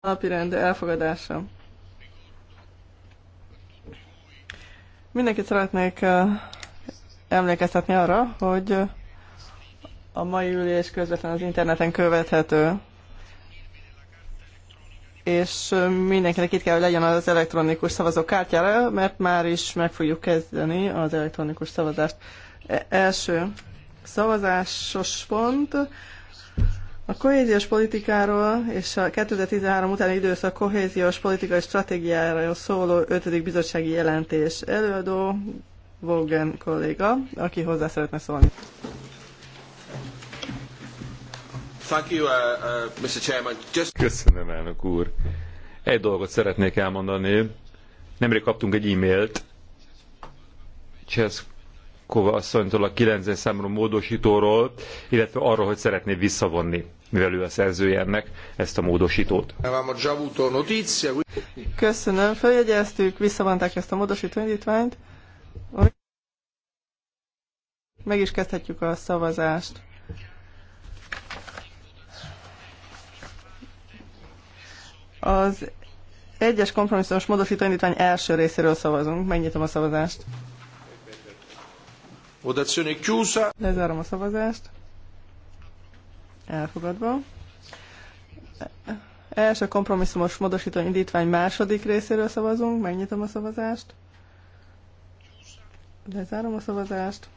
napirend elfogadása. Mindenkit szeretnék emlékeztetni arra, hogy a mai ülés közvetlenül az interneten követhető, és mindenkinek itt kell, hogy legyen az elektronikus szavazókártyára, mert már is meg fogjuk kezdeni az elektronikus szavazást. E első szavazásos pont, a kohéziós politikáról és a 2013 utáni időszak kohéziós politikai stratégiájáról szóló 5. bizottsági jelentés előadó Vogen kolléga, aki hozzá szeretne szólni. Thank you, uh, uh, Mr. Chairman. Köszönöm, elnök úr. Egy dolgot szeretnék elmondani. Nemrég kaptunk egy e-mailt Cseszkova asszonytól a 9. számú módosítóról, illetve arról, hogy szeretné visszavonni mivel ő a szerzője ennek, ezt a módosítót. Köszönöm, feljegyeztük, visszavonták ezt a módosító indítványt. Meg is kezdhetjük a szavazást. Az egyes kompromisszumos módosító indítvány első részéről szavazunk. Megnyitom a szavazást. Votazione chiusa. Lezárom a szavazást elfogadva. Első kompromisszumos módosító indítvány második részéről szavazunk, megnyitom a szavazást. Lezárom a szavazást.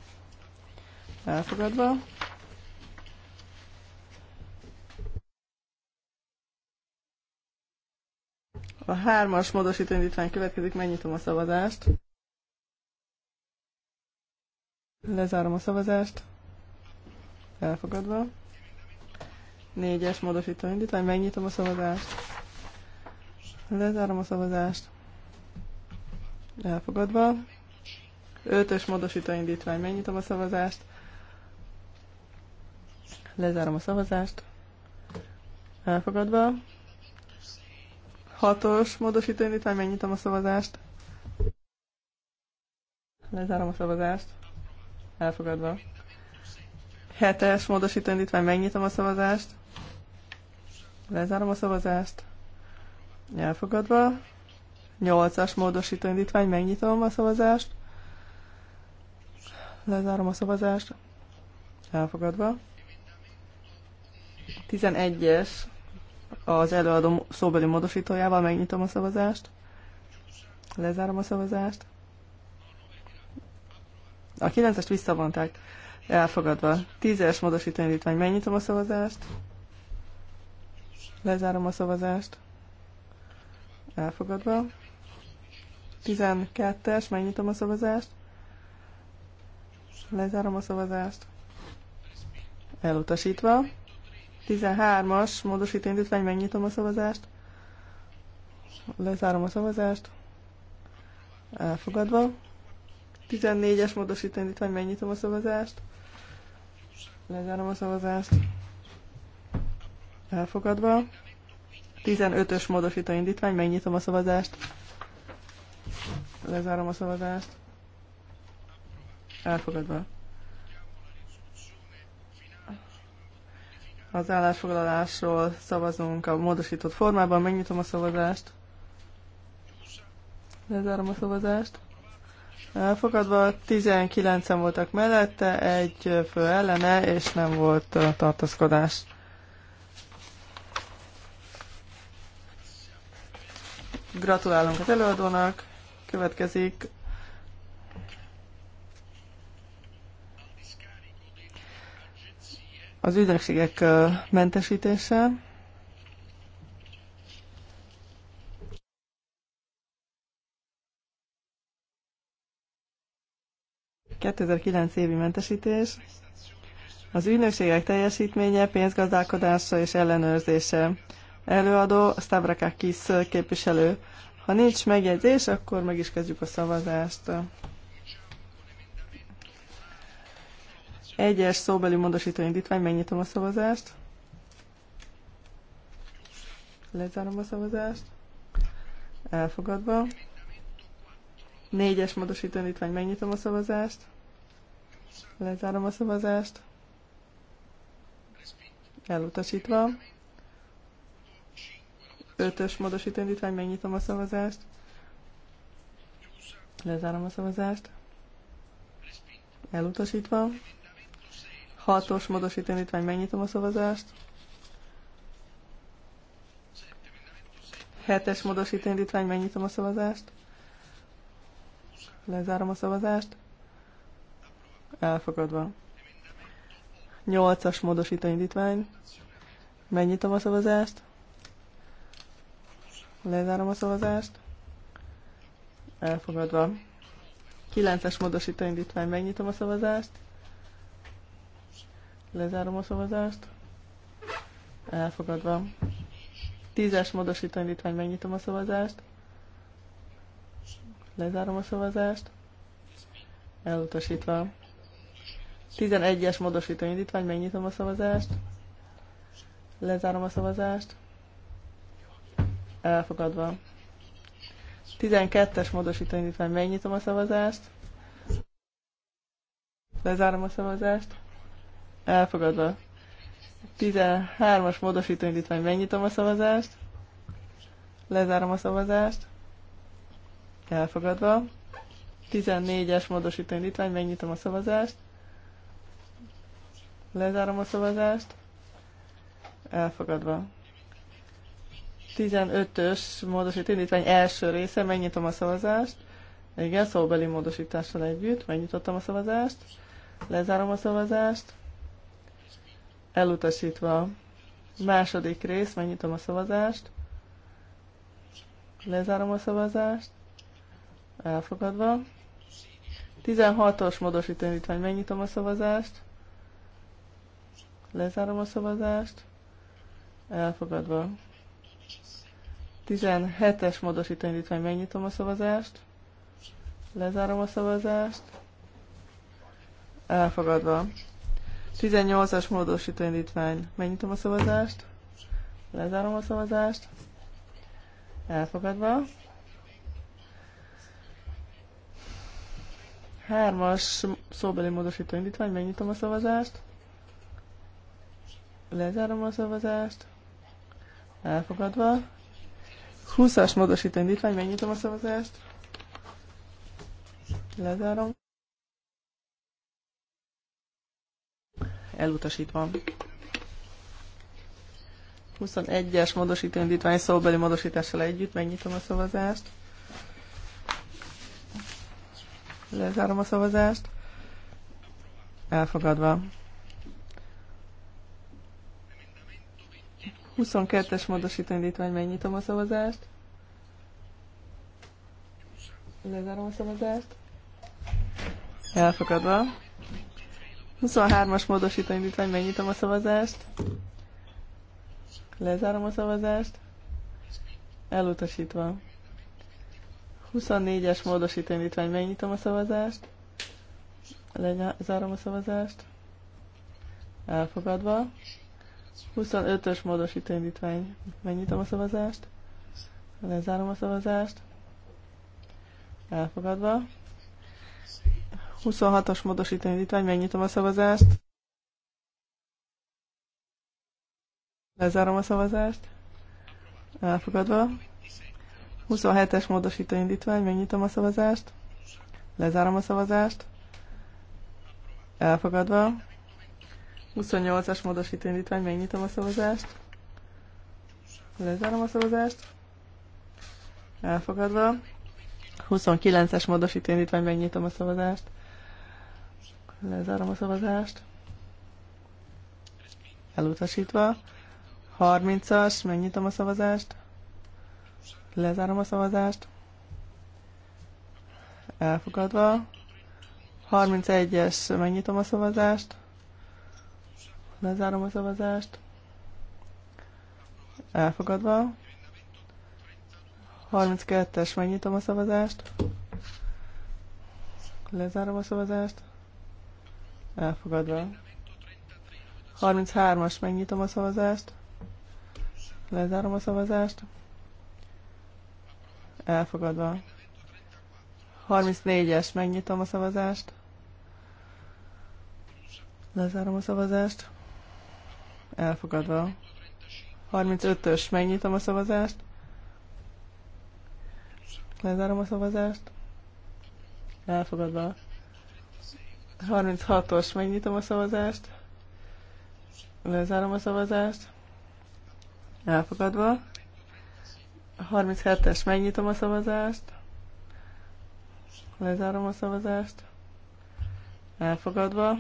Elfogadva. A hármas módosító indítvány következik, megnyitom a szavazást. Lezárom a szavazást. Elfogadva. 4-es módosító indítvány, megnyitom a szavazást. Lezárom a szavazást. Elfogadva. 5-ös módosító indítvány, megnyitom a szavazást. Lezárom a szavazást. Elfogadva. 6-os módosító indítvány, megnyitom a szavazást. Lezárom a szavazást. Elfogadva. 7-es módosító indítvány, megnyitom a szavazást. Lezárom a szavazást. Elfogadva. 8-as módosító indítvány, megnyitom a szavazást. Lezárom a szavazást. Elfogadva. 11-es az előadó szóbeli módosítójával megnyitom a szavazást. Lezárom a szavazást. A 9-est visszavonták. Elfogadva. 10-es módosító indítvány, megnyitom a szavazást. Lezárom a szavazást. Elfogadva. 12-es, megnyitom a szavazást. Lezárom a szavazást. Elutasítva. 13-as, módosító indítvány, megnyitom a szavazást. Lezárom a szavazást. Elfogadva. 14-es módosító indítvány, megnyitom a szavazást. Lezárom a szavazást. Elfogadva. 15-ös módosító indítvány, megnyitom a szavazást. Lezárom a szavazást. Elfogadva. Az állásfoglalásról szavazunk a módosított formában, megnyitom a szavazást. Lezárom a szavazást. Elfogadva 19-en voltak mellette, egy fő ellene, és nem volt tartózkodás. Gratulálunk az előadónak. Következik az ügynökségek mentesítése. ...2009 évi mentesítés, az ügynökségek teljesítménye, pénzgazdálkodása és ellenőrzése előadó, Stavrakakis képviselő. Ha nincs megjegyzés, akkor meg is kezdjük a szavazást. Egyes szóbeli módosító indítvány, megnyitom a szavazást. Lezárom a szavazást. Elfogadva. Négyes módosító indítvány, megnyitom a szavazást. Lezárom a szavazást. Elutasítva. Ötös módosító indítvány, megnyitom a szavazást. Lezárom a szavazást. Elutasítva. Hatos módosító indítvány, megnyitom a szavazást. Hetes módosító indítvány, megnyitom a szavazást. Lezárom a szavazást. Elfogadva. Nyolcas módosító indítvány. Megnyitom a szavazást. Lezárom a szavazást. Elfogadva. 9-es módosító indítvány, megnyitom a szavazást. Lezárom a szavazást. Elfogadva. 10-es módosító indítvány, megnyitom a szavazást. Lezárom a szavazást. Elutasítva. 11-es módosító indítvány, megnyitom a szavazást. Lezárom a szavazást elfogadva. 12-es módosító indítvány, megnyitom a szavazást. Lezárom a szavazást. Elfogadva. 13-as módosító indítvány, megnyitom a szavazást. Lezárom a szavazást. Elfogadva. 14-es módosító indítvány, megnyitom a szavazást. Lezárom a szavazást. Elfogadva. 15-ös módosít indítvány első része, megnyitom a szavazást. Igen, szóbeli módosítással együtt, megnyitottam a szavazást, lezárom a szavazást, elutasítva második rész, megnyitom a szavazást, lezárom a szavazást, elfogadva. 16-os módosító indítvány, megnyitom a szavazást, lezárom a szavazást, elfogadva. 17-es módosító indítvány, megnyitom a szavazást, lezárom a szavazást, elfogadva. 18-as módosító indítvány, megnyitom a szavazást, lezárom a szavazást, elfogadva. 3-as szóbeli módosító indítvány, megnyitom a szavazást, lezárom a szavazást, elfogadva. 20-as módosító indítvány, megnyitom a szavazást. Lezárom. Elutasítva. 21-es módosító indítvány szóbeli módosítással együtt megnyitom a szavazást. Lezárom a szavazást. Elfogadva. 22-es módosító indítvány, megnyitom a szavazást. Lezárom a szavazást. Elfogadva. 23-as módosító indítvány, megnyitom a szavazást. Lezárom a szavazást. Elutasítva. 24-es módosító indítvány, megnyitom a szavazást. Lezárom a szavazást. Elfogadva. 25-ös módosító indítvány. Megnyitom a szavazást. Lezárom a szavazást. Elfogadva. 26-os módosító indítvány. Megnyitom a szavazást. Lezárom a szavazást. Elfogadva. 27-es módosító indítvány. Megnyitom a szavazást. Lezárom a szavazást. Elfogadva. 28-as módosító indítvány, megnyitom a szavazást. Lezárom a szavazást. Elfogadva. 29-es módosító indítvány, megnyitom a szavazást. Lezárom a szavazást. Elutasítva. 30-as, megnyitom a szavazást. Lezárom a szavazást. Elfogadva. 31-es, megnyitom a szavazást. Lezárom a szavazást. Elfogadva. 32-es, megnyitom a szavazást. Lezárom a szavazást. Elfogadva. 33-as, megnyitom a szavazást. Lezárom a szavazást. Elfogadva. 34-es, megnyitom a szavazást. Lezárom a szavazást elfogadva. 35-ös, megnyitom a szavazást. Lezárom a szavazást. Elfogadva. 36-os, megnyitom a szavazást. Lezárom a szavazást. Elfogadva. 37-es, megnyitom a szavazást. Lezárom a szavazást. Elfogadva.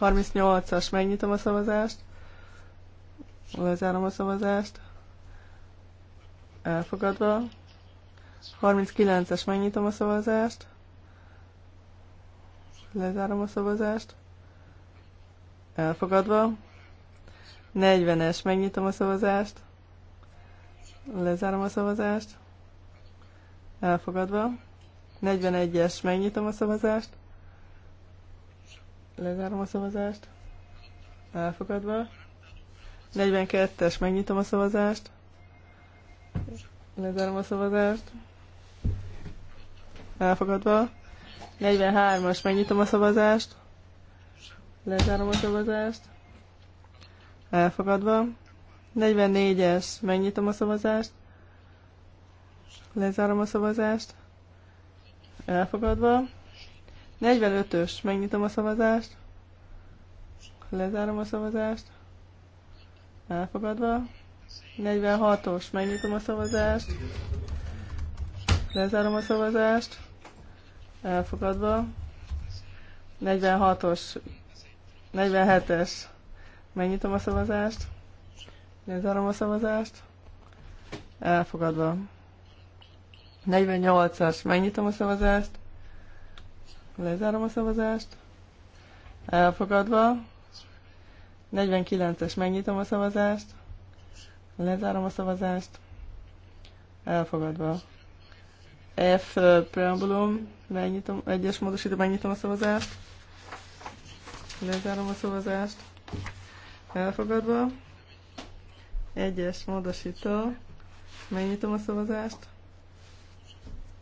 38-as, megnyitom a szavazást. Lezárom a szavazást. Elfogadva. 39-es megnyitom a szavazást. Lezárom a szavazást. Elfogadva. 40-es megnyitom a szavazást. Lezárom a szavazást. Elfogadva. 41-es megnyitom a szavazást. Lezárom a szavazást. Elfogadva. 42-es, megnyitom a szavazást. Lezárom a szavazást. Elfogadva. 43-as, megnyitom a szavazást. Lezárom a szavazást. Elfogadva. 44-es, megnyitom a szavazást. Lezárom a szavazást. Elfogadva. 45-ös, megnyitom a szavazást. Lezárom a szavazást elfogadva. 46-os, megnyitom a szavazást, lezárom a szavazást, elfogadva. 46-os, 47-es, megnyitom a szavazást, lezárom a szavazást, elfogadva. 48-as, megnyitom a szavazást, lezárom a szavazást, elfogadva. 49-es megnyitom a szavazást, lezárom a szavazást, elfogadva. F preambulum, megnyitom, egyes módosító, megnyitom a szavazást, lezárom a szavazást, elfogadva. Egyes módosító, megnyitom a szavazást,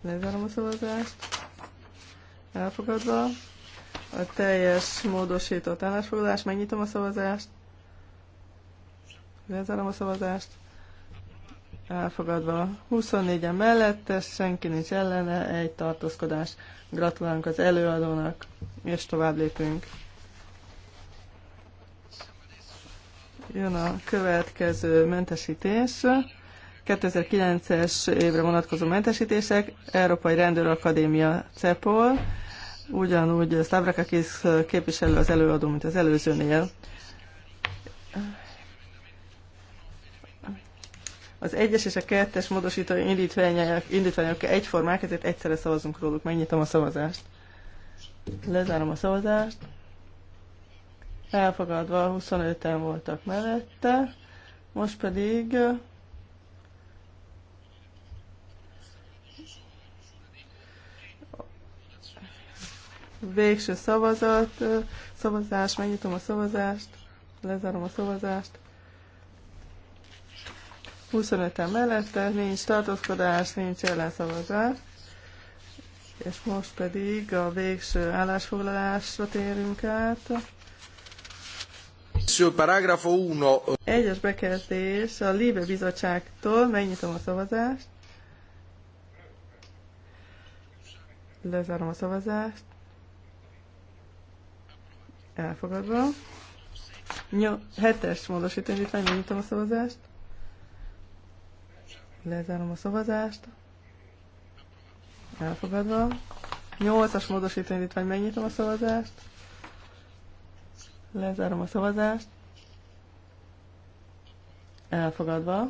lezárom a szavazást, elfogadva. A teljes módosított állásfoglalás. Megnyitom a szavazást. Lezárom a szavazást. Elfogadva 24-en mellette, senki nincs ellene, egy tartózkodás. Gratulálunk az előadónak, és tovább lépünk. Jön a következő mentesítés. 2009-es évre vonatkozó mentesítések, Európai Rendőrakadémia CEPOL, ugyanúgy Stavrakakis képviselő az előadó, mint az előzőnél. Az egyes és a kettes módosító indítványok, indítványok egyformák, ezért egyszerre szavazunk róluk. Megnyitom a szavazást. Lezárom a szavazást. Elfogadva 25-en voltak mellette. Most pedig Végső szavazat, szavazás, megnyitom a szavazást, lezárom a szavazást. 25-en mellette, nincs tartózkodás, nincs ellenszavazás. És most pedig a végső állásfoglalásra térünk át. paragrafo 1. Egyes bekezdés a Líbe Bizottságtól, megnyitom a szavazást. Lezárom a szavazást elfogadva. 7 hetes módosítőindítvány, megnyitom a szavazást. Lezárom a szavazást. Elfogadva. Nyolcas as megnyitom a szavazást. Lezárom a szavazást. Elfogadva.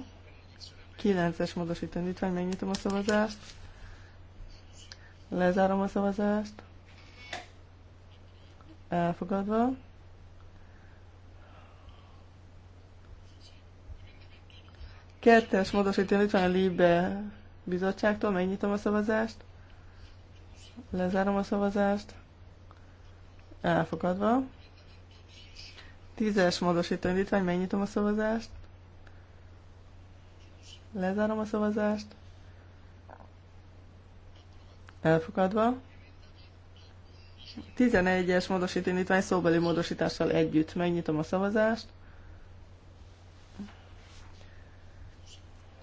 9-es van megnyitom a szavazást. Lezárom a szavazást elfogadva. Kettes módosítani itt van a Libe bizottságtól, megnyitom a szavazást, lezárom a szavazást, elfogadva. Tízes módosító indítvány, megnyitom a szavazást, lezárom a szavazást, elfogadva. 11-es módosító indítvány szóbeli módosítással együtt. Megnyitom a szavazást.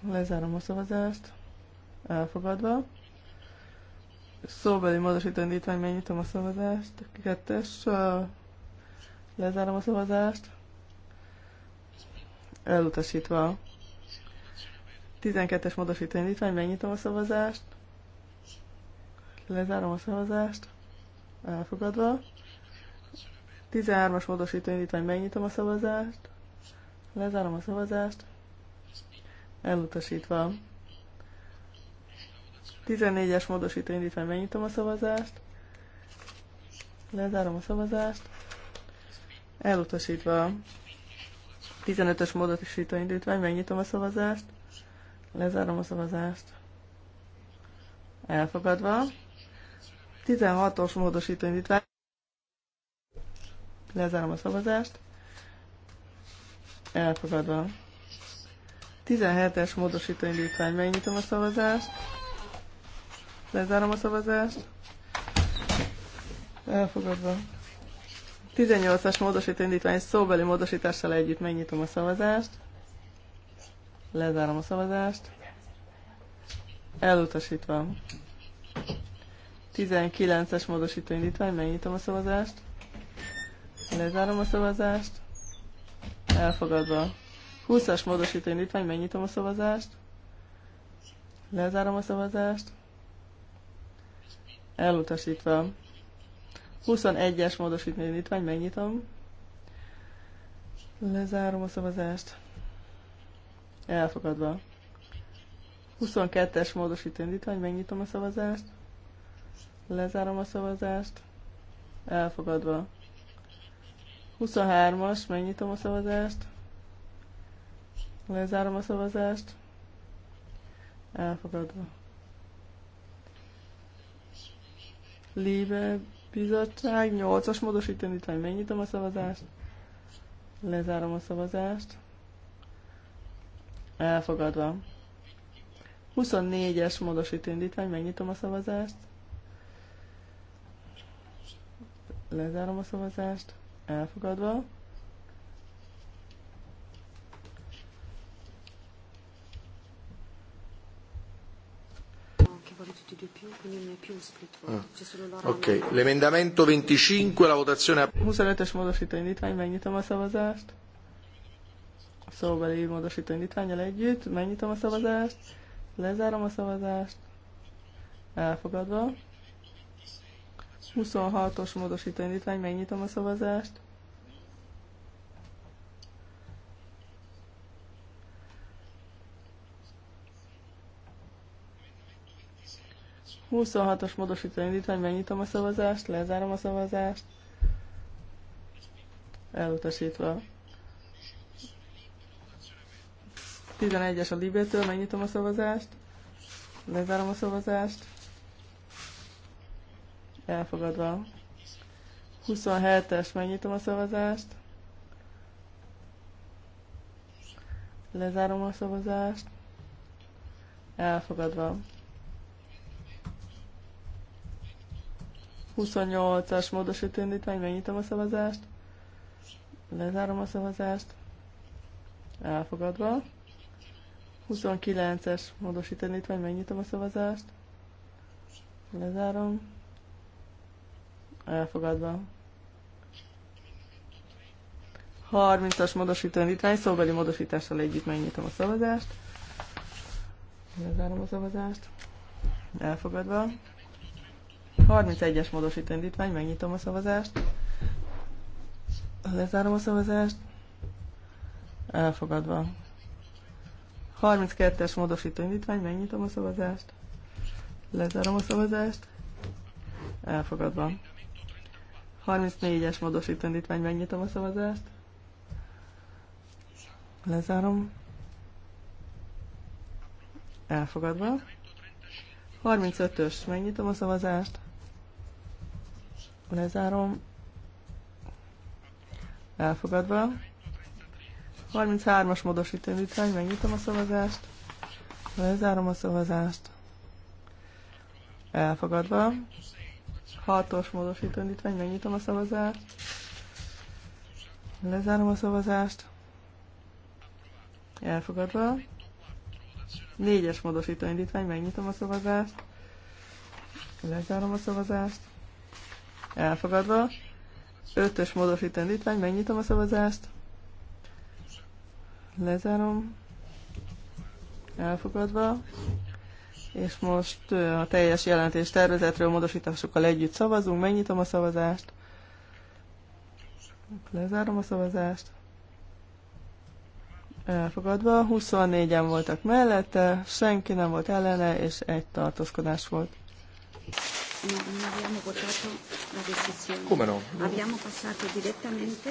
Lezárom a szavazást. Elfogadva. Szóbeli módosító indítvány, megnyitom a szavazást. Kettes. Lezárom a szavazást. Elutasítva. 12-es módosító indítvány, megnyitom a szavazást. Lezárom a szavazást elfogadva. 13-as módosító indítvány, megnyitom a szavazást, lezárom a szavazást, elutasítva. 14-es módosító indítvány, megnyitom a szavazást, lezárom a szavazást, elutasítva. 15-ös módosító indítvány, megnyitom a szavazást, lezárom a szavazást, elfogadva. 16-os módosító indítvány. Lezárom a szavazást. Elfogadva. 17-es módosító indítvány. Megnyitom a szavazást. Lezárom a szavazást. Elfogadva. 18-as módosító indítvány szóbeli módosítással együtt megnyitom a szavazást. Lezárom a szavazást. Elutasítva. 19-es módosító indítvány, megnyitom a szavazást. Lezárom a szavazást. Elfogadva. 20-as módosító indítvány, megnyitom a szavazást. Lezárom a szavazást. Elutasítva. 21-es módosító indítvány, megnyitom. Lezárom a szavazást. Elfogadva. 22-es módosító indítvány, megnyitom a szavazást. Lezárom a szavazást. Elfogadva. 23-as, megnyitom a szavazást. Lezárom a szavazást. Elfogadva. Lébe bizottság, 8-as módosítani, megnyitom a szavazást. Lezárom a szavazást. Elfogadva. 24-es módosítő indítvány, megnyitom a szavazást. Lezárom a szavazást. Elfogadva. Ah. Ok, l'emendamento 25, la votazione... 25-es módosító indítvány, megnyitom a szavazást. szóbeli módosító indítványjal együtt, megnyitom a szavazást, lezárom a szavazást, elfogadva. 26-os módosító indítvány, megnyitom a szavazást. Huszonhatos módosító indítvány, megnyitom a szavazást, lezárom a szavazást. Elutasítva. 11-es a Libétől, megnyitom a szavazást. Lezárom a szavazást elfogadva. 27-es, megnyitom a szavazást. Lezárom a szavazást. Elfogadva. 28-as módosító indítvány, megnyitom a szavazást. Lezárom a szavazást. Elfogadva. 29-es módosító indítvány, megnyitom a szavazást. Lezárom elfogadva. 30-as módosító indítvány, szóbeli módosítással együtt megnyitom a szavazást. Lezárom a szavazást. Elfogadva. 31-es módosító indítvány, megnyitom a szavazást. Lezárom a szavazást. Elfogadva. 32-es módosító indítvány, megnyitom a szavazást. Lezárom a szavazást. Elfogadva. 34-es módosító megnyitom a szavazást. Lezárom. Elfogadva. 35-ös, megnyitom a szavazást. Lezárom. Elfogadva. 33-as módosító megnyitom a szavazást. Lezárom a szavazást. Elfogadva hatos módosító indítvány, megnyitom a szavazást. Lezárom a szavazást. Elfogadva. Négyes módosító indítvány, megnyitom a szavazást. Lezárom a szavazást. Elfogadva. Ötös módosító indítvány, megnyitom a szavazást. Lezárom. Elfogadva és most a teljes jelentés tervezetről módosításokkal együtt szavazunk. Megnyitom a szavazást. Lezárom a szavazást. Elfogadva. 24-en voltak mellette, senki nem volt ellene, és egy tartózkodás volt. No, abbiamo passato direttamente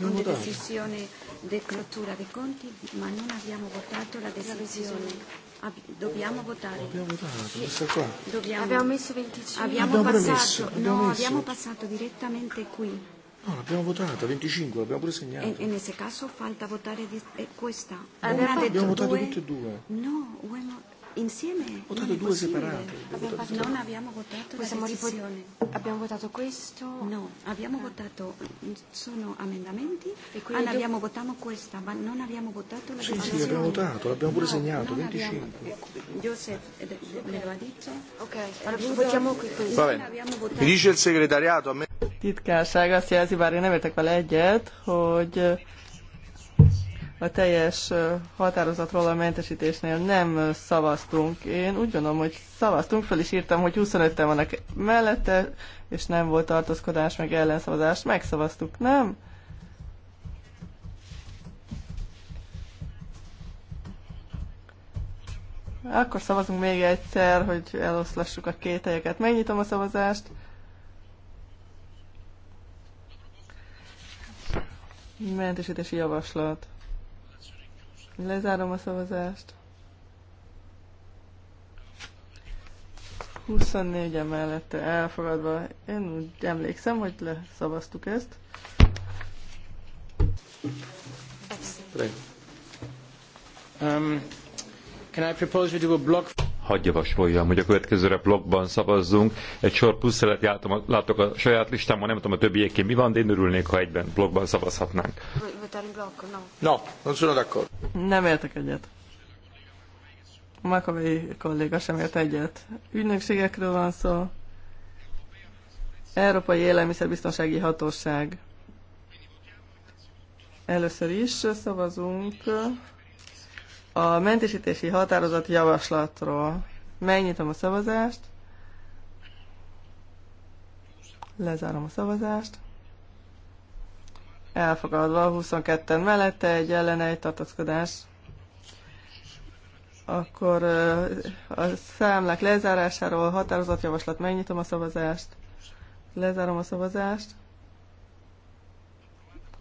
con decisione di clottura dei conti, ma non abbiamo votato la decisione. Dobbiamo votare. Dobbiamo votare questo qua. Dobbiamo... Abbiamo messo 25. Abbiamo, abbiamo passato, abbiamo no, messo. abbiamo passato direttamente qui. No, l'abbiamo votata, 25, l'abbiamo pure segnata. E, e nel caso falta votare di, eh, questa. Abbiamo, abbiamo votato due... tutte e due. No, uno, Insieme? votato due separate. Abbiamo non abbiamo votato Poi la decisione. Abbiamo votato questo? No, abbiamo ah. votato, sono emendamenti, e quindi ah, abbiamo votato questa, ma non abbiamo votato la sì, decisione. Sì, sì, abbiamo votato, l'abbiamo pure no, segnato, 25. Abbiamo, eh, Joseph eh, me l'aveva detto. Ok, eh, allora votiamo qui questo. Va bene. Mi dice il segretariato a me. Titkárság azt jelzi, bár én nem értek vele egyet, hogy a teljes határozatról a mentesítésnél nem szavaztunk. Én úgy gondolom, hogy szavaztunk, fel is írtam, hogy 25-en vannak mellette, és nem volt tartózkodás, meg ellenszavazás. Megszavaztuk, nem? Akkor szavazunk még egyszer, hogy eloszlassuk a két helyeket. Megnyitom a szavazást. Mentesítési javaslat. Lezárom a szavazást. 24 Emellett elfogadva. Én úgy emlékszem, hogy leszavaztuk ezt. Um, can I propose we do a block? hadd javasoljam, hogy a következőre blogban szavazzunk. Egy sor plusz szelet látok a saját listámon, nem tudom a többieké mi van, de én örülnék, ha egyben blogban szavazhatnánk. No, most jön akkor. Nem értek egyet. Makavai kolléga sem ért egyet. Ügynökségekről van szó. Európai Élelmiszerbiztonsági Hatóság. Először is szavazunk a mentesítési határozat javaslatról. Megnyitom a szavazást. Lezárom a szavazást. Elfogadva 22-en mellette egy ellene egy tartozkodás, Akkor a számlák lezárásáról határozatjavaslat megnyitom a szavazást. Lezárom a szavazást.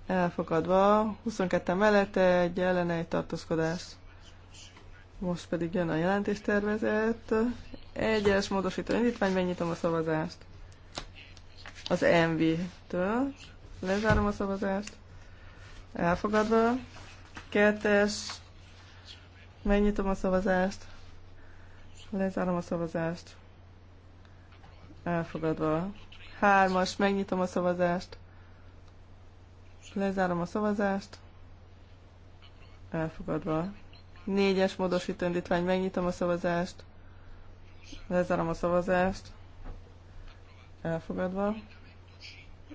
Elfogadva 22 mellette egy ellene egy tartozkodás. Most pedig jön a jelentéstervezet. Egyes módosító indítvány, megnyitom a szavazást. Az MV-től. Lezárom a szavazást. Elfogadva. Kettes. Megnyitom a szavazást. Lezárom a szavazást. Elfogadva. Hármas. Megnyitom a szavazást. Lezárom a szavazást. Elfogadva. Négyes módosító indítvány, megnyitom a szavazást. Lezárom a szavazást. Elfogadva.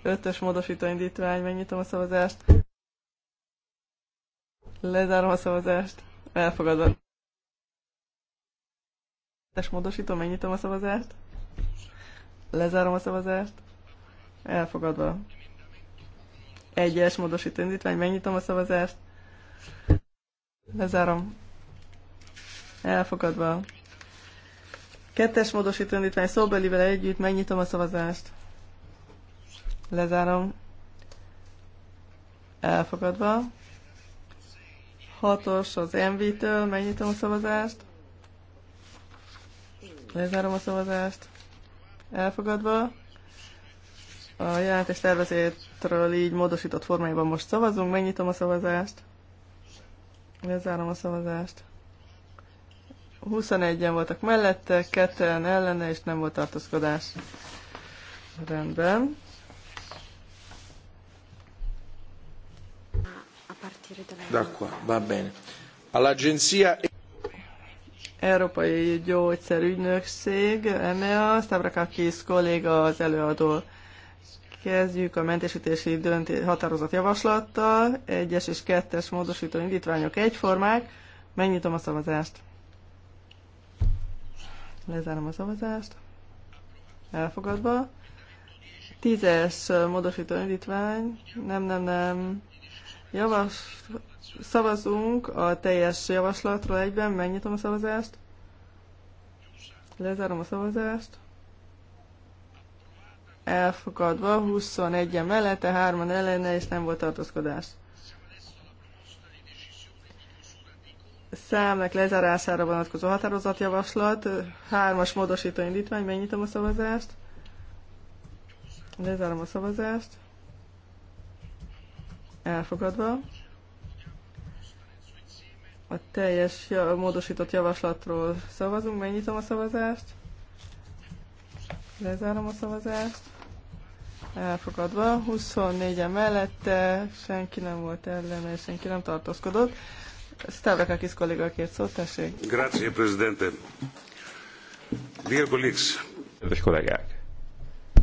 Ötös módosító indítvány, megnyitom a szavazást. Lezárom a szavazást. Elfogadva. Ötös módosító, megnyitom a szavazást. Lezárom a szavazást. Elfogadva. Egyes módosító indítvány, megnyitom a szavazást. Lezárom. Elfogadva. Kettes módosító indítvány szóbelivel együtt megnyitom a szavazást. Lezárom. Elfogadva. Hatos az MV-től, megnyitom a szavazást. Lezárom a szavazást. Elfogadva. A jelentés tervezétről így módosított formájában most szavazunk, megnyitom a szavazást. Lezárom a szavazást. 21-en voltak mellette, ketten ellene, és nem volt tartózkodás. Rendben. Dacqua, va bene. All'agenzia... E- Európai Gyógyszerügynökség, EMEA, Stavrakakis kolléga az előadó. Kezdjük a mentesítési döntés, határozat javaslattal. Egyes és kettes módosító indítványok egyformák. Megnyitom a szavazást. Lezárom a szavazást. Elfogadva. Tízes módosító indítvány. Nem, nem, nem. Javas... Szavazunk a teljes javaslatról egyben. Megnyitom a szavazást. Lezárom a szavazást elfogadva, 21-en mellette, 3-an ellene, és nem volt tartózkodás. Számnak lezárására vonatkozó határozatjavaslat, 3-as módosító indítvány, megnyitom a szavazást. Lezárom a szavazást. Elfogadva. A teljes módosított javaslatról szavazunk, megnyitom a szavazást. Lezárom a szavazást elfogadva, 24-en mellette, senki nem volt ellene, senki nem tartózkodott. Stavrakakis kolléga kért szót, tessék. Grazie, Presidente. Dear colleagues. Kedves kollégák,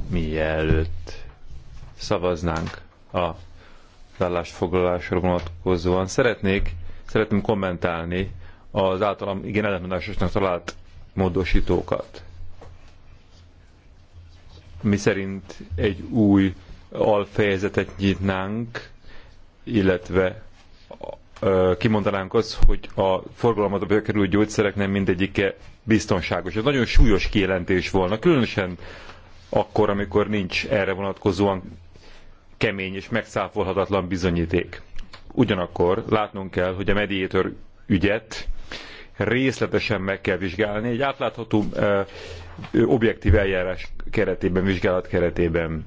mielőtt szavaznánk a vállásfoglalásra vonatkozóan, szeretnék, szeretném kommentálni az általam igen ellentmondásosnak talált módosítókat mi szerint egy új alfejezetet nyitnánk, illetve kimondanánk azt, hogy a forgalomba bekerült gyógyszerek nem mindegyike biztonságos. Ez nagyon súlyos kijelentés volna, különösen akkor, amikor nincs erre vonatkozóan kemény és megszáfolhatatlan bizonyíték. Ugyanakkor látnunk kell, hogy a mediator ügyet részletesen meg kell vizsgálni, egy átlátható objektív eljárás keretében, vizsgálat keretében.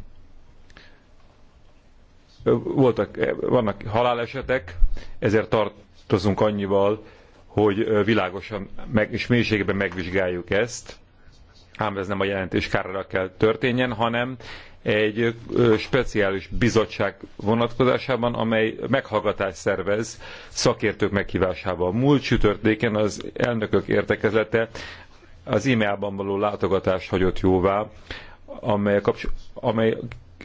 Voltak, e, vannak halálesetek, ezért tartozunk annyival, hogy világosan meg, és mélységben megvizsgáljuk ezt, ám ez nem a jelentés kárra kell történjen, hanem egy speciális bizottság vonatkozásában, amely meghallgatást szervez szakértők meghívásával. Múlt csütörtéken az elnökök értekezlete az e mailban való látogatást hagyott jóvá, amely, kapcs- amely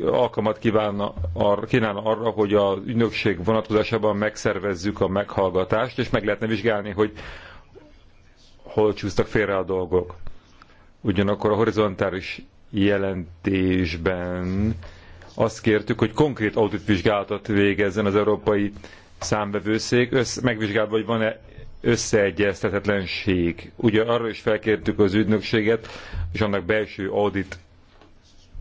alkalmat kívánna, ar, kínálna arra, hogy a ügynökség vonatkozásában megszervezzük a meghallgatást, és meg lehetne vizsgálni, hogy hol csúsztak félre a dolgok. Ugyanakkor a horizontális jelentésben azt kértük, hogy konkrét auditvizsgálatot végezzen az Európai Számbevőszék, össz, megvizsgálva, hogy van-e összeegyeztethetlenség. Ugye arra is felkértük az ügynökséget és annak belső audit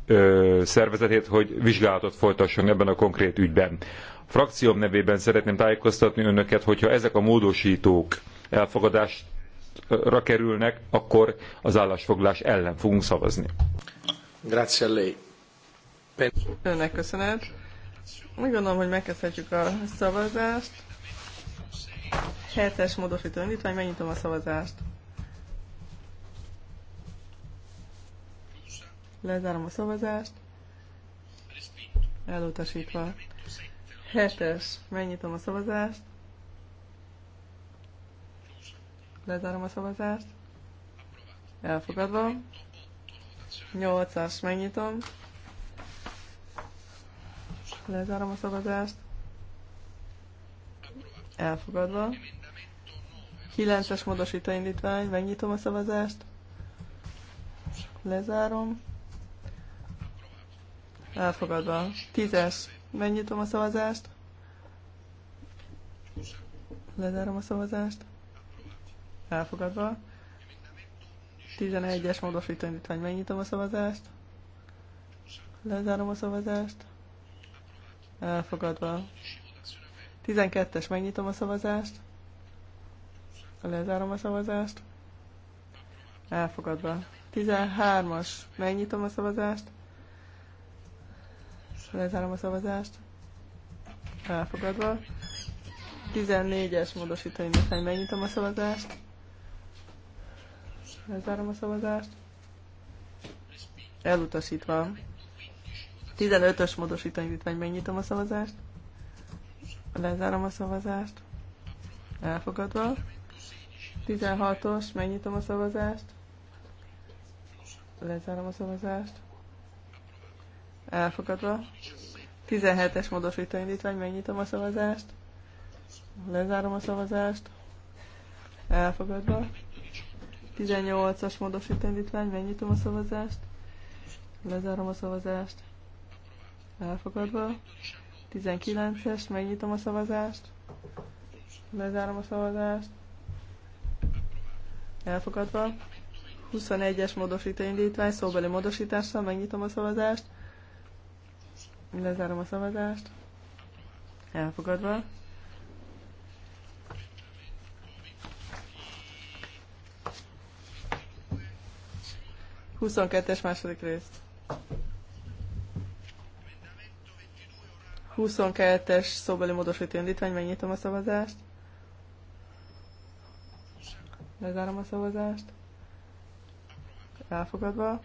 ö, szervezetét, hogy vizsgálatot folytasson ebben a konkrét ügyben. A frakcióm nevében szeretném tájékoztatni önöket, hogyha ezek a módosítók elfogadásra kerülnek, akkor az állásfoglás ellen fogunk szavazni. Grazie lei. Önnek köszönet. Úgy gondolom, hogy megkezdhetjük a szavazást. Hetes módosító indítvány, megnyitom a szavazást. Lezárom a szavazást. Elutasítva. Hetes, megnyitom a szavazást. Lezárom a szavazást. Elfogadva. Nyolcas, megnyitom. Lezárom a szavazást. Elfogadva. 9-es módosító indítvány, megnyitom a szavazást, lezárom, elfogadva. 10-es, megnyitom a szavazást, lezárom a szavazást, elfogadva. 11-es módosító indítvány, megnyitom a szavazást, lezárom a szavazást, elfogadva. 12-es, megnyitom a szavazást, Lezárom a szavazást. Elfogadva. 13-as. Megnyitom a szavazást. Lezárom a szavazást. Elfogadva. 14-es módosítani nekem. Megnyitom a szavazást. Lezárom a szavazást. Elutasítva. 15-ös módosítani indítvány. Megnyitom a szavazást. Lezárom a szavazást. Elfogadva. 16-os, megnyitom a szavazást. Lezárom a szavazást. Elfogadva. 17-es módosító indítvány, megnyitom a szavazást. Lezárom a szavazást. Elfogadva. 18-as módosító indítvány, megnyitom a szavazást. Lezárom a szavazást. Elfogadva. 19-es, megnyitom a szavazást. Lezárom a szavazást elfogadva. 21-es módosító indítvány, szóbeli módosítással megnyitom a szavazást. Lezárom a szavazást. Elfogadva. Huszonkettes második rész. 22-es szóbeli módosító indítvány, megnyitom a szavazást. Lezárom a szavazást. Elfogadva.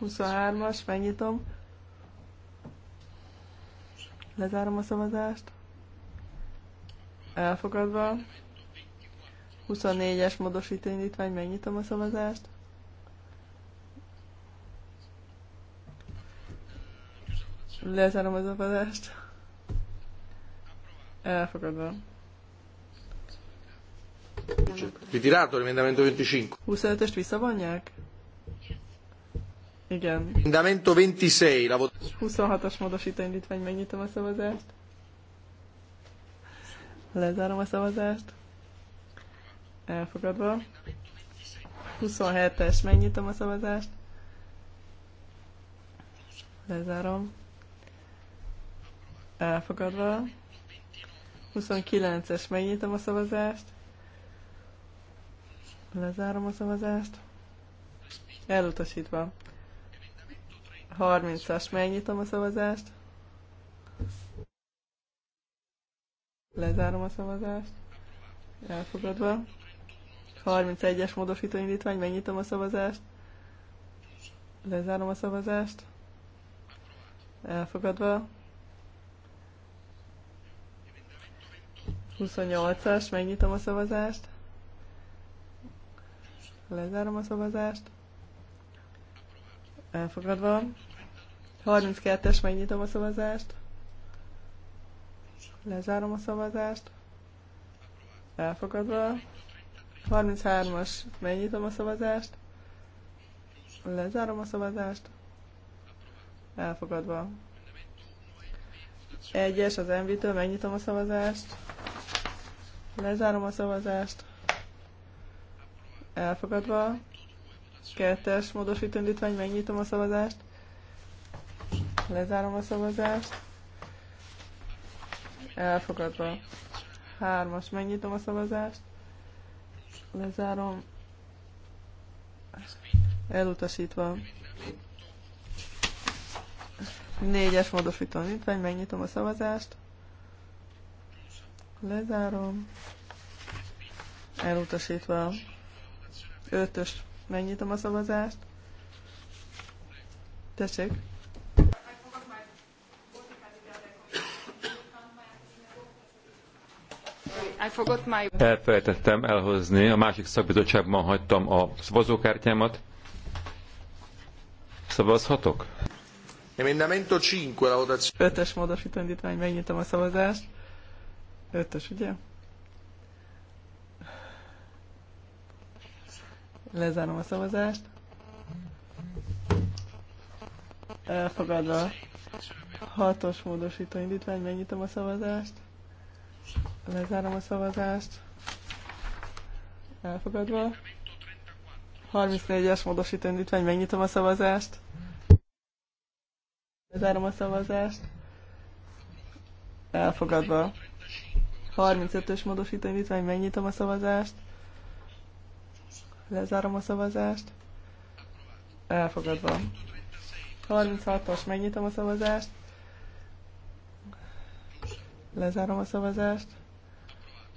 23-as, megnyitom. Lezárom a szavazást. Elfogadva. 24-es módosítóindítvány, megnyitom a szavazást. Lezárom a szavazást. Elfogadva. Ritirato l'emendamento 25. 25-öst visszavonják? Igen. Emendamento 26. La 26-as módosító indítvány, megnyitom a szavazást. Lezárom a szavazást. Elfogadva. 27-es, megnyitom a szavazást. Lezárom. Elfogadva. 29-es, megnyitom a szavazást. Lezárom a szavazást. Elutasítva. 30-as, megnyitom a szavazást. Lezárom a szavazást. Elfogadva. 31-es módosító indítvány, megnyitom a szavazást. Lezárom a szavazást. Elfogadva. 28-as, megnyitom a szavazást. Lezárom a szavazást. Elfogadva. 32-es, megnyitom a szavazást. Lezárom a szavazást. Elfogadva. 33-as, megnyitom a szavazást. Lezárom a szavazást. Elfogadva. Egyes az envitől megnyitom a szavazást. Lezárom a szavazást elfogadva. Kettes módosító indítvány, megnyitom a szavazást. Lezárom a szavazást. Elfogadva. Hármas, megnyitom a szavazást. Lezárom. Elutasítva. Négyes módosító indítvány, megnyitom a szavazást. Lezárom. Elutasítva ötös Megnyitom a szavazást. Tessék. Elfelejtettem elhozni, a másik szakbizottságban hagytam a szavazókártyámat. Szavazhatok? Emendamento 5, Ötös módosító megnyitom a szavazást. Ötös, ugye? Lezárom a szavazást. Elfogadva. Hatos módosító indítvány, megnyitom a szavazást. Lezárom a szavazást. Elfogadva. 34-es módosító indítvány, megnyitom a szavazást. Lezárom a szavazást. Elfogadva. 35-ös módosító indítvány, megnyitom a szavazást. Lezárom a szavazást. Elfogadva. 36-os, megnyitom a szavazást. Lezárom a szavazást.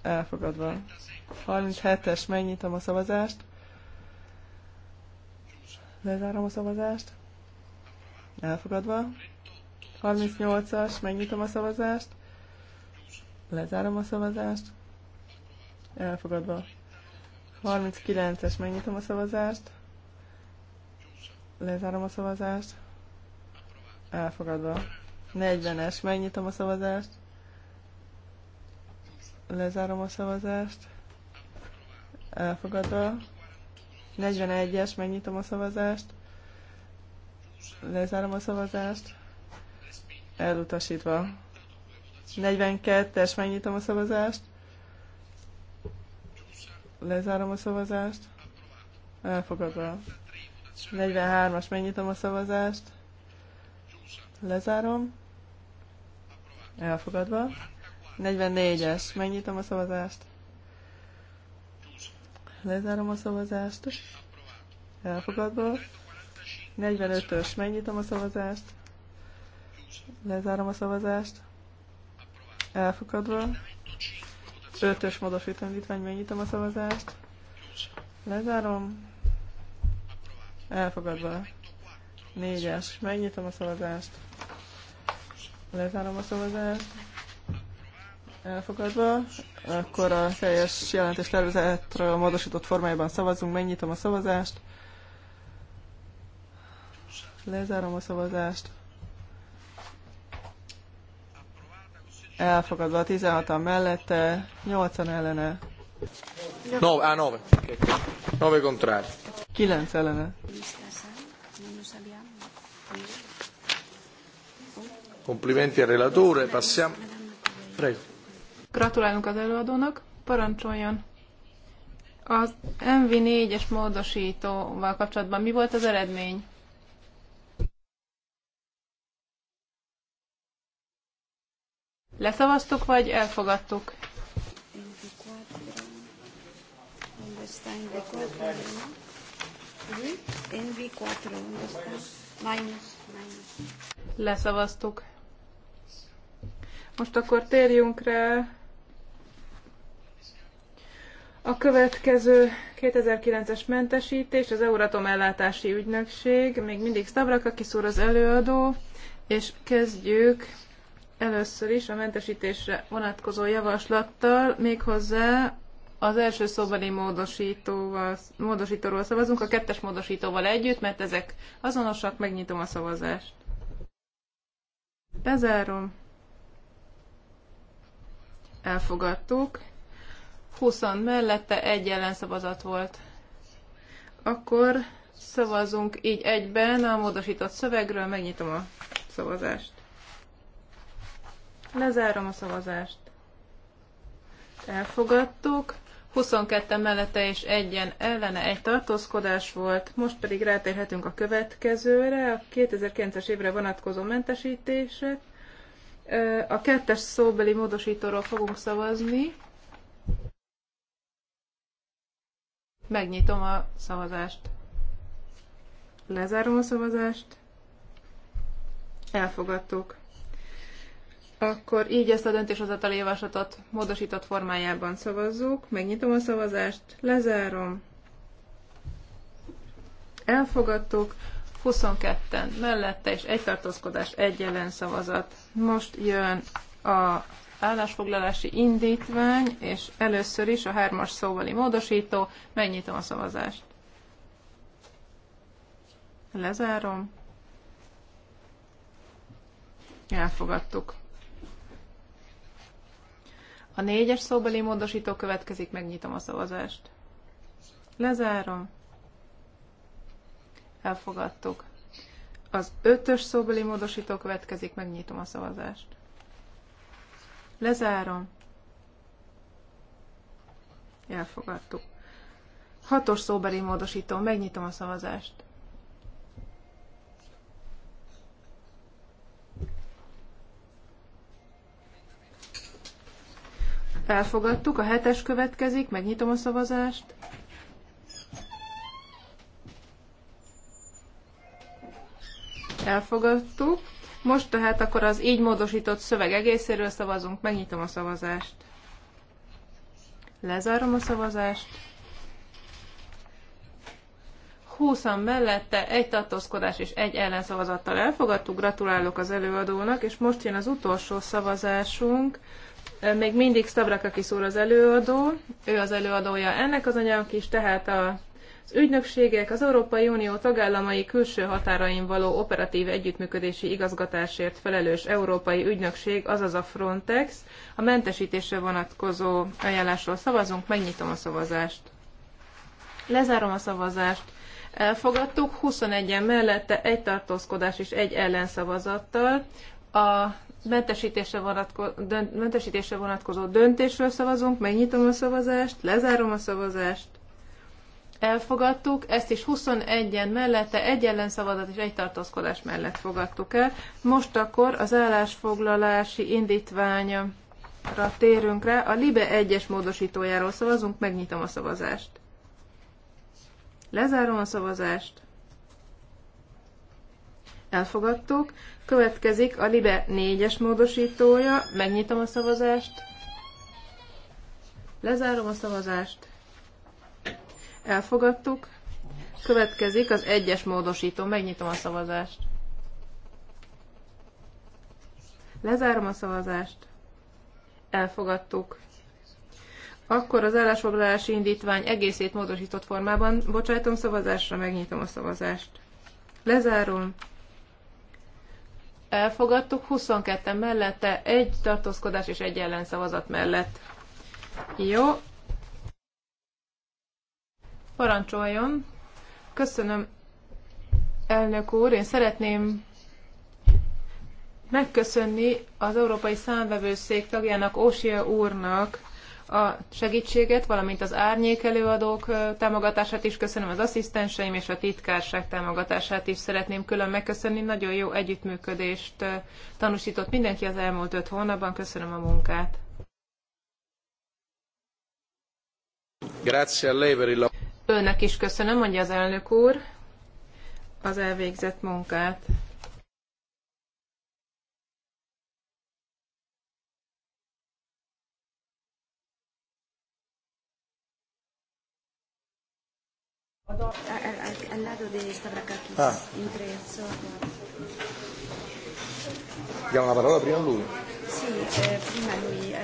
Elfogadva. 37-es, megnyitom a szavazást. Lezárom a szavazást. Elfogadva. 38-as, megnyitom a szavazást. Lezárom a szavazást. Elfogadva. 39-es, megnyitom a szavazást. Lezárom a szavazást. Elfogadva. 40-es, megnyitom a szavazást. Lezárom a szavazást. Elfogadva. 41-es, megnyitom a szavazást. Lezárom a szavazást. Elutasítva. 42-es, megnyitom a szavazást. Lezárom a szavazást. Elfogadva. 43-as, megnyitom a szavazást. Lezárom. Elfogadva. 44-es, megnyitom a szavazást. Lezárom a szavazást. Elfogadva. 45-ös, megnyitom a szavazást. Lezárom a szavazást. Elfogadva. Ötös módosító indítvány, megnyitom a szavazást. Lezárom. Elfogadva. Négyes. Megnyitom a szavazást. Lezárom a szavazást. Elfogadva. Akkor a teljes jelentés tervezetről a módosított formájában szavazunk. Megnyitom a szavazást. Lezárom a szavazást. elfogadva 16-an mellette, 8-an ellene. 9, a 9. 9 contrari. 9 ellene. Complimenti al relatore, passiamo. Prego. Gratulálunk az előadónak, parancsoljon. Az MV4-es módosítóval kapcsolatban mi volt az eredmény? Leszavaztuk, vagy elfogadtuk? Leszavaztuk. Most akkor térjünk rá a következő 2009-es mentesítés, az Euratom ellátási ügynökség, még mindig Stavraka kiszúr az előadó, és kezdjük Először is a mentesítésre vonatkozó javaslattal, méghozzá az első szóbeli módosítóval, módosítóról szavazunk, a kettes módosítóval együtt, mert ezek azonosak, megnyitom a szavazást. Bezárom. Elfogadtuk. 20 mellette egy ellenszavazat volt. Akkor szavazunk így egyben a módosított szövegről, megnyitom a szavazást. Lezárom a szavazást. Elfogadtuk. 22 mellette és egyen ellene egy tartózkodás volt, most pedig rátérhetünk a következőre, a 2009-es évre vonatkozó mentesítések. A kettes szóbeli módosítóról fogunk szavazni. Megnyitom a szavazást. Lezárom a szavazást. Elfogadtuk. Akkor így ezt a döntéshozatali javaslatot módosított formájában szavazzuk. Megnyitom a szavazást, lezárom. Elfogadtuk. 22-en mellette és egy tartózkodás, egy szavazat. Most jön a állásfoglalási indítvány, és először is a hármas szóvali módosító. Megnyitom a szavazást. Lezárom. Elfogadtuk. A négyes szóbeli módosító következik, megnyitom a szavazást. Lezárom. Elfogadtuk. Az ötös szóbeli módosító következik, megnyitom a szavazást. Lezárom. Elfogadtuk. Hatos szóbeli módosító, megnyitom a szavazást. Elfogadtuk, a hetes következik, megnyitom a szavazást. Elfogadtuk. Most tehát akkor az így módosított szöveg egészéről szavazunk, megnyitom a szavazást. Lezárom a szavazást. 20 mellette egy tartózkodás és egy ellenszavazattal elfogadtuk. Gratulálok az előadónak, és most jön az utolsó szavazásunk. Még mindig Stavrakakis úr az előadó, ő az előadója ennek az anyagnak is, tehát a az ügynökségek az Európai Unió tagállamai külső határain való operatív együttműködési igazgatásért felelős Európai Ügynökség, azaz a Frontex. A mentesítésre vonatkozó ajánlásról szavazunk, megnyitom a szavazást. Lezárom a szavazást. Elfogadtuk 21-en mellette egy tartózkodás és egy ellenszavazattal. A mentesítésre, vonatko- dönt- mentesítésre vonatkozó döntésről szavazunk, megnyitom a szavazást, lezárom a szavazást, elfogadtuk, ezt is 21-en mellette, egy szavazat és egy tartózkodás mellett fogadtuk el. Most akkor az állásfoglalási indítványra térünk rá, a LIBE 1-es módosítójáról szavazunk, megnyitom a szavazást. Lezárom a szavazást, Elfogadtuk. Következik a Libe 4-es módosítója. Megnyitom a szavazást. Lezárom a szavazást. Elfogadtuk. Következik az egyes módosító. Megnyitom a szavazást. Lezárom a szavazást. Elfogadtuk. Akkor az állásfoglalási indítvány egészét módosított formában bocsájtom szavazásra, megnyitom a szavazást. Lezárom elfogadtuk, 22 mellette, egy tartózkodás és egy ellenszavazat mellett. Jó. Parancsoljon. Köszönöm, elnök úr. Én szeretném megköszönni az Európai Számvevőszék tagjának, Ósia úrnak a segítséget, valamint az árnyék előadók támogatását is köszönöm, az asszisztenseim és a titkárság támogatását is szeretném külön megköszönni. Nagyon jó együttműködést tanúsított mindenki az elmúlt öt hónapban. Köszönöm a munkát. Önnek is köszönöm, mondja az elnök úr, az elvégzett munkát. Al, ah. la parola eh, prima lui? Sì, eh, prima lui.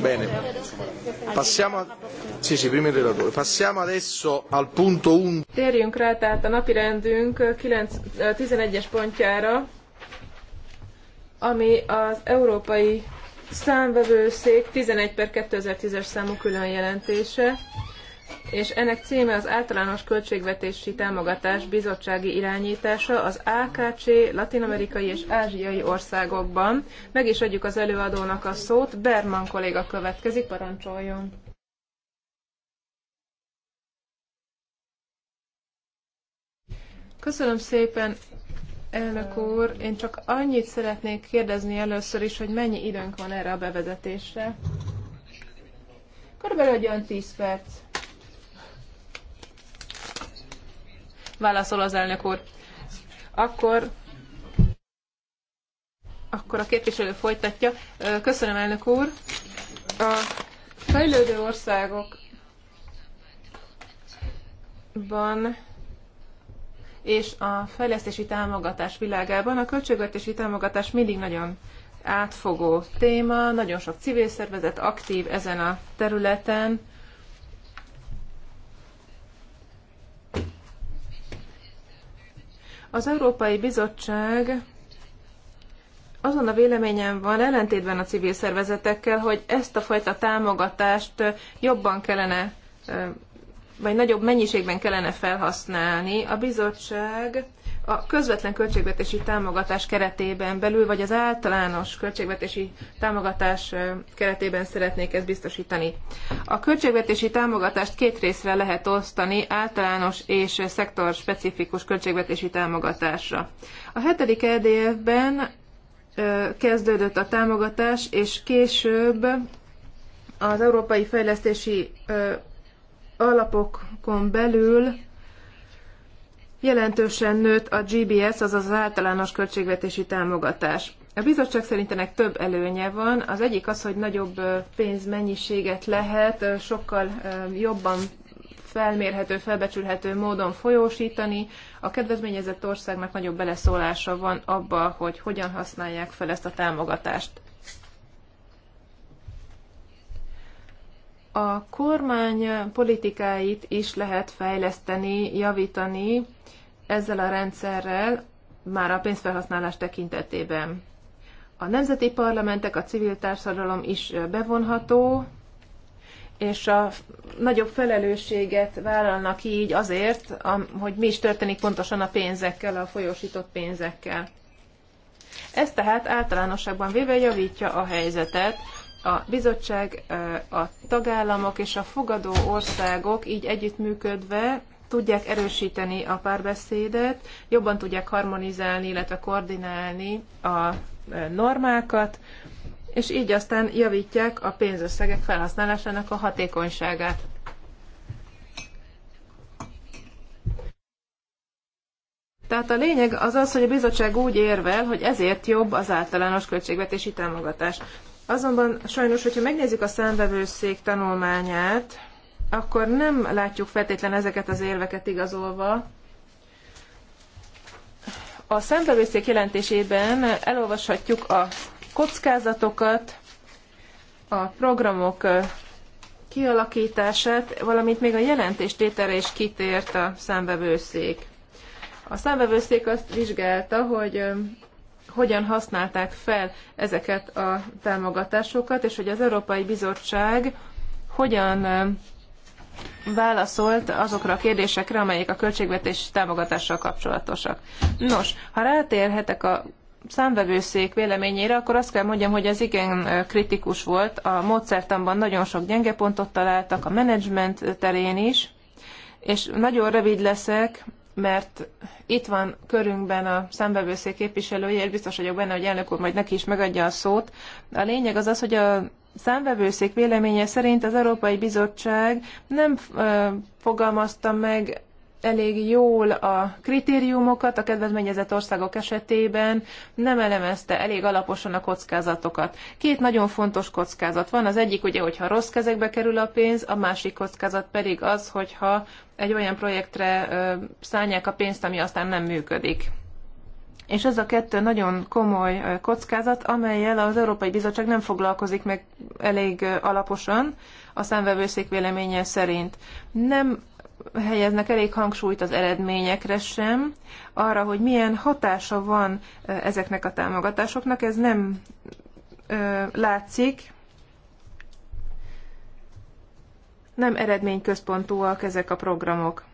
Bene. Passiamo, sì, sì, prima il relatore. Passiamo adesso al punto 11. Térjünk rá tehát a napirendünk 9, 11-es eh, pontjára, ami az Európai Számvevőszék 11 per 2010-es számú külön jelentése és ennek címe az általános költségvetési támogatás bizottsági irányítása az AKC latinamerikai és ázsiai országokban. Meg is adjuk az előadónak a szót, Berman kolléga következik, parancsoljon. Köszönöm szépen, elnök úr. Én csak annyit szeretnék kérdezni először is, hogy mennyi időnk van erre a bevezetésre. Körülbelül egy olyan 10 perc. válaszol az elnök úr. Akkor akkor a képviselő folytatja. Köszönöm, elnök úr. A fejlődő országokban és a fejlesztési támogatás világában a költségvetési támogatás mindig nagyon átfogó téma, nagyon sok civil szervezet aktív ezen a területen, Az Európai Bizottság azon a véleményen van, ellentétben a civil szervezetekkel, hogy ezt a fajta támogatást jobban kellene, vagy nagyobb mennyiségben kellene felhasználni. A bizottság a közvetlen költségvetési támogatás keretében belül, vagy az általános költségvetési támogatás keretében szeretnék ezt biztosítani. A költségvetési támogatást két részre lehet osztani, általános és szektorspecifikus költségvetési támogatásra. A hetedik EDF-ben kezdődött a támogatás, és később az Európai Fejlesztési Alapokon belül jelentősen nőtt a GBS, azaz az általános költségvetési támogatás. A bizottság szerint ennek több előnye van. Az egyik az, hogy nagyobb pénzmennyiséget lehet sokkal jobban felmérhető, felbecsülhető módon folyósítani. A kedvezményezett országnak nagyobb beleszólása van abba, hogy hogyan használják fel ezt a támogatást. a kormány politikáit is lehet fejleszteni, javítani ezzel a rendszerrel, már a pénzfelhasználás tekintetében. A nemzeti parlamentek, a civil társadalom is bevonható, és a nagyobb felelősséget vállalnak így azért, hogy mi is történik pontosan a pénzekkel, a folyósított pénzekkel. Ez tehát általánosságban véve javítja a helyzetet, a bizottság, a tagállamok és a fogadó országok így együttműködve tudják erősíteni a párbeszédet, jobban tudják harmonizálni, illetve koordinálni a normákat, és így aztán javítják a pénzösszegek felhasználásának a hatékonyságát. Tehát a lényeg az az, hogy a bizottság úgy érvel, hogy ezért jobb az általános költségvetési támogatás. Azonban sajnos, hogyha megnézzük a számvevőszék tanulmányát, akkor nem látjuk feltétlen ezeket az érveket igazolva. A számvevőszék jelentésében elolvashatjuk a kockázatokat, a programok kialakítását, valamint még a jelentéstételre is kitért a számvevőszék. A számvevőszék azt vizsgálta, hogy hogyan használták fel ezeket a támogatásokat, és hogy az Európai Bizottság hogyan válaszolt azokra a kérdésekre, amelyek a költségvetés támogatással kapcsolatosak. Nos, ha rátérhetek a számvevőszék véleményére, akkor azt kell mondjam, hogy ez igen kritikus volt. A módszertanban nagyon sok gyenge pontot találtak, a menedzsment terén is, és nagyon rövid leszek, mert itt van körünkben a számbevőszék képviselője, és biztos vagyok benne, hogy elnök úr majd neki is megadja a szót. A lényeg az az, hogy a számvevőszék véleménye szerint az Európai Bizottság nem ö, fogalmazta meg elég jól a kritériumokat a kedvezményezett országok esetében, nem elemezte elég alaposan a kockázatokat. Két nagyon fontos kockázat van, az egyik ugye, hogyha rossz kezekbe kerül a pénz, a másik kockázat pedig az, hogyha egy olyan projektre szállják a pénzt, ami aztán nem működik. És ez a kettő nagyon komoly kockázat, amelyel az Európai Bizottság nem foglalkozik meg elég alaposan a számvevőszék véleménye szerint. Nem helyeznek elég hangsúlyt az eredményekre sem, arra, hogy milyen hatása van ezeknek a támogatásoknak, ez nem ö, látszik. Nem eredményközpontúak ezek a programok.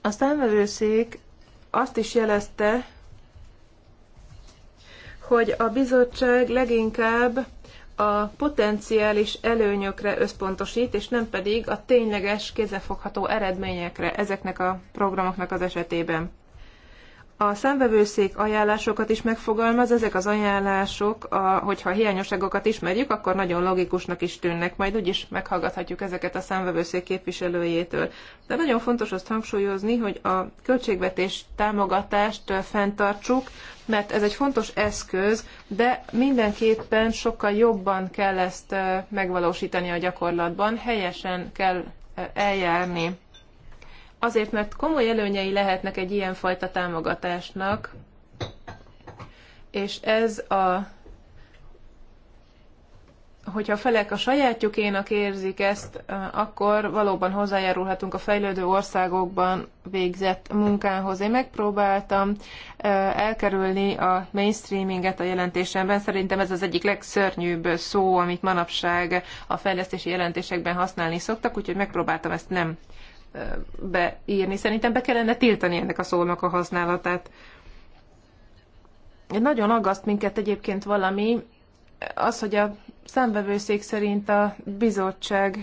A számvevőszék azt is jelezte, hogy a bizottság leginkább a potenciális előnyökre összpontosít, és nem pedig a tényleges, kézzelfogható eredményekre ezeknek a programoknak az esetében. A szemvevőszék ajánlásokat is megfogalmaz, ezek az ajánlások, a, hogyha hiányosságokat ismerjük, akkor nagyon logikusnak is tűnnek, majd úgyis meghallgathatjuk ezeket a szemvevőszék képviselőjétől. De nagyon fontos azt hangsúlyozni, hogy a költségvetés támogatást fenntartsuk, mert ez egy fontos eszköz, de mindenképpen sokkal jobban kell ezt megvalósítani a gyakorlatban, helyesen kell eljárni. Azért, mert komoly előnyei lehetnek egy ilyenfajta támogatásnak, és ez a hogyha a felek a sajátjukénak érzik ezt, akkor valóban hozzájárulhatunk a fejlődő országokban végzett munkához. Én megpróbáltam elkerülni a mainstreaminget a jelentésemben. Szerintem ez az egyik legszörnyűbb szó, amit manapság a fejlesztési jelentésekben használni szoktak, úgyhogy megpróbáltam ezt nem beírni. Szerintem be kellene tiltani ennek a szónak a használatát. Nagyon aggaszt minket egyébként valami, az, hogy a számvevőszék szerint a bizottság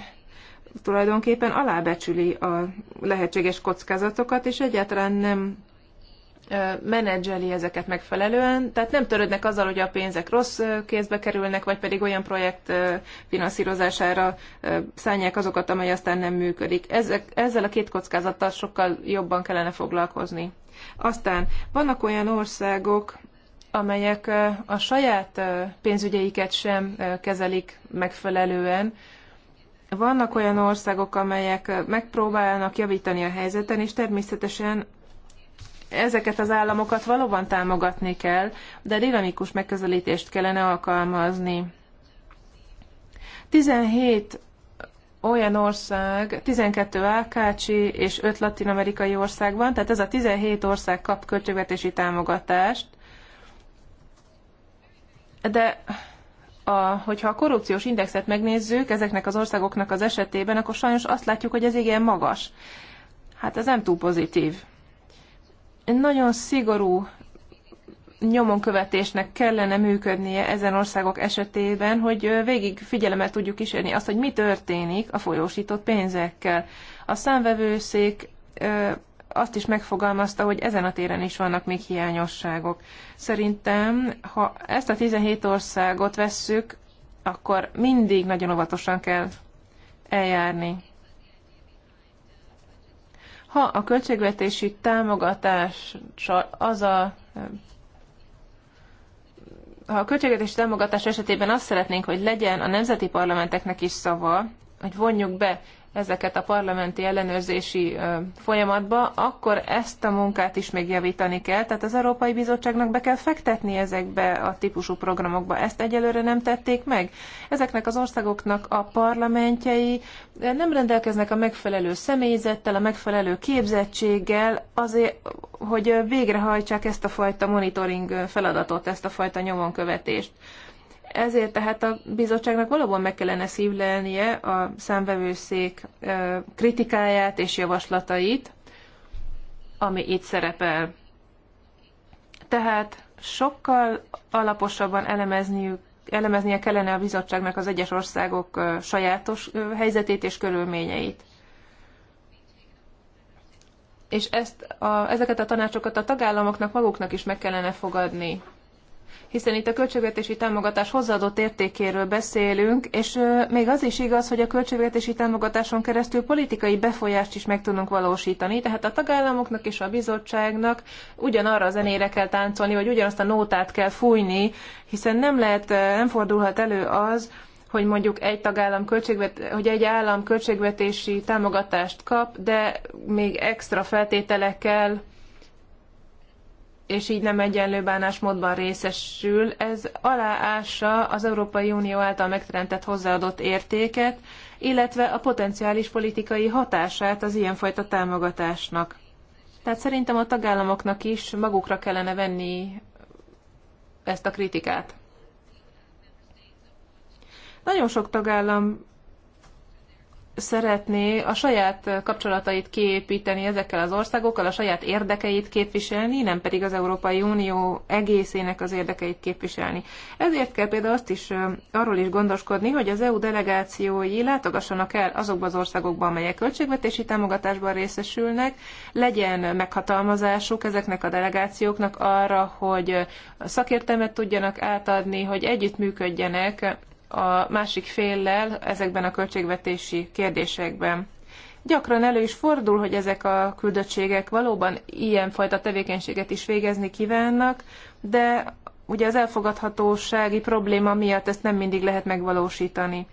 tulajdonképpen alábecsüli a lehetséges kockázatokat, és egyáltalán nem menedzseli ezeket megfelelően, tehát nem törődnek azzal, hogy a pénzek rossz kézbe kerülnek, vagy pedig olyan projekt finanszírozására szállják azokat, amely aztán nem működik. Ezek, ezzel a két kockázattal sokkal jobban kellene foglalkozni. Aztán vannak olyan országok, amelyek a saját pénzügyeiket sem kezelik megfelelően, vannak olyan országok, amelyek megpróbálnak javítani a helyzeten, és természetesen ezeket az államokat valóban támogatni kell, de dinamikus megközelítést kellene alkalmazni. 17 olyan ország, 12 Ákácsi és 5 latin-amerikai ország van, tehát ez a 17 ország kap költségvetési támogatást, de a, hogyha a korrupciós indexet megnézzük ezeknek az országoknak az esetében, akkor sajnos azt látjuk, hogy ez igen magas. Hát ez nem túl pozitív. Nagyon szigorú nyomonkövetésnek kellene működnie ezen országok esetében, hogy végig figyelemmel tudjuk kísérni azt, hogy mi történik a folyósított pénzekkel. A számvevőszék azt is megfogalmazta, hogy ezen a téren is vannak még hiányosságok. Szerintem, ha ezt a 17 országot vesszük, akkor mindig nagyon óvatosan kell eljárni. Ha a költségvetési támogatás az a ha a költségvetési támogatás esetében azt szeretnénk, hogy legyen a nemzeti parlamenteknek is szava, hogy vonjuk be ezeket a parlamenti ellenőrzési folyamatba, akkor ezt a munkát is még javítani kell. Tehát az Európai Bizottságnak be kell fektetni ezekbe a típusú programokba. Ezt egyelőre nem tették meg. Ezeknek az országoknak a parlamentjei nem rendelkeznek a megfelelő személyzettel, a megfelelő képzettséggel azért, hogy végrehajtsák ezt a fajta monitoring feladatot, ezt a fajta nyomonkövetést. követést ezért tehát a bizottságnak valóban meg kellene szívlelnie a számvevőszék kritikáját és javaslatait, ami itt szerepel. Tehát sokkal alaposabban elemezniük elemeznie kellene a bizottságnak az egyes országok sajátos helyzetét és körülményeit. És ezt a, ezeket a tanácsokat a tagállamoknak maguknak is meg kellene fogadni hiszen itt a költségvetési támogatás hozzáadott értékéről beszélünk, és még az is igaz, hogy a költségvetési támogatáson keresztül politikai befolyást is meg tudunk valósítani, tehát a tagállamoknak és a bizottságnak ugyanarra a zenére kell táncolni, vagy ugyanazt a nótát kell fújni, hiszen nem lehet, nem fordulhat elő az, hogy mondjuk egy tagállam költségvet, hogy egy állam költségvetési támogatást kap, de még extra feltételekkel és így nem egyenlő bánásmódban részesül. Ez aláássa az Európai Unió által megteremtett hozzáadott értéket, illetve a potenciális politikai hatását az ilyenfajta támogatásnak. Tehát szerintem a tagállamoknak is magukra kellene venni ezt a kritikát. Nagyon sok tagállam szeretné a saját kapcsolatait kiépíteni ezekkel az országokkal, a saját érdekeit képviselni, nem pedig az Európai Unió egészének az érdekeit képviselni. Ezért kell például azt is arról is gondoskodni, hogy az EU delegációi látogassanak el azokba az országokba, amelyek költségvetési támogatásban részesülnek, legyen meghatalmazásuk ezeknek a delegációknak arra, hogy szakértelmet tudjanak átadni, hogy együttműködjenek a másik féllel ezekben a költségvetési kérdésekben. Gyakran elő is fordul, hogy ezek a küldöttségek valóban ilyenfajta tevékenységet is végezni kívánnak, de ugye az elfogadhatósági probléma miatt ezt nem mindig lehet megvalósítani.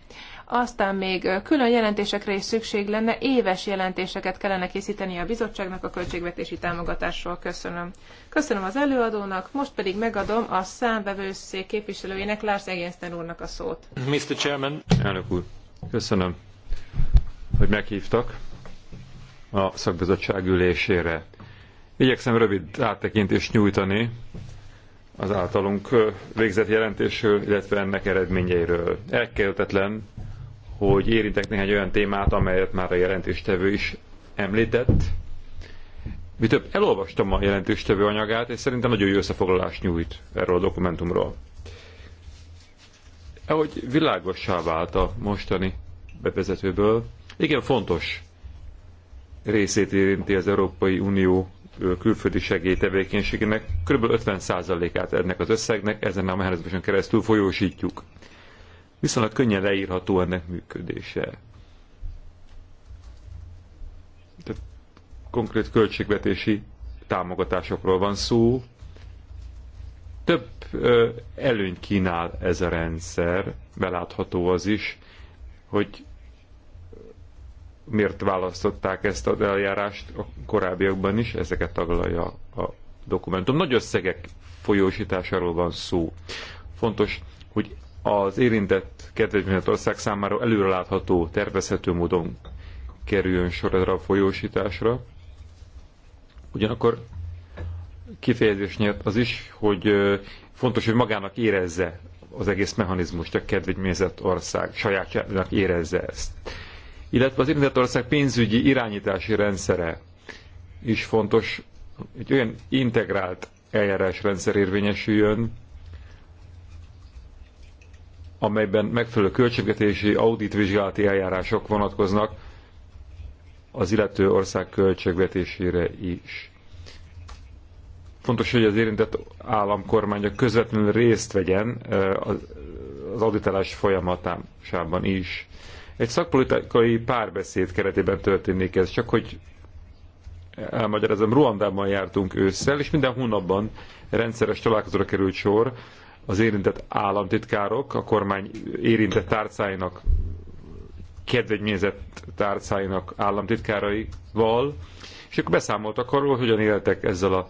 Aztán még külön jelentésekre is szükség lenne, éves jelentéseket kellene készíteni a bizottságnak a költségvetési támogatásról. Köszönöm. Köszönöm az előadónak, most pedig megadom a számvevőszék képviselőjének, Lars Egensten úrnak a szót. Mr. Chairman. Elnök úr, köszönöm, hogy meghívtak a szakbizottság ülésére. Igyekszem rövid áttekintést nyújtani az általunk végzett jelentésről, illetve ennek eredményeiről. Elkerültetlen, hogy érintek néhány olyan témát, amelyet már a jelentéstevő is említett. Mi több, elolvastam a jelentéstevő anyagát, és szerintem nagyon jó összefoglalást nyújt erről a dokumentumról. Ahogy világossá vált a mostani bevezetőből, igen fontos részét érinti az Európai Unió külföldi segélytevékenységének kb. 50%-át ennek az összegnek, ezen a mechanizmuson keresztül folyósítjuk viszonylag könnyen leírható ennek működése. Tehát konkrét költségvetési támogatásokról van szó. Több ö, kínál ez a rendszer, belátható az is, hogy miért választották ezt az eljárást a korábbiakban is, ezeket taglalja a dokumentum. Nagy összegek folyósításáról van szó. Fontos, hogy az érintett kedvezményezett ország számára előrelátható, tervezhető módon kerüljön sor erre a folyósításra. Ugyanakkor kifejezés nyert az is, hogy fontos, hogy magának érezze az egész mechanizmust, a kedvegymézett ország sajátjának érezze ezt. Illetve az érintett ország pénzügyi irányítási rendszere is fontos, hogy olyan integrált eljárásrendszer érvényesüljön, amelyben megfelelő költségvetési auditvizsgálati eljárások vonatkoznak az illető ország költségvetésére is. Fontos, hogy az érintett államkormánya közvetlenül részt vegyen az auditálás folyamatában is. Egy szakpolitikai párbeszéd keretében történik ez, csak hogy elmagyarázom, Ruandában jártunk ősszel, és minden hónapban rendszeres találkozóra került sor, az érintett államtitkárok, a kormány érintett tárcáinak, kedvegyményezett tárcáinak államtitkáraival, és ők beszámoltak arról, hogyan éltek ezzel a,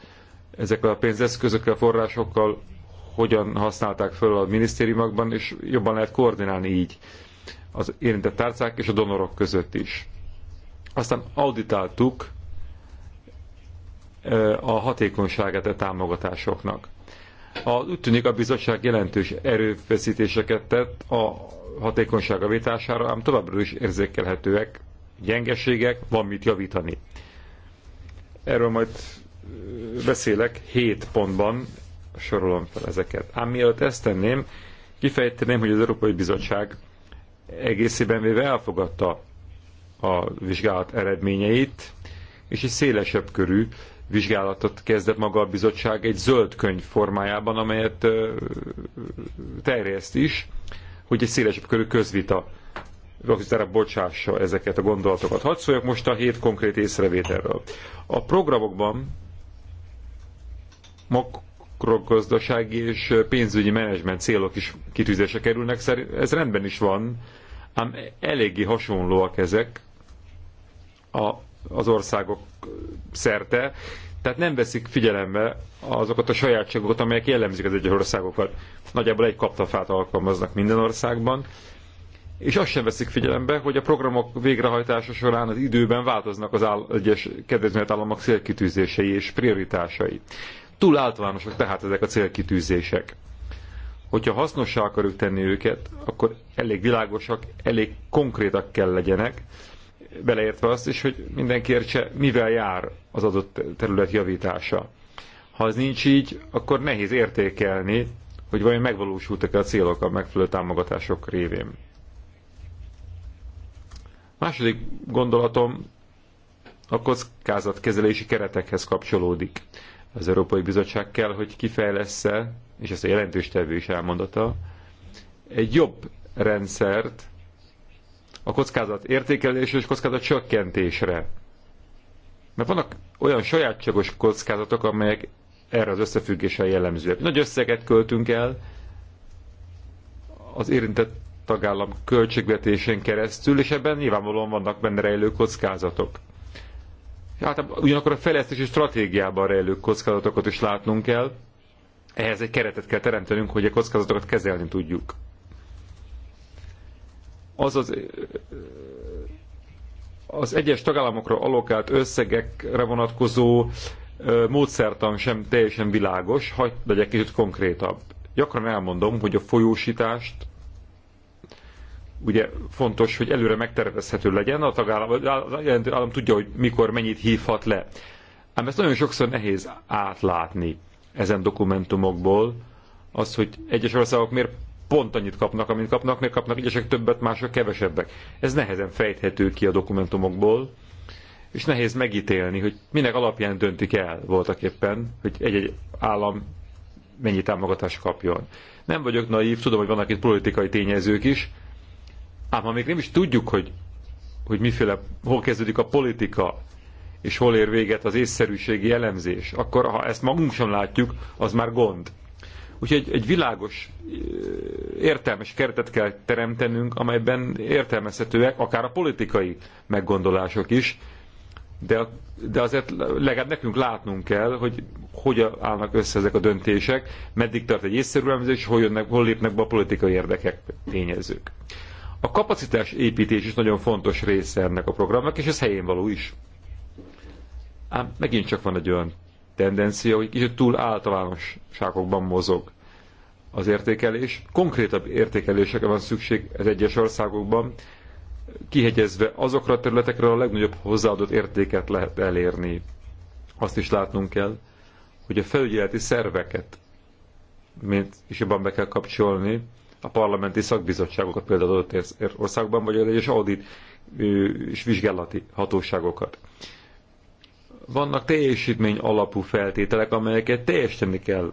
ezekkel a pénzeszközökkel, forrásokkal, hogyan használták fel a minisztériumokban, és jobban lehet koordinálni így az érintett tárcák és a donorok között is. Aztán auditáltuk a hatékonyságát a támogatásoknak. A, úgy tűnik a bizottság jelentős erőfeszítéseket tett a hatékonyság javítására, ám továbbra is érzékelhetőek gyengeségek, van mit javítani. Erről majd beszélek 7 pontban, sorolom fel ezeket. Ám mielőtt ezt tenném, kifejteném, hogy az Európai Bizottság egészében véve elfogadta a vizsgálat eredményeit, és egy szélesebb körű vizsgálatot kezdett maga a bizottság egy zöld könyv formájában, amelyet terjeszt is, hogy egy szélesebb körű közvita rögzítára bocsássa ezeket a gondolatokat. Hadd szóljak most a hét konkrét észrevételről. A programokban makrogazdasági és pénzügyi menedzsment célok is kitűzése kerülnek, ez rendben is van, ám eléggé hasonlóak ezek a, az országok szerte, tehát nem veszik figyelembe azokat a sajátságokat, amelyek jellemzik az egyes országokat. Nagyjából egy kaptafát alkalmaznak minden országban, és azt sem veszik figyelembe, hogy a programok végrehajtása során az időben változnak az egyes kedvezményt államok célkitűzései és prioritásai. Túl általánosak tehát ezek a célkitűzések. Hogyha hasznossá akarjuk tenni őket, akkor elég világosak, elég konkrétak kell legyenek, beleértve azt is, hogy mindenki értse, mivel jár az adott terület javítása. Ha az nincs így, akkor nehéz értékelni, hogy vajon megvalósultak-e a célok a megfelelő támogatások révén. Második gondolatom a kockázatkezelési keretekhez kapcsolódik. Az Európai Bizottság kell, hogy kifejlesz-e, és ezt a jelentős tevő is elmondata, egy jobb rendszert a kockázat értékelésre és kockázat csökkentésre. Mert vannak olyan sajátságos kockázatok, amelyek erre az összefüggéssel jellemzőek. Nagy összeget költünk el az érintett tagállam költségvetésén keresztül, és ebben nyilvánvalóan vannak benne rejlő kockázatok. Hát ugyanakkor a fejlesztési stratégiában rejlő kockázatokat is látnunk kell, ehhez egy keretet kell teremtenünk, hogy a kockázatokat kezelni tudjuk az az, az egyes tagállamokra alokált összegekre vonatkozó módszertan sem teljesen világos, hagyd legyek kicsit konkrétabb. Gyakran elmondom, hogy a folyósítást ugye fontos, hogy előre megtervezhető legyen, a tagállam az állam tudja, hogy mikor mennyit hívhat le. Ám ezt nagyon sokszor nehéz átlátni ezen dokumentumokból, az, hogy egyes országok miért pont annyit kapnak, amit kapnak, mert kapnak egyesek többet, mások kevesebbek. Ez nehezen fejthető ki a dokumentumokból, és nehéz megítélni, hogy minek alapján döntik el voltak éppen, hogy egy-egy állam mennyi támogatást kapjon. Nem vagyok naív, tudom, hogy vannak itt politikai tényezők is, ám ha még nem is tudjuk, hogy, hogy miféle, hol kezdődik a politika, és hol ér véget az észszerűségi elemzés, akkor ha ezt magunk sem látjuk, az már gond. Úgyhogy egy világos, értelmes keretet kell teremtenünk, amelyben értelmezhetőek akár a politikai meggondolások is, de, de azért legalább nekünk látnunk kell, hogy hogyan állnak össze ezek a döntések, meddig tart egy észszerű elemzés, és hol, jönnek, hol lépnek be a politikai érdekek, tényezők. A kapacitás építés is nagyon fontos része ennek a programnak, és ez helyén való is. Ám megint csak van egy olyan tendencia, hogy kicsit túl általánosságokban mozog az értékelés. Konkrétabb értékelésekre van szükség az egyes országokban, kihegyezve azokra a területekre a legnagyobb hozzáadott értéket lehet elérni. Azt is látnunk kell, hogy a felügyeleti szerveket mint, is jobban be kell kapcsolni, a parlamenti szakbizottságokat például adott országban, vagy az egyes audit és vizsgálati hatóságokat vannak teljesítmény alapú feltételek, amelyeket teljesíteni kell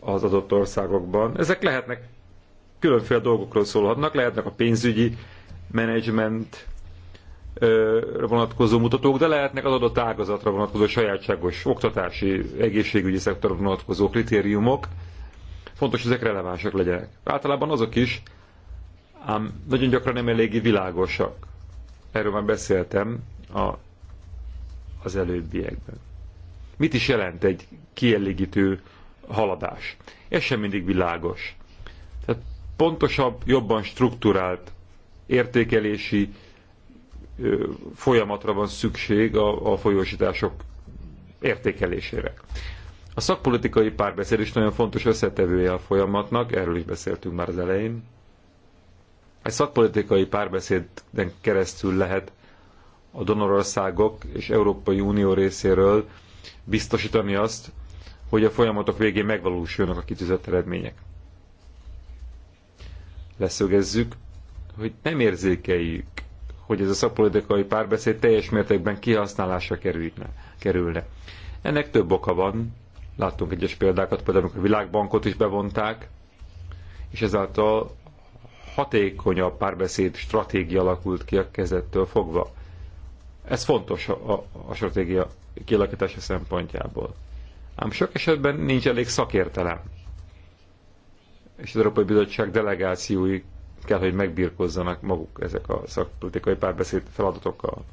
az adott országokban. Ezek lehetnek, különféle dolgokról szólhatnak, lehetnek a pénzügyi menedzsment vonatkozó mutatók, de lehetnek az adott ágazatra vonatkozó sajátságos oktatási, egészségügyi szektorra vonatkozó kritériumok. Fontos, hogy ezek relevánsak legyenek. Általában azok is, ám nagyon gyakran nem eléggé világosak. Erről már beszéltem a az előbbiekben. Mit is jelent egy kielégítő haladás? Ez sem mindig világos. Tehát pontosabb, jobban struktúrált értékelési folyamatra van szükség a, a folyósítások értékelésére. A szakpolitikai párbeszéd is nagyon fontos összetevője a folyamatnak, erről is beszéltünk már az elején. Egy szakpolitikai párbeszéden keresztül lehet a donorországok és Európai Unió részéről biztosítani azt, hogy a folyamatok végén megvalósuljanak a kitűzött eredmények. Leszögezzük, hogy nem érzékeljük, hogy ez a szakpolitikai párbeszéd teljes mértékben kihasználásra kerülne. kerülne. Ennek több oka van, láttunk egyes példákat, például amikor a világbankot is bevonták, és ezáltal hatékonyabb párbeszéd stratégia alakult ki a kezettől fogva. Ez fontos a, a, a stratégia kialakítása szempontjából. Ám sok esetben nincs elég szakértelem. És az Európai Bizottság delegációi kell, hogy megbirkozzanak maguk ezek a szakpolitikai párbeszéd feladatokkal.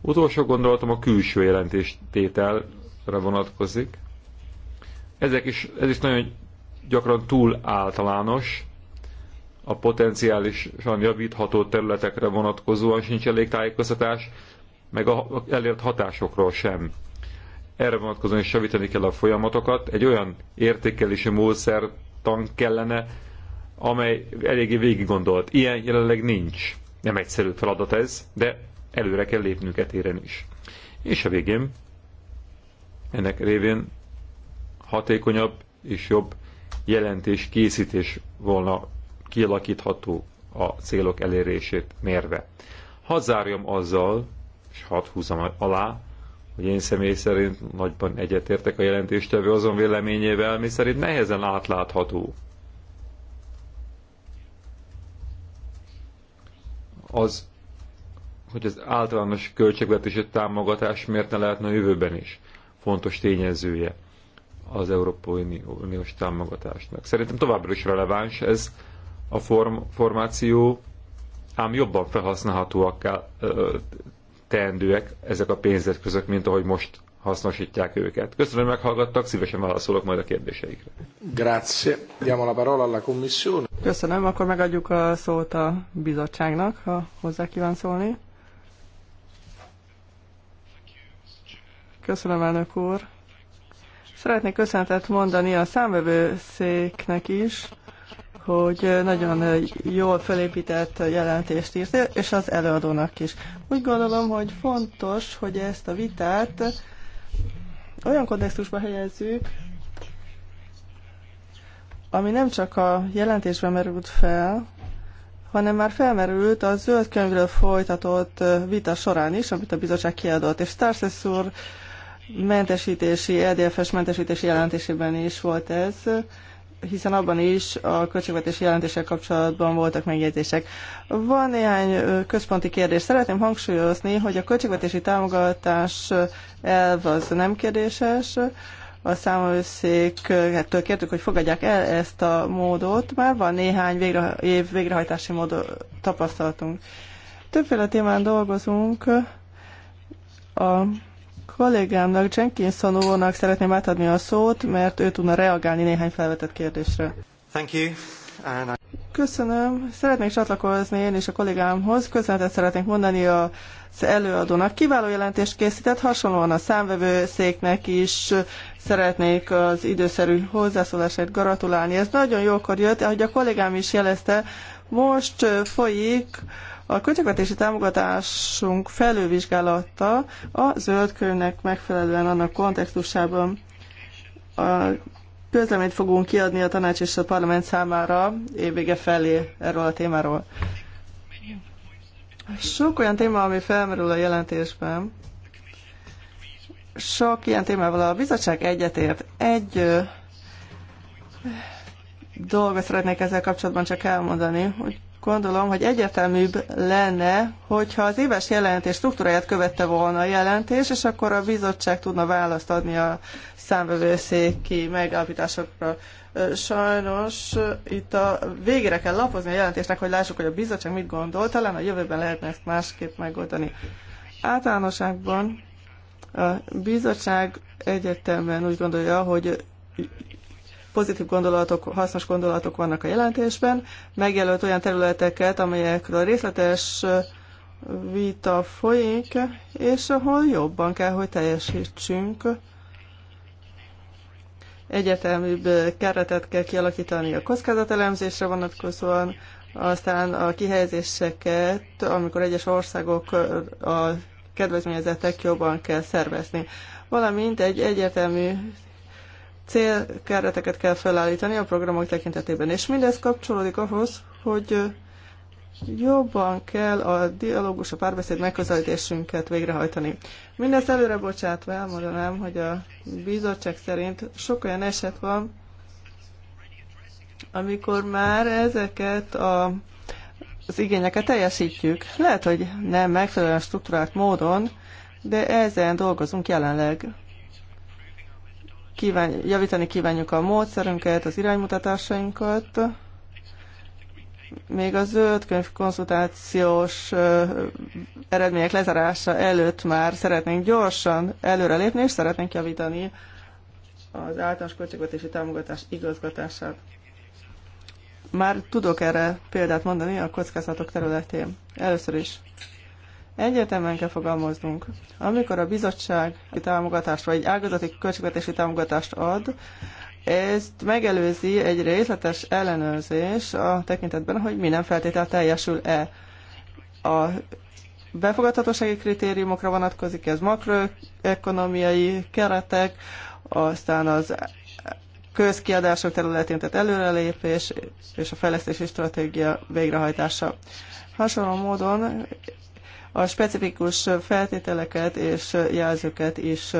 Utolsó gondolatom a külső jelentéstételre vonatkozik. Ezek is, ez is nagyon gyakran túl általános, a potenciálisan javítható területekre vonatkozóan sincs elég tájékoztatás, meg a elért hatásokról sem. Erre vonatkozóan is javítani kell a folyamatokat. Egy olyan értékelési módszertan kellene, amely eléggé végig gondolt. Ilyen jelenleg nincs. Nem egyszerű feladat ez, de előre kell lépnünk etéren is. És a végén ennek révén hatékonyabb és jobb jelentés készítés volna kialakítható a célok elérését mérve. Hazárjam azzal, hat húzom alá, hogy én személy szerint nagyban egyetértek a jelentéstevő azon véleményével, mi szerint nehezen átlátható. Az, hogy az általános költségvetési támogatás miért ne lehetne a jövőben is fontos tényezője az Európai Uniós támogatásnak. Szerintem továbbra is releváns ez a form, formáció, ám jobban felhasználhatóak teendőek ezek a pénzeszközök, mint ahogy most hasznosítják őket. Köszönöm, hogy meghallgattak, szívesen válaszolok majd a kérdéseikre. Grazie. Diamo la parola alla commissione. Köszönöm, akkor megadjuk a szót a bizottságnak, ha hozzá kíván szólni. Köszönöm, elnök úr. Szeretnék köszönetet mondani a számvevőszéknek is, hogy nagyon jól felépített jelentést írt, és az előadónak is. Úgy gondolom, hogy fontos, hogy ezt a vitát olyan kontextusba helyezzük, ami nem csak a jelentésben merült fel, hanem már felmerült a zöld könyvről folytatott vita során is, amit a bizottság kiadott, és Starsess úr mentesítési, LDFS e mentesítési jelentésében is volt ez, hiszen abban is a költségvetési jelentéssel kapcsolatban voltak megjegyzések. Van néhány központi kérdés. Szeretném hangsúlyozni, hogy a költségvetési támogatás elv az nem kérdéses. A számolszéktől kértük, hogy fogadják el ezt a módot. Már van néhány végre, év végrehajtási mód tapasztalatunk. Többféle témán dolgozunk. A kollégámnak, Jenkinson úrnak szeretném átadni a szót, mert ő tudna reagálni néhány felvetett kérdésre. Thank you. And I... Köszönöm. Szeretnék csatlakozni én is a kollégámhoz. Köszönetet szeretnék mondani az előadónak. Kiváló jelentést készített, hasonlóan a számvevőszéknek is szeretnék az időszerű hozzászólását gratulálni. Ez nagyon jókor jött, ahogy a kollégám is jelezte, most folyik a költségvetési támogatásunk felülvizsgálata a zöld könyvnek megfelelően annak kontextusában a közleményt fogunk kiadni a tanács és a parlament számára évvége felé erről a témáról. Sok olyan téma, ami felmerül a jelentésben, sok ilyen témával a bizottság egyetért. Egy dolgot szeretnék ezzel kapcsolatban csak elmondani, hogy gondolom, hogy egyeteműbb lenne, hogyha az éves jelentés struktúráját követte volna a jelentés, és akkor a bizottság tudna választ adni a számvevőszéki megállapításokra. Sajnos itt a végére kell lapozni a jelentésnek, hogy lássuk, hogy a bizottság mit gondol, talán a jövőben lehetne ezt másképp megoldani. Általánosságban a bizottság egyetemben úgy gondolja, hogy pozitív gondolatok, hasznos gondolatok vannak a jelentésben, megjelölt olyan területeket, amelyekről részletes vita folyik, és ahol jobban kell, hogy teljesítsünk. Egyeteműbb keretet kell kialakítani a kockázatelemzésre vonatkozóan, aztán a kihelyezéseket, amikor egyes országok a kedvezményezettek jobban kell szervezni. Valamint egy egyetemű célkereteket kell felállítani a programok tekintetében. És mindez kapcsolódik ahhoz, hogy jobban kell a dialógus, a párbeszéd megközelítésünket végrehajtani. Mindezt előre bocsátva elmondanám, hogy a bizottság szerint sok olyan eset van, amikor már ezeket a, az igényeket teljesítjük. Lehet, hogy nem megfelelően struktúrált módon, de ezen dolgozunk jelenleg kíván, javítani kívánjuk a módszerünket, az iránymutatásainkat. Még a zöld könyv konzultációs eredmények lezárása előtt már szeretnénk gyorsan előrelépni, és szeretnénk javítani az általános költségvetési támogatás igazgatását. Már tudok erre példát mondani a kockázatok területén. Először is Egyértelműen kell fogalmaznunk. Amikor a bizottság támogatást vagy egy ágazati költségvetési támogatást ad, ezt megelőzi egy részletes ellenőrzés a tekintetben, hogy minden feltétel teljesül-e. A befogadhatósági kritériumokra vonatkozik ez makroekonomiai keretek, aztán az közkiadások területén, tehát előrelépés és a fejlesztési stratégia végrehajtása. Hasonló módon a specifikus feltételeket és jelzőket is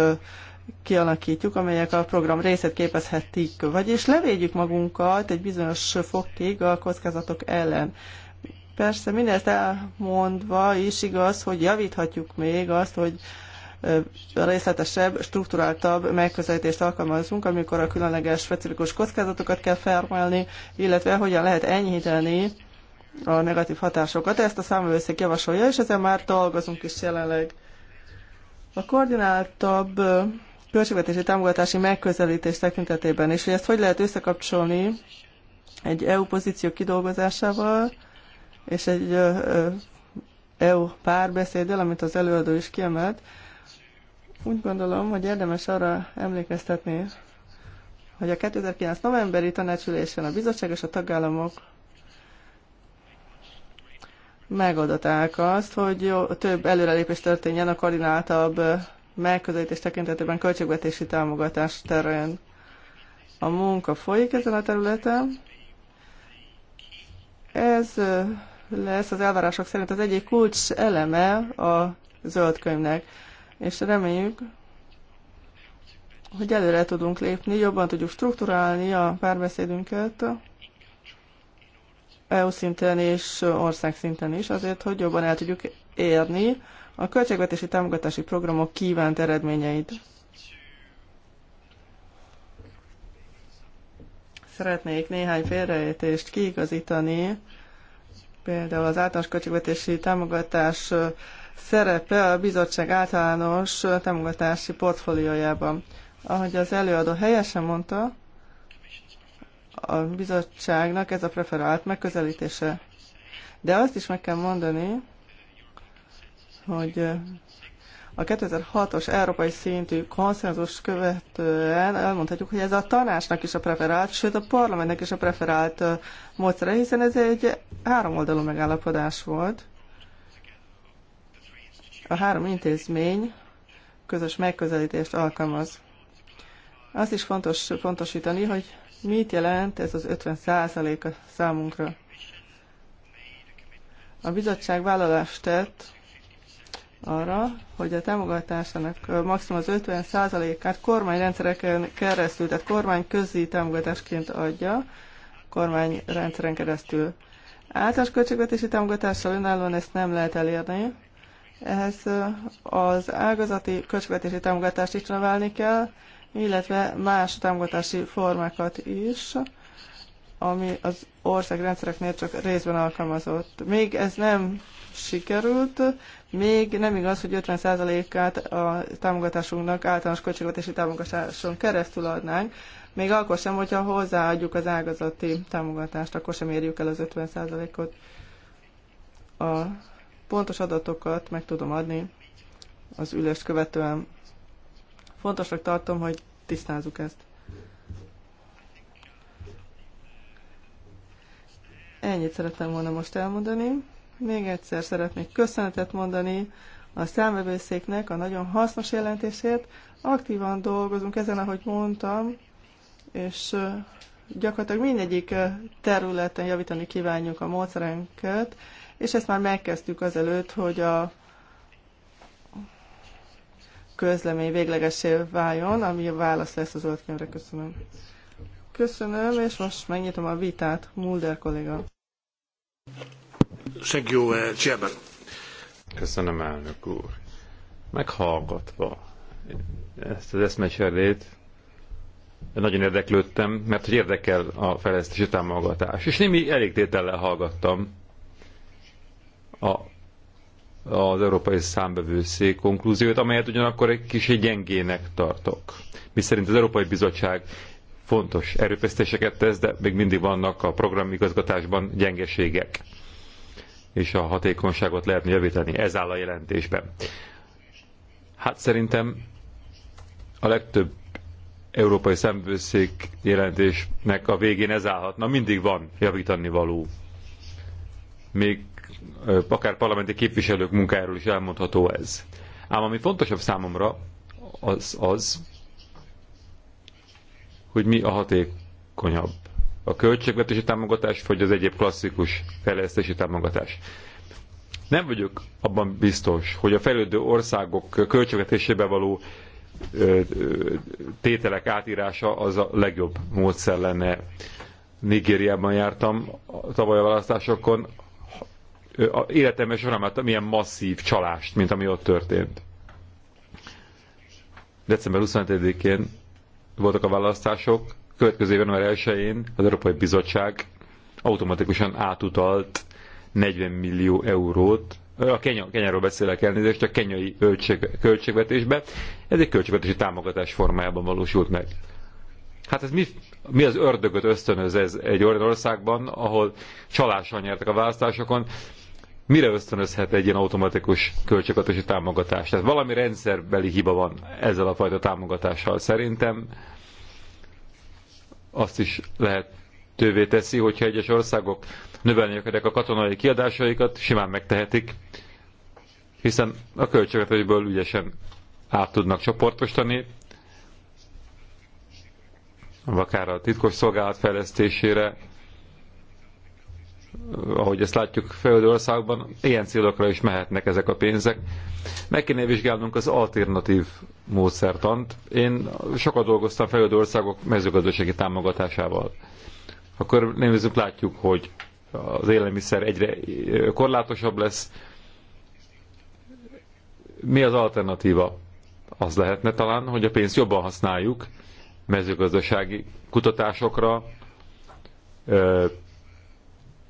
kialakítjuk, amelyek a program részét képezhetik, vagyis levédjük magunkat egy bizonyos fokig a kockázatok ellen. Persze mindezt elmondva is igaz, hogy javíthatjuk még azt, hogy részletesebb, strukturáltabb megközelítést alkalmazunk, amikor a különleges specifikus kockázatokat kell felmelni, illetve hogyan lehet enyhíteni a negatív hatásokat. Ezt a számvevőszék javasolja, és ezen már dolgozunk is jelenleg. A koordináltabb költségvetési támogatási megközelítés tekintetében is, hogy ezt hogy lehet összekapcsolni egy EU pozíció kidolgozásával, és egy EU párbeszéddel, amit az előadó is kiemelt, úgy gondolom, hogy érdemes arra emlékeztetni, hogy a 2009. novemberi tanácsülésen a bizottság és a tagállamok megoldották azt, hogy jó, több előrelépés történjen a koordináltabb megközelítés tekintetében költségvetési támogatás terén. A munka folyik ezen a területen. Ez lesz az elvárások szerint az egyik kulcs eleme a zöld könyvnek, és reméljük, hogy előre tudunk lépni, jobban tudjuk strukturálni a párbeszédünket, EU szinten és ország szinten is, azért, hogy jobban el tudjuk érni a költségvetési támogatási programok kívánt eredményeit. Szeretnék néhány félreértést kiigazítani, például az általános költségvetési támogatás szerepe a bizottság általános támogatási portfóliójában. Ahogy az előadó helyesen mondta, a bizottságnak ez a preferált megközelítése. De azt is meg kell mondani, hogy a 2006-os európai szintű konszenzus követően elmondhatjuk, hogy ez a tanácsnak is a preferált, sőt a parlamentnek is a preferált módszere, hiszen ez egy háromoldalú megállapodás volt. A három intézmény közös megközelítést alkalmaz. Azt is fontos pontosítani, hogy Mit jelent ez az 50 a számunkra? A bizottság vállalást tett arra, hogy a támogatásának maximum az 50 át kormányrendszereken keresztül, tehát kormány kormányközi támogatásként adja, kormányrendszeren keresztül. Általános költségvetési támogatással önállóan ezt nem lehet elérni. Ehhez az ágazati költségvetési támogatást is növelni kell, illetve más támogatási formákat is, ami az ország rendszereknél csak részben alkalmazott. Még ez nem sikerült, még nem igaz, hogy 50%-át a támogatásunknak általános költségvetési támogatáson keresztül adnánk, még akkor sem, hogyha hozzáadjuk az ágazati támogatást, akkor sem érjük el az 50%-ot. A pontos adatokat meg tudom adni az ülést követően. Fontosnak tartom, hogy tisztázzuk ezt. Ennyit szerettem volna most elmondani. Még egyszer szeretnék köszönetet mondani a számvevőszéknek a nagyon hasznos jelentését. Aktívan dolgozunk ezen, ahogy mondtam, és gyakorlatilag mindegyik területen javítani kívánjuk a módszerenket, és ezt már megkezdtük azelőtt, hogy a közlemény véglegesé váljon, ami a válasz lesz az zöld könyvre. Köszönöm. Köszönöm, és most megnyitom a vitát. Mulder kolléga. Thank you, uh, Köszönöm, elnök úr. Meghallgatva ezt az eszmecserét, nagyon érdeklődtem, mert hogy érdekel a fejlesztési támogatás. És némi elégtétellel hallgattam a az Európai Számbevőszék konklúziót, amelyet ugyanakkor egy kicsit gyengének tartok. Mi szerint az Európai Bizottság fontos erőfeszítéseket tesz, de még mindig vannak a programigazgatásban gyengeségek, és a hatékonyságot lehetne javítani. Ez áll a jelentésben. Hát szerintem a legtöbb európai szembőszék jelentésnek a végén ez állhatna. Mindig van javítani való. Még akár parlamenti képviselők munkájáról is elmondható ez. Ám ami fontosabb számomra, az az, hogy mi a hatékonyabb. A költségvetési támogatás, vagy az egyéb klasszikus fejlesztési támogatás. Nem vagyok abban biztos, hogy a fejlődő országok költségvetésébe való ö, ö, tételek átírása az a legjobb módszer lenne. Nigériában jártam tavaly a választásokon, életemben során láttam milyen masszív csalást, mint ami ott történt. December 25 én voltak a választások, következő évben már 1-én az Európai Bizottság automatikusan átutalt 40 millió eurót, a Kenya, Kenyáról beszélek elnézést, a kenyai költség, költségvetésbe, ez egy költségvetési támogatás formájában valósult meg. Hát ez mi, mi az ördögöt ösztönöz ez egy országban, ahol csalással nyertek a választásokon, mire ösztönözhet egy ilyen automatikus költségvetési támogatás? Tehát valami rendszerbeli hiba van ezzel a fajta támogatással szerintem. Azt is lehet tővé teszi, hogyha egyes országok növelni akarják a katonai kiadásaikat, simán megtehetik, hiszen a költségvetésből ügyesen át tudnak csoportosítani, akár a titkos szolgálat fejlesztésére, ahogy ezt látjuk Földországban, országban, ilyen célokra is mehetnek ezek a pénzek. Meg kéne vizsgálnunk az alternatív módszertant. Én sokat dolgoztam Földországok országok mezőgazdasági támogatásával. Akkor nézzük, látjuk, hogy az élelmiszer egyre korlátosabb lesz. Mi az alternatíva? Az lehetne talán, hogy a pénzt jobban használjuk mezőgazdasági kutatásokra,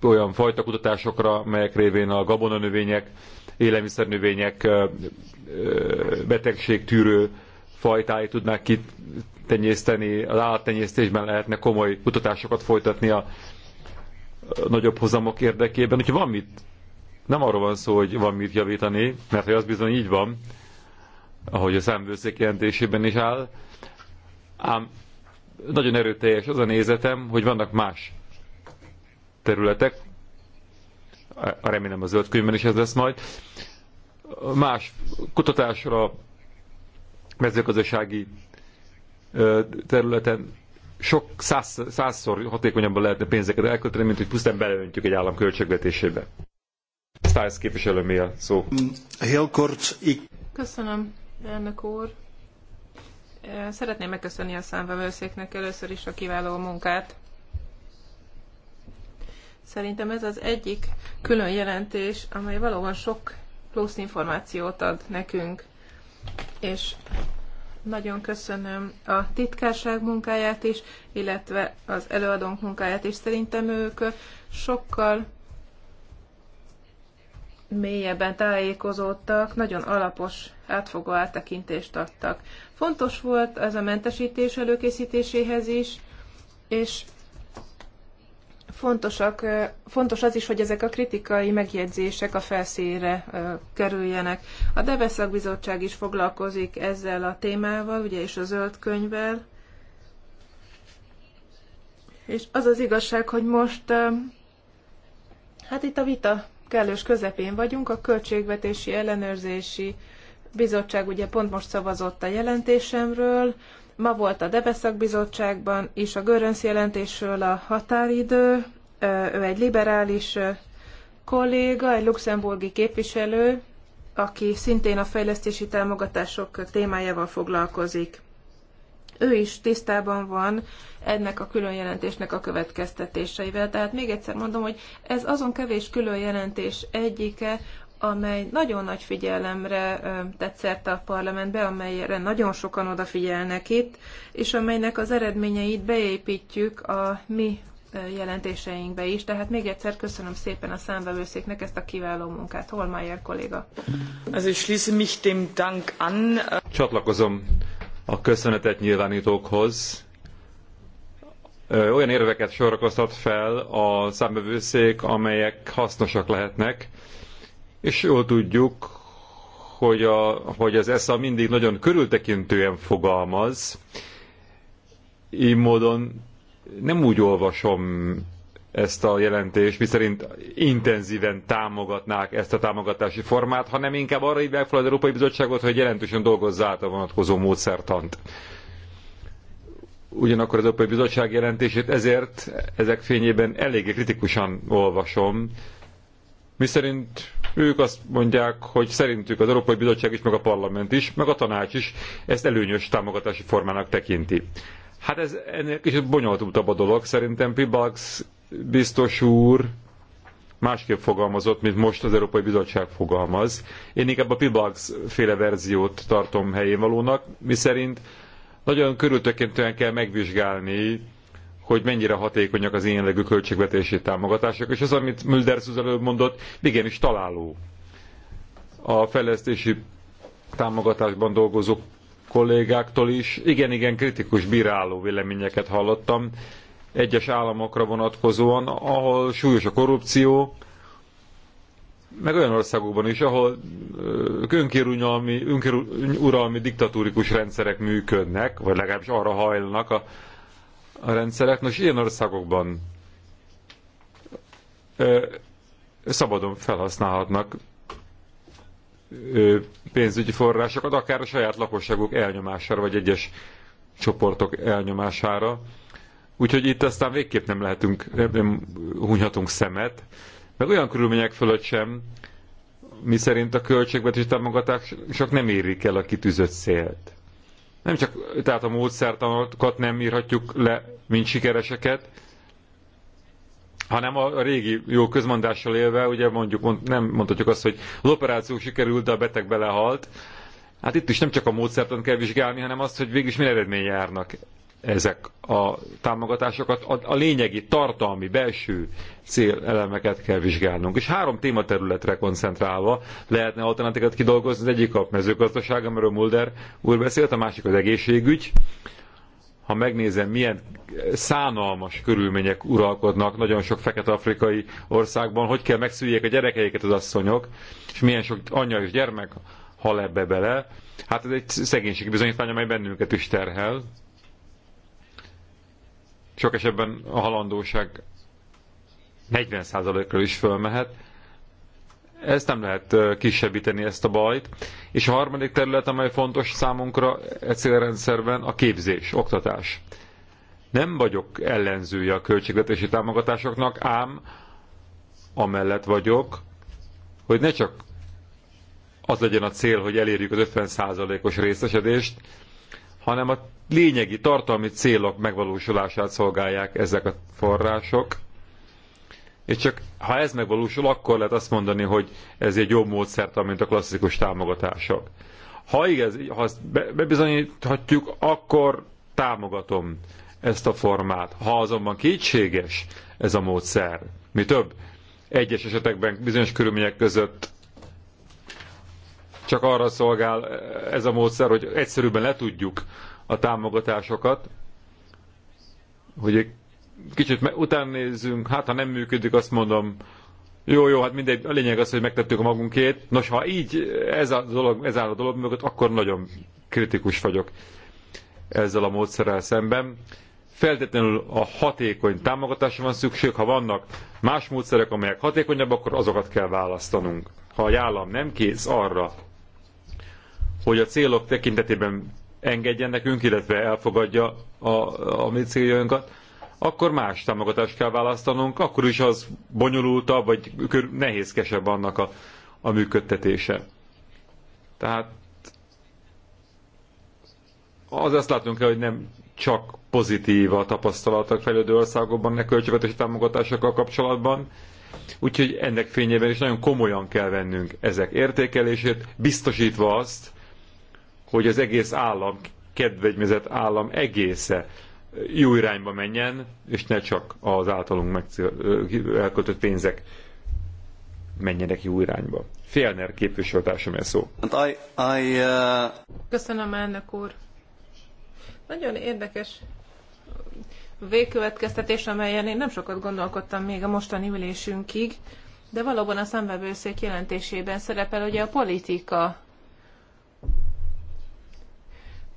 olyan fajta kutatásokra, melyek révén a gabonanövények, élelmiszernövények betegségtűrő fajtáit tudnák kitenyészteni, az állattenyésztésben lehetne komoly kutatásokat folytatni a nagyobb hozamok érdekében. Úgyhogy van mit, nem arról van szó, hogy van mit javítani, mert hogy az bizony így van, ahogy a számvőszék jelentésében is áll, ám nagyon erőteljes az a nézetem, hogy vannak más területek, remélem a zöld könyvben is ez lesz majd, más kutatásra, mezőgazdasági területen sok száz, százszor hatékonyabban lehetne pénzeket elkölteni, mint hogy pusztán beleöntjük egy állam költségvetésébe. Stiles képviselő mi a szó? Köszönöm, elnök úr. Szeretném megköszönni a számvevőszéknek először is a kiváló munkát, Szerintem ez az egyik külön jelentés, amely valóban sok plusz információt ad nekünk. És nagyon köszönöm a titkárság munkáját is, illetve az előadónk munkáját is. Szerintem ők sokkal mélyebben tájékozódtak, nagyon alapos, átfogó áttekintést adtak. Fontos volt ez a mentesítés előkészítéséhez is, és fontosak, fontos az is, hogy ezek a kritikai megjegyzések a felszínre kerüljenek. A Debeszak Bizottság is foglalkozik ezzel a témával, ugye, és a zöld könyvvel. És az az igazság, hogy most hát itt a vita kellős közepén vagyunk, a Költségvetési Ellenőrzési Bizottság ugye pont most szavazott a jelentésemről, Ma volt a Debeszak bizottságban is a Görönsz jelentésről a határidő. Ő egy liberális kolléga, egy luxemburgi képviselő, aki szintén a fejlesztési támogatások témájával foglalkozik. Ő is tisztában van ennek a külön jelentésnek a következtetéseivel. Tehát még egyszer mondom, hogy ez azon kevés külön jelentés egyike, amely nagyon nagy figyelemre tett a parlamentbe, amelyre nagyon sokan odafigyelnek itt, és amelynek az eredményeit beépítjük a mi jelentéseinkbe is. Tehát még egyszer köszönöm szépen a számvevőszéknek ezt a kiváló munkát. Holmeyer kolléga. dem an. Csatlakozom a köszönetet nyilvánítókhoz. Olyan érveket sorakoztat fel a számbevőszék, amelyek hasznosak lehetnek és jól tudjuk, hogy, a, hogy az ESA mindig nagyon körültekintően fogalmaz, így módon nem úgy olvasom ezt a jelentést, miszerint intenzíven támogatnák ezt a támogatási formát, hanem inkább arra hívják fel az Európai Bizottságot, hogy jelentősen dolgozza át a vonatkozó módszertant. Ugyanakkor az Európai Bizottság jelentését ezért ezek fényében eléggé kritikusan olvasom, miszerint ők azt mondják, hogy szerintük az Európai Bizottság is, meg a parlament is, meg a tanács is ezt előnyös támogatási formának tekinti. Hát ez ennél kicsit bonyolultabb a dolog, szerintem Pibax biztos úr másképp fogalmazott, mint most az Európai Bizottság fogalmaz. Én inkább a Pibax féle verziót tartom helyén valónak, miszerint nagyon körültökéntően kell megvizsgálni hogy mennyire hatékonyak az ilyen legű költségvetési támogatások, és az, amit Mulder az előbb mondott, igenis találó. A fejlesztési támogatásban dolgozó kollégáktól is igen-igen kritikus, bíráló véleményeket hallottam egyes államokra vonatkozóan, ahol súlyos a korrupció, meg olyan országokban is, ahol önkéruralmi diktatúrikus rendszerek működnek, vagy legalábbis arra hajlanak a a rendszerek. Nos, ilyen országokban szabadon felhasználhatnak pénzügyi forrásokat, akár a saját lakosságok elnyomására, vagy egyes csoportok elnyomására. Úgyhogy itt aztán végképp nem lehetünk, nem hunyhatunk szemet, meg olyan körülmények fölött sem, miszerint a költségvetési támogatások nem érik el a kitűzött célt. Nem csak tehát a módszertanokat nem írhatjuk le, mint sikereseket, hanem a régi jó közmondással élve, ugye mondjuk nem mondhatjuk azt, hogy az operáció sikerült, de a beteg belehalt. Hát itt is nem csak a módszertan kell vizsgálni, hanem azt, hogy végülis milyen eredmény járnak ezek a támogatásokat, a, a lényegi, tartalmi, belső célelemeket kell vizsgálnunk. És három tématerületre koncentrálva lehetne alternatívát kidolgozni. Az egyik a mezőgazdaság, amiről Mulder úr beszélt, a másik az egészségügy. Ha megnézem, milyen szánalmas körülmények uralkodnak nagyon sok fekete-afrikai országban, hogy kell megszüljék a gyerekeiket az asszonyok, és milyen sok anya és gyermek hal ebbe bele, hát ez egy szegénységi bizonyítvány, amely bennünket is terhel sok esetben a halandóság 40%-ra is fölmehet. Ezt nem lehet kisebbíteni, ezt a bajt. És a harmadik terület, amely fontos számunkra e célrendszerben, a képzés, oktatás. Nem vagyok ellenzője a költségvetési támogatásoknak, ám amellett vagyok, hogy ne csak az legyen a cél, hogy elérjük az 50%-os részesedést, hanem a lényegi, tartalmi célok megvalósulását szolgálják ezek a források. És csak ha ez megvalósul, akkor lehet azt mondani, hogy ez egy jobb módszert, mint a klasszikus támogatások. Ha igaz, ha ezt bebizonyíthatjuk, akkor támogatom ezt a formát. Ha azonban kétséges ez a módszer, mi több, egyes esetekben bizonyos körülmények között csak arra szolgál ez a módszer, hogy egyszerűbben letudjuk a támogatásokat, hogy egy kicsit utánnézzünk, hát ha nem működik, azt mondom, jó, jó, hát mindegy, a lényeg az, hogy megtettük a magunkét. Nos, ha így ez, a dolog, ez áll a dolog mögött, akkor nagyon kritikus vagyok ezzel a módszerrel szemben. Feltétlenül a hatékony támogatásra van szükség, ha vannak más módszerek, amelyek hatékonyabbak, akkor azokat kell választanunk. Ha egy állam nem kész arra, hogy a célok tekintetében engedjen nekünk, illetve elfogadja a, a mi céljainkat, akkor más támogatást kell választanunk, akkor is az bonyolultabb, vagy nehézkesebb annak a, a működtetése. Tehát az azt látunk el, hogy nem csak pozitív a tapasztalatok fejlődő országokban, ne költségvetési támogatásokkal kapcsolatban, úgyhogy ennek fényében is nagyon komolyan kell vennünk ezek értékelését, biztosítva azt, hogy az egész állam, kedvegyezett állam egésze jó irányba menjen, és ne csak az általunk elköltött pénzek menjenek jó irányba. Félner képviselőtársam ez szó. I, I, uh... Köszönöm, elnök úr. Nagyon érdekes végkövetkeztetés, amelyen én nem sokat gondolkodtam még a mostani ülésünkig, de valóban a szembevőszék jelentésében szerepel hogy a politika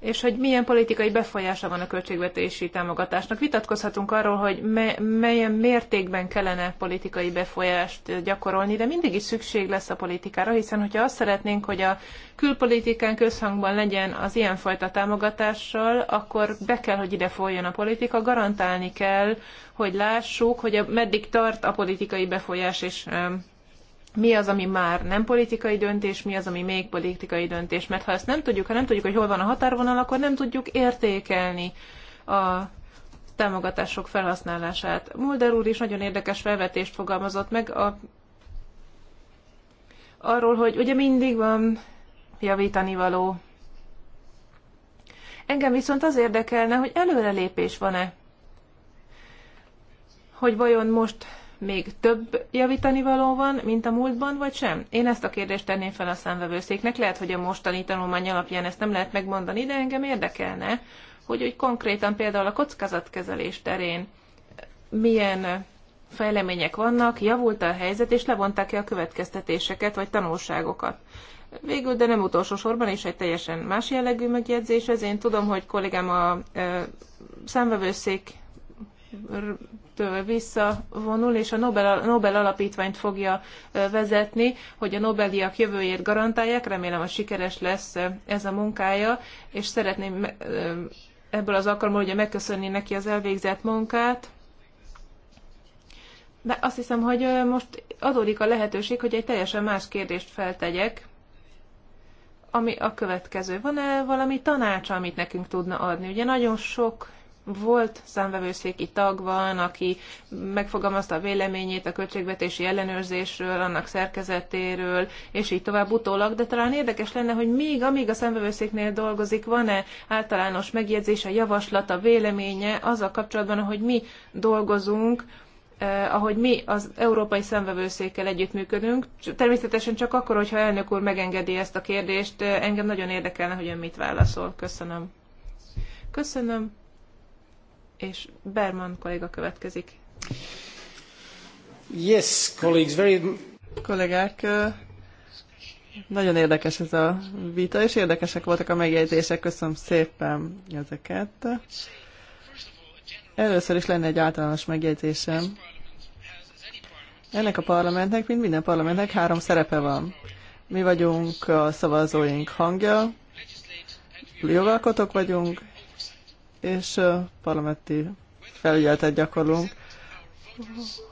és hogy milyen politikai befolyása van a költségvetési támogatásnak. Vitatkozhatunk arról, hogy me- melyen mértékben kellene politikai befolyást gyakorolni, de mindig is szükség lesz a politikára, hiszen hogyha azt szeretnénk, hogy a külpolitikán közhangban legyen az ilyenfajta támogatással, akkor be kell, hogy ide folyjon a politika, garantálni kell, hogy lássuk, hogy a, meddig tart a politikai befolyás és mi az, ami már nem politikai döntés, mi az, ami még politikai döntés. Mert ha ezt nem tudjuk, ha nem tudjuk, hogy hol van a határvonal, akkor nem tudjuk értékelni a támogatások felhasználását. Mulder úr is nagyon érdekes felvetést fogalmazott meg a, arról, hogy ugye mindig van javítani való. Engem viszont az érdekelne, hogy előrelépés van-e. Hogy vajon most még több javítani való van, mint a múltban, vagy sem? Én ezt a kérdést tenném fel a számvevőszéknek. Lehet, hogy a mostani tanulmány alapján ezt nem lehet megmondani, de engem érdekelne, hogy úgy konkrétan például a kockázatkezelés terén milyen fejlemények vannak, javult a helyzet, és levonták-e a következtetéseket vagy tanulságokat. Végül, de nem utolsó sorban, és egy teljesen más jellegű megjegyzés, ez én tudom, hogy kollégám a ö, számvevőszék től visszavonul, és a Nobel, Nobel alapítványt fogja vezetni, hogy a Nobeliak jövőjét garantálják. Remélem, hogy sikeres lesz ez a munkája, és szeretném ebből az akarom, ugye megköszönni neki az elvégzett munkát. De azt hiszem, hogy most adódik a lehetőség, hogy egy teljesen más kérdést feltegyek, ami a következő. Van-e valami tanács, amit nekünk tudna adni? Ugye nagyon sok volt számvevőszéki tag van, aki megfogalmazta a véleményét a költségvetési ellenőrzésről, annak szerkezetéről, és így tovább utólag, de talán érdekes lenne, hogy még amíg a számvevőszéknél dolgozik, van-e általános megjegyzése, javaslata, véleménye azzal kapcsolatban, ahogy mi dolgozunk, eh, ahogy mi az Európai Szemvevőszékkel együttműködünk. Természetesen csak akkor, hogyha elnök úr megengedi ezt a kérdést, engem nagyon érdekelne, hogy ön mit válaszol. Köszönöm. Köszönöm és Berman kolléga következik. Yes, colleagues, very... Kollégák, nagyon érdekes ez a vita, és érdekesek voltak a megjegyzések. Köszönöm szépen ezeket. Először is lenne egy általános megjegyzésem. Ennek a parlamentnek, mint minden parlamentnek három szerepe van. Mi vagyunk a szavazóink hangja, jogalkotók vagyunk, és parlamenti felügyeletet gyakorlunk.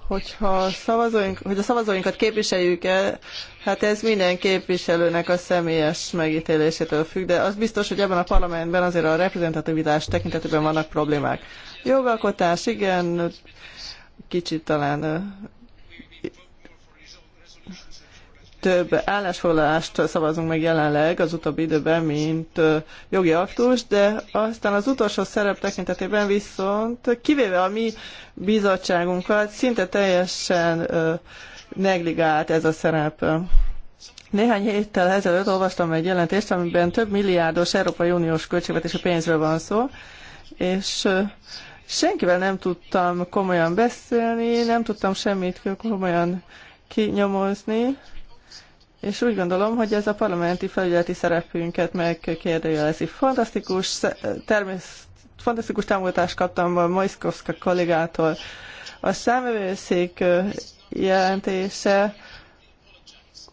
Hogyha szavazóink, hogy a szavazóinkat képviseljük el, hát ez minden képviselőnek a személyes megítélésétől függ, de az biztos, hogy ebben a parlamentben azért a reprezentativitás tekintetében vannak problémák. Jogalkotás, igen, kicsit talán több állásfoglalást szavazunk meg jelenleg az utóbbi időben, mint jogi aktus, de aztán az utolsó szerep tekintetében viszont kivéve a mi bizottságunkat szinte teljesen negligált ez a szerep. Néhány héttel ezelőtt olvastam egy jelentést, amiben több milliárdos Európai Uniós költségvetési pénzről van szó, és senkivel nem tudtam komolyan beszélni, nem tudtam semmit komolyan kinyomozni és úgy gondolom, hogy ez a parlamenti felügyeleti szerepünket megkérdőjelezi. Fantasztikus, természet, fantasztikus támogatást kaptam a Majszkowska kollégától. A számövőszék jelentése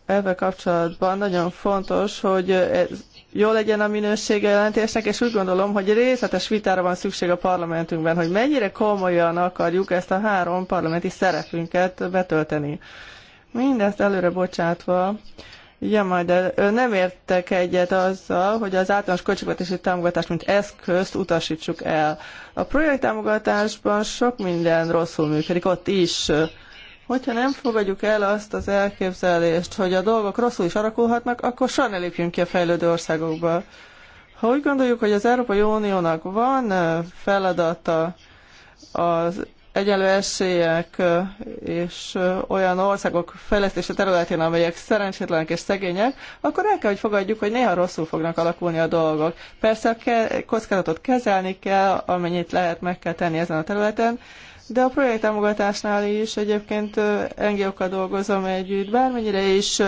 ebben kapcsolatban nagyon fontos, hogy ez jó legyen a minősége jelentésnek, és úgy gondolom, hogy részletes vitára van szükség a parlamentünkben, hogy mennyire komolyan akarjuk ezt a három parlamenti szerepünket betölteni. Mindezt előre bocsátva, Ja, majd de nem értek egyet azzal, hogy az általános költségvetési támogatást, mint eszközt utasítsuk el. A projekt támogatásban sok minden rosszul működik, ott is. Hogyha nem fogadjuk el azt az elképzelést, hogy a dolgok rosszul is alakulhatnak, akkor soha ne lépjünk ki a fejlődő országokba. Ha úgy gondoljuk, hogy az Európai Uniónak van feladata az egyenlő esélyek és olyan országok fejlesztése területén, amelyek szerencsétlenek és szegények, akkor el kell, hogy fogadjuk, hogy néha rosszul fognak alakulni a dolgok. Persze a ke- kockázatot kezelni kell, amennyit lehet meg kell tenni ezen a területen, de a projekt támogatásnál is egyébként NGO-kkal dolgozom együtt, bármennyire is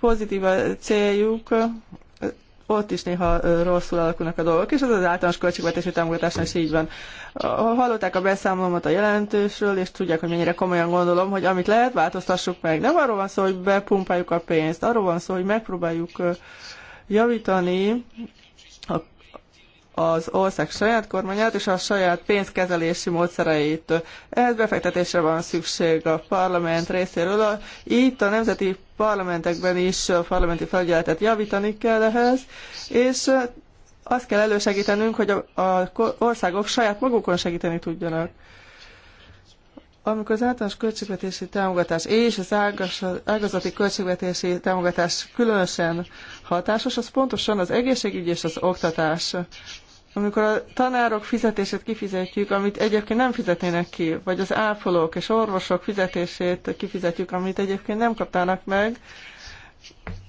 pozitív a céljuk, ott is néha rosszul alakulnak a dolgok, és az az általános költségvetési támogatásnál is így van. Hallották a beszámolomat a jelentősről, és tudják, hogy mennyire komolyan gondolom, hogy amit lehet, változtassuk meg. Nem arról van szó, hogy bepumpáljuk a pénzt, arról van szó, hogy megpróbáljuk javítani a az ország saját kormányát és a saját pénzkezelési módszereit. Ehhez befektetésre van szükség a parlament részéről. itt a nemzeti parlamentekben is a parlamenti felügyeletet javítani kell ehhez, és azt kell elősegítenünk, hogy a, a országok saját magukon segíteni tudjanak. Amikor az általános költségvetési támogatás és az ágazati költségvetési támogatás különösen hatásos, az pontosan az egészségügy és az oktatás amikor a tanárok fizetését kifizetjük, amit egyébként nem fizetnének ki, vagy az ápolók és orvosok fizetését kifizetjük, amit egyébként nem kaptának meg,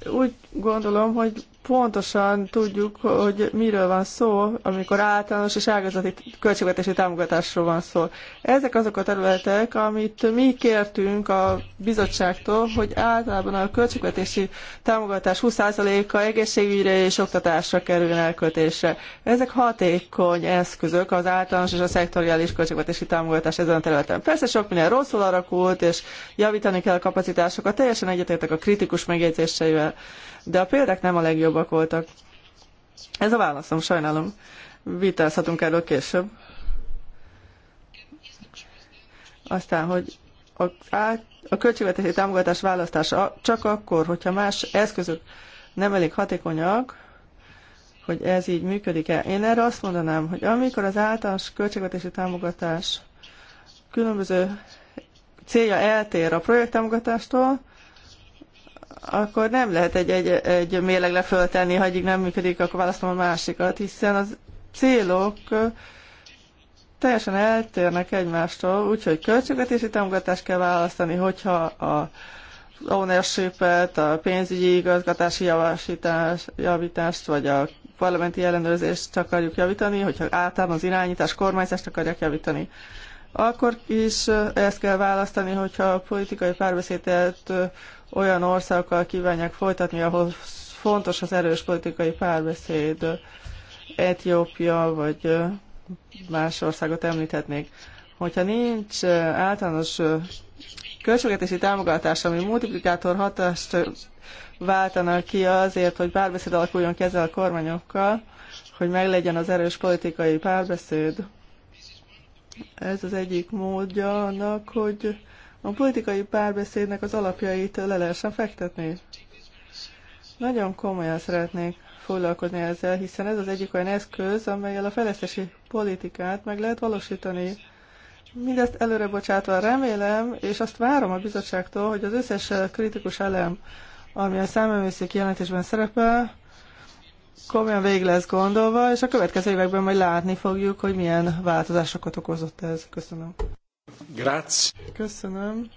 úgy gondolom, hogy pontosan tudjuk, hogy miről van szó, amikor általános és ágazati költségvetési támogatásról van szó. Ezek azok a területek, amit mi kértünk a bizottságtól, hogy általában a költségvetési támogatás 20%-a egészségügyre és oktatásra kerüljön elköltésre. Ezek hatékony eszközök az általános és a szektoriális költségvetési támogatás ezen a területen. Persze sok minden rosszul alakult, és javítani kell a kapacitásokat, teljesen egyetértek a kritikus megjegyzéseivel de a példák nem a legjobbak voltak. Ez a válaszom, sajnálom. Vitázhatunk erről később. Aztán, hogy a, át, a költségvetési támogatás választása csak akkor, hogyha más eszközök nem elég hatékonyak, hogy ez így működik-e. Én erre azt mondanám, hogy amikor az általános költségvetési támogatás különböző célja eltér a projekttámogatástól, akkor nem lehet egy, egy, egy mélegre föltenni, ha egyik nem működik, akkor választom a másikat, hiszen az célok teljesen eltérnek egymástól, úgyhogy költségvetési támogatást kell választani, hogyha a ownership a pénzügyi igazgatási javasítás, javítást, vagy a parlamenti ellenőrzést akarjuk javítani, hogyha általában az irányítás, kormányzást akarják javítani. Akkor is ezt kell választani, hogyha a politikai párbeszédet olyan országokkal kívánják folytatni, ahol fontos az erős politikai párbeszéd, Etiópia vagy más országot említhetnék. Hogyha nincs általános költségvetési támogatás, ami multiplikátor hatást váltana ki azért, hogy párbeszéd alakuljon ki ezzel a kormányokkal, hogy meglegyen az erős politikai párbeszéd. Ez az egyik módja annak, hogy a politikai párbeszédnek az alapjait le lehessen fektetni. Nagyon komolyan szeretnék foglalkozni ezzel, hiszen ez az egyik olyan eszköz, amelyel a fejlesztési politikát meg lehet valósítani. Mindezt előre bocsátva remélem, és azt várom a bizottságtól, hogy az összes kritikus elem, ami a számomőszék jelentésben szerepel, komolyan végig lesz gondolva, és a következő években majd látni fogjuk, hogy milyen változásokat okozott ez. Köszönöm. Grácz. Köszönöm.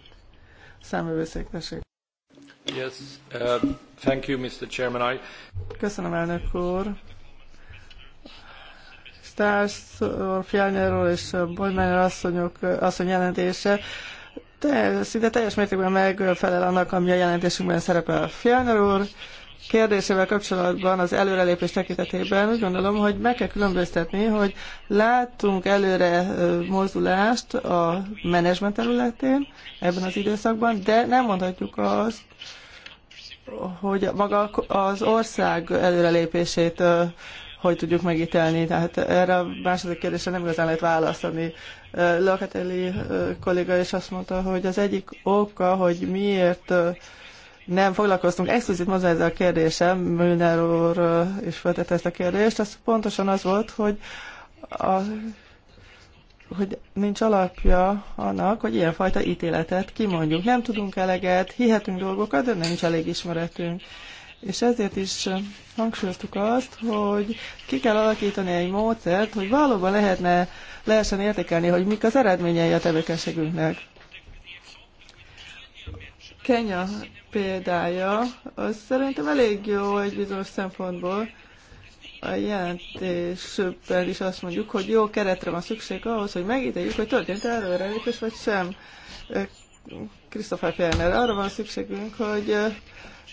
Számövőszék, tessék. Yes, uh, thank you, Mr. Chairman. I... Köszönöm, elnök úr. Stárs, Fjellnerról és Bolymányer asszonyok, asszony jelentése de szinte teljes mértékben megfelel annak, ami a jelentésünkben szerepel. Fjellner úr, kérdésével kapcsolatban az előrelépés tekintetében úgy gondolom, hogy meg kell különböztetni, hogy látunk előre mozdulást a menedzsment területén ebben az időszakban, de nem mondhatjuk azt, hogy maga az ország előrelépését hogy tudjuk megítelni. Tehát erre a második kérdésre nem igazán lehet választani. Lakateli kolléga is azt mondta, hogy az egyik oka, hogy miért nem foglalkoztunk exkluzív mozzá ezzel a kérdésem, Müller úr is feltette ezt a kérdést, az pontosan az volt, hogy a hogy nincs alapja annak, hogy ilyenfajta ítéletet kimondjuk. Nem tudunk eleget, hihetünk dolgokat, de nincs elég ismeretünk. És ezért is hangsúlyoztuk azt, hogy ki kell alakítani egy módszert, hogy valóban lehetne, lehessen értékelni, hogy mik az eredményei a tevékenységünknek. Kenya példája, az szerintem elég jó egy bizonyos szempontból. A jelentésben is azt mondjuk, hogy jó keretre van szükség ahhoz, hogy megítéljük, hogy történt előrelépés vagy sem. Christopher Fjellner, arra van szükségünk, hogy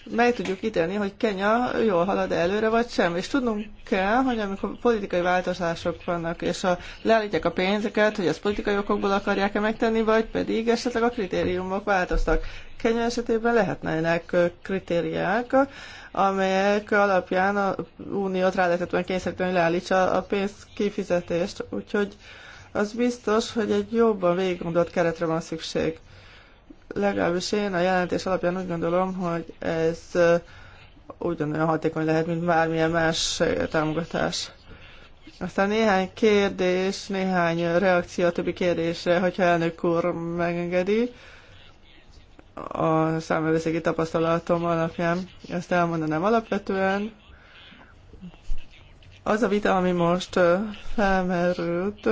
meg tudjuk ítélni, hogy Kenya jól halad előre, vagy sem. És tudnunk kell, hogy amikor politikai változások vannak, és a, leállítják a pénzeket, hogy ezt politikai okokból akarják-e megtenni, vagy pedig esetleg a kritériumok változtak. Kenya esetében lehetnének kritériák, amelyek alapján a uniót rá volna kényszeríteni, hogy leállítsa a pénz kifizetést. Úgyhogy az biztos, hogy egy jobban végiggondolt keretre van szükség Legalábbis én a jelentés alapján úgy gondolom, hogy ez ugyanolyan hatékony lehet, mint bármilyen más támogatás. Aztán néhány kérdés, néhány reakció a többi kérdésre, hogyha elnök úr megengedi a számövőszéki tapasztalatom alapján. Ezt elmondanám alapvetően. Az a vita, ami most felmerült,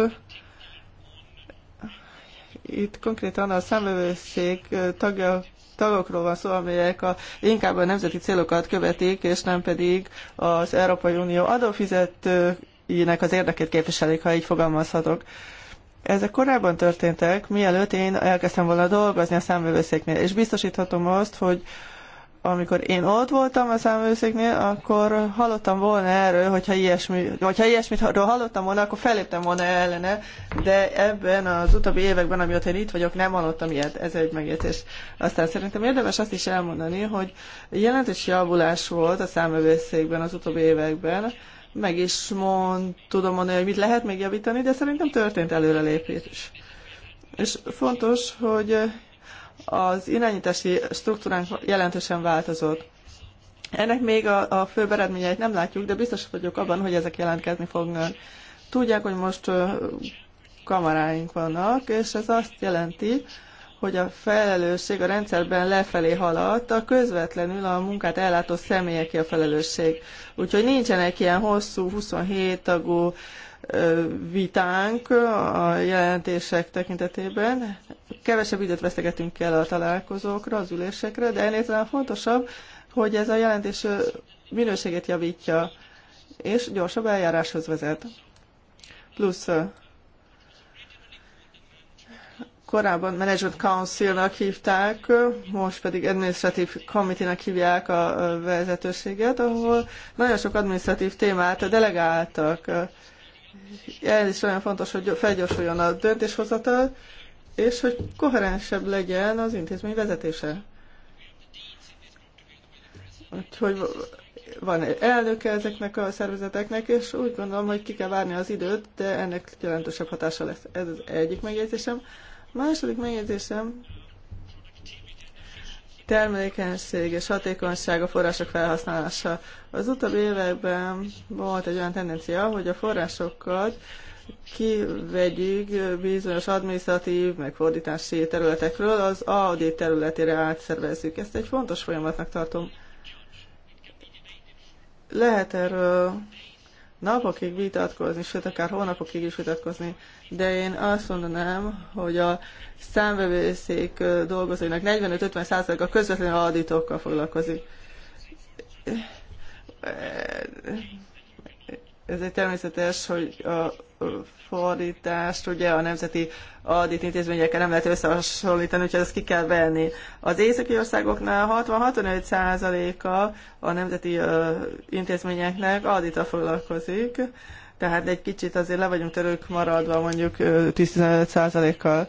itt konkrétan a számlövőszék tagja tagokról van szó, amelyek a, inkább a nemzeti célokat követik, és nem pedig az Európai Unió adófizetőinek az érdekét képviselik, ha így fogalmazhatok. Ezek korábban történtek, mielőtt én elkezdtem volna dolgozni a számvevőszéknél, és biztosíthatom azt, hogy amikor én ott voltam a száműszéknél, akkor hallottam volna erről, hogyha, ilyesmi, hogyha ilyesmit hallottam volna, akkor feléptem volna ellene, de ebben az utóbbi években, amióta én itt vagyok, nem hallottam ilyet. Ez egy megjegyzés. Aztán szerintem érdemes azt is elmondani, hogy jelentős javulás volt a számövőszékben az utóbbi években, meg is mond, tudom mondani, hogy mit lehet még javítani, de szerintem történt előrelépés. És fontos, hogy az irányítási struktúránk jelentősen változott. Ennek még a, a fő eredményeit nem látjuk, de biztos vagyok abban, hogy ezek jelentkezni fognak. Tudják, hogy most kamaráink vannak, és ez azt jelenti, hogy a felelősség a rendszerben lefelé haladt, a közvetlenül a munkát ellátó személyeké a felelősség. Úgyhogy nincsenek ilyen hosszú, 27 tagú vitánk a jelentések tekintetében. Kevesebb időt vesztegetünk el a találkozókra, az ülésekre, de ennél talán fontosabb, hogy ez a jelentés minőségét javítja, és gyorsabb eljáráshoz vezet. Plusz korábban Management Council-nak hívták, most pedig Administrative Committee-nak hívják a vezetőséget, ahol nagyon sok administratív témát delegáltak ez is olyan fontos, hogy felgyorsuljon a döntéshozatal, és hogy koherensebb legyen az intézmény vezetése. Úgyhogy van elnöke ezeknek a szervezeteknek, és úgy gondolom, hogy ki kell várni az időt, de ennek jelentősebb hatása lesz. Ez az egyik megjegyzésem. A második megjegyzésem termékenység és hatékonyság a források felhasználása. Az utóbbi években volt egy olyan tendencia, hogy a forrásokat kivegyük bizonyos adminisztratív, megfordítási területekről, az audit területére átszervezzük. Ezt egy fontos folyamatnak tartom. Lehet erről napokig vitatkozni, sőt akár hónapokig is vitatkozni, de én azt mondanám, hogy a számvevőszék dolgozóinak 45-50%-a közvetlenül aditokkal foglalkozik. egy természetes, hogy a fordítást ugye a nemzeti audit intézményekkel nem lehet összehasonlítani, úgyhogy ezt ki kell venni. Az északi országoknál 60-65%-a a nemzeti intézményeknek audita foglalkozik, tehát egy kicsit azért le vagyunk törők maradva mondjuk 10-15%-kal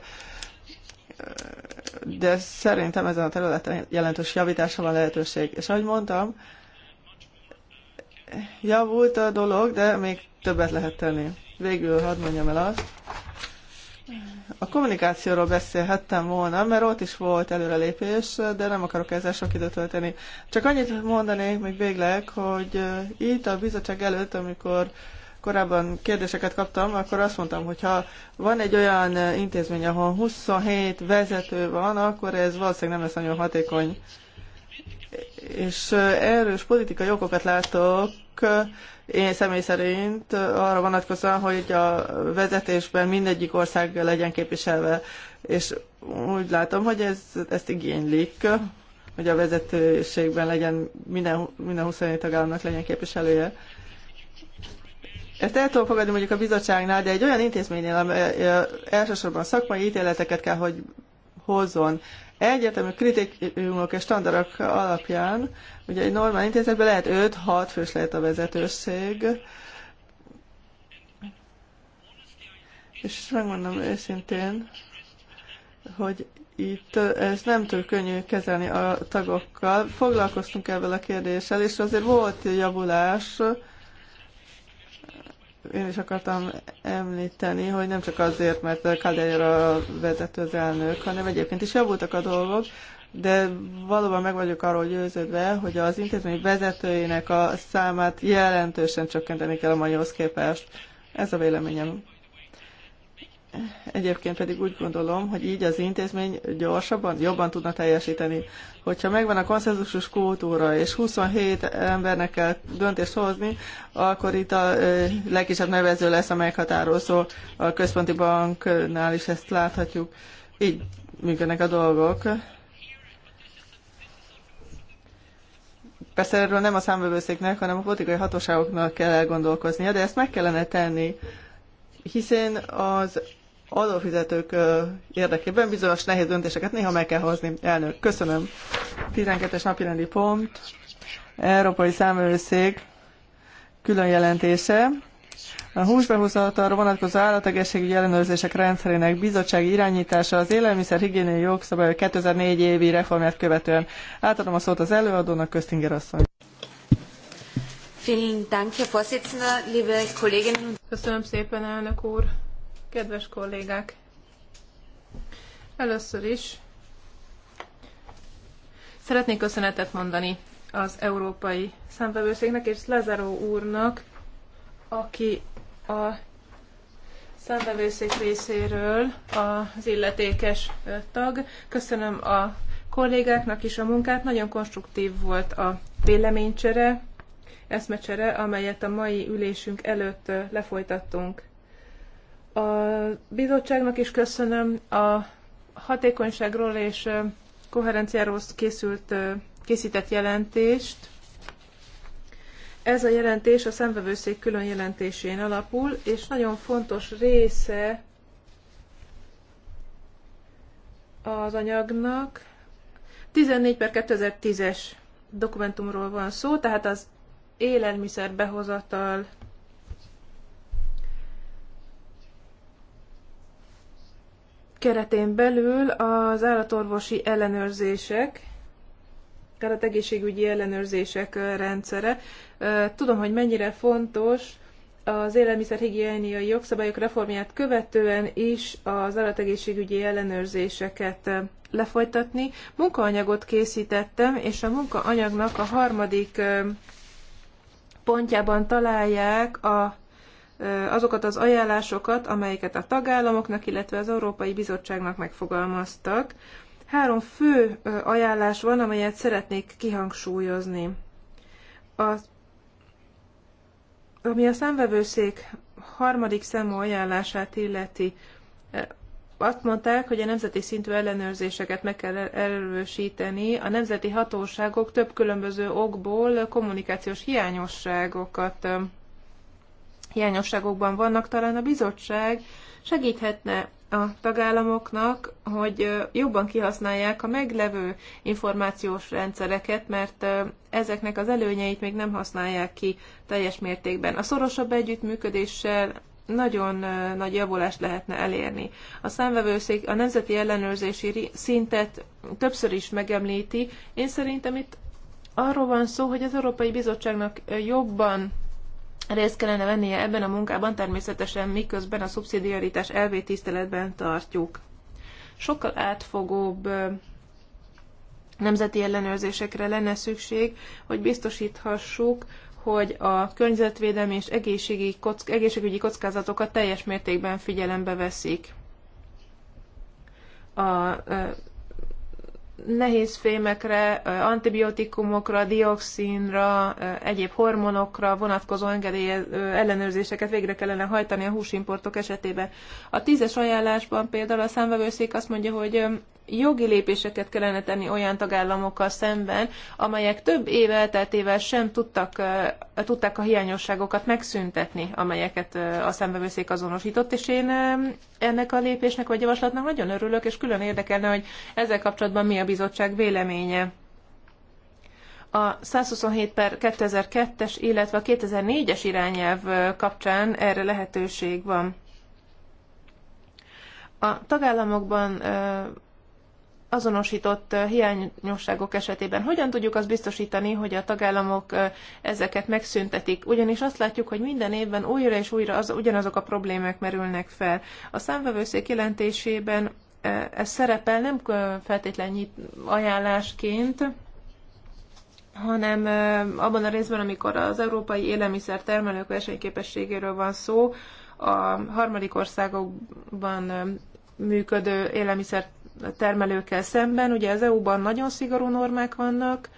de szerintem ezen a területen jelentős javításra van lehetőség. És ahogy mondtam, javult a dolog, de még többet lehet tenni. Végül hadd mondjam el azt, a kommunikációról beszélhettem volna, mert ott is volt előrelépés, de nem akarok ezzel sok időt tölteni. Csak annyit mondanék még végleg, hogy itt a bizottság előtt, amikor korábban kérdéseket kaptam, akkor azt mondtam, hogy ha van egy olyan intézmény, ahol 27 vezető van, akkor ez valószínűleg nem lesz nagyon hatékony. És erős politikai okokat látok én személy szerint arra vonatkozóan, hogy a vezetésben mindegyik ország legyen képviselve, és úgy látom, hogy ez, ezt igénylik, hogy a vezetőségben legyen minden, minden 27 tagállamnak legyen képviselője. Ezt el tudom fogadni mondjuk a bizottságnál, de egy olyan intézménynél, amely elsősorban szakmai ítéleteket kell, hogy hozzon, egyetemi kritikumok és standardok alapján, ugye egy normál intézetben lehet 5-6 fős lehet a vezetőség, és megmondom őszintén, hogy itt ez nem túl könnyű kezelni a tagokkal. Foglalkoztunk ebből a kérdéssel, és azért volt javulás, én is akartam említeni, hogy nem csak azért, mert a a vezető az elnök, hanem egyébként is javultak a dolgok, de valóban meg vagyok arról győződve, hogy az intézmény vezetőinek a számát jelentősen csökkenteni kell a maihoz képest. Ez a véleményem. Egyébként pedig úgy gondolom, hogy így az intézmény gyorsabban, jobban tudna teljesíteni. Hogyha megvan a konszenzusos kultúra, és 27 embernek kell döntést hozni, akkor itt a legkisebb nevező lesz a meghatározó. A központi banknál is ezt láthatjuk. Így működnek a dolgok. Persze erről nem a számvevőszéknek, hanem a politikai hatóságoknak kell elgondolkoznia, de ezt meg kellene tenni, hiszen az adófizetők érdekében bizonyos nehéz döntéseket néha meg kell hozni. Elnök, köszönöm. 12-es rendi pont, Európai Számvevőszék külön jelentése. A húsbehúzatalra vonatkozó állategészségügyi ellenőrzések rendszerének bizottsági irányítása az élelmiszer higiéniai jogszabály 2004 évi reformját követően. Átadom a szót az előadónak, Köztinger asszony. Köszönöm szépen, elnök úr, Kedves kollégák! Először is szeretnék köszönetet mondani az Európai Számvevőszéknek és Lezáró úrnak, aki a számvevőszék részéről az illetékes tag. Köszönöm a kollégáknak is a munkát, nagyon konstruktív volt a véleménycsere, eszmecsere, amelyet a mai ülésünk előtt lefolytattunk. A bizottságnak is köszönöm a hatékonyságról és koherenciáról készült, készített jelentést. Ez a jelentés a szemvevőszék külön jelentésén alapul, és nagyon fontos része az anyagnak. 14 per 2010-es dokumentumról van szó, tehát az élelmiszer behozatal keretén belül az állatorvosi ellenőrzések, egészségügyi ellenőrzések rendszere. Tudom, hogy mennyire fontos az élelmiszerhigiéniai jogszabályok reformját követően is az állategészségügyi ellenőrzéseket lefolytatni. Munkaanyagot készítettem, és a munkaanyagnak a harmadik pontjában találják a azokat az ajánlásokat, amelyeket a tagállamoknak, illetve az Európai Bizottságnak megfogalmaztak. Három fő ajánlás van, amelyet szeretnék kihangsúlyozni. A, ami a számvevőszék harmadik számú ajánlását illeti, azt mondták, hogy a nemzeti szintű ellenőrzéseket meg kell erősíteni. A nemzeti hatóságok több különböző okból kommunikációs hiányosságokat hiányosságokban vannak, talán a bizottság segíthetne a tagállamoknak, hogy jobban kihasználják a meglevő információs rendszereket, mert ezeknek az előnyeit még nem használják ki teljes mértékben. A szorosabb együttműködéssel nagyon nagy javulást lehetne elérni. A számvevőszék a nemzeti ellenőrzési szintet többször is megemlíti. Én szerintem itt arról van szó, hogy az Európai Bizottságnak jobban részt kellene vennie ebben a munkában, természetesen miközben a szubszidiaritás elvét tiszteletben tartjuk. Sokkal átfogóbb nemzeti ellenőrzésekre lenne szükség, hogy biztosíthassuk, hogy a környezetvédelmi és egészségügyi, kock, egészségügyi kockázatokat teljes mértékben figyelembe veszik. A nehéz fémekre, antibiotikumokra, dioxinra, egyéb hormonokra vonatkozó engedély ellenőrzéseket végre kellene hajtani a húsimportok esetében. A tízes ajánlásban például a számvevőszék azt mondja, hogy jogi lépéseket kellene tenni olyan tagállamokkal szemben, amelyek több év elteltével sem tudtak, tudták a hiányosságokat megszüntetni, amelyeket a szembevőszék azonosított, és én ennek a lépésnek vagy javaslatnak nagyon örülök, és külön érdekelne, hogy ezzel kapcsolatban mi a bizottság véleménye a 127 per 2002-es, illetve a 2004-es irányelv kapcsán erre lehetőség van. A tagállamokban azonosított hiányosságok esetében hogyan tudjuk azt biztosítani, hogy a tagállamok ezeket megszüntetik? Ugyanis azt látjuk, hogy minden évben újra és újra az, ugyanazok a problémák merülnek fel. A számvevőszék jelentésében ez szerepel nem feltétlen nyit ajánlásként, hanem abban a részben, amikor az európai élelmiszer termelők versenyképességéről van szó, a harmadik országokban működő élelmiszer termelőkkel szemben. Ugye az EU-ban nagyon szigorú normák vannak,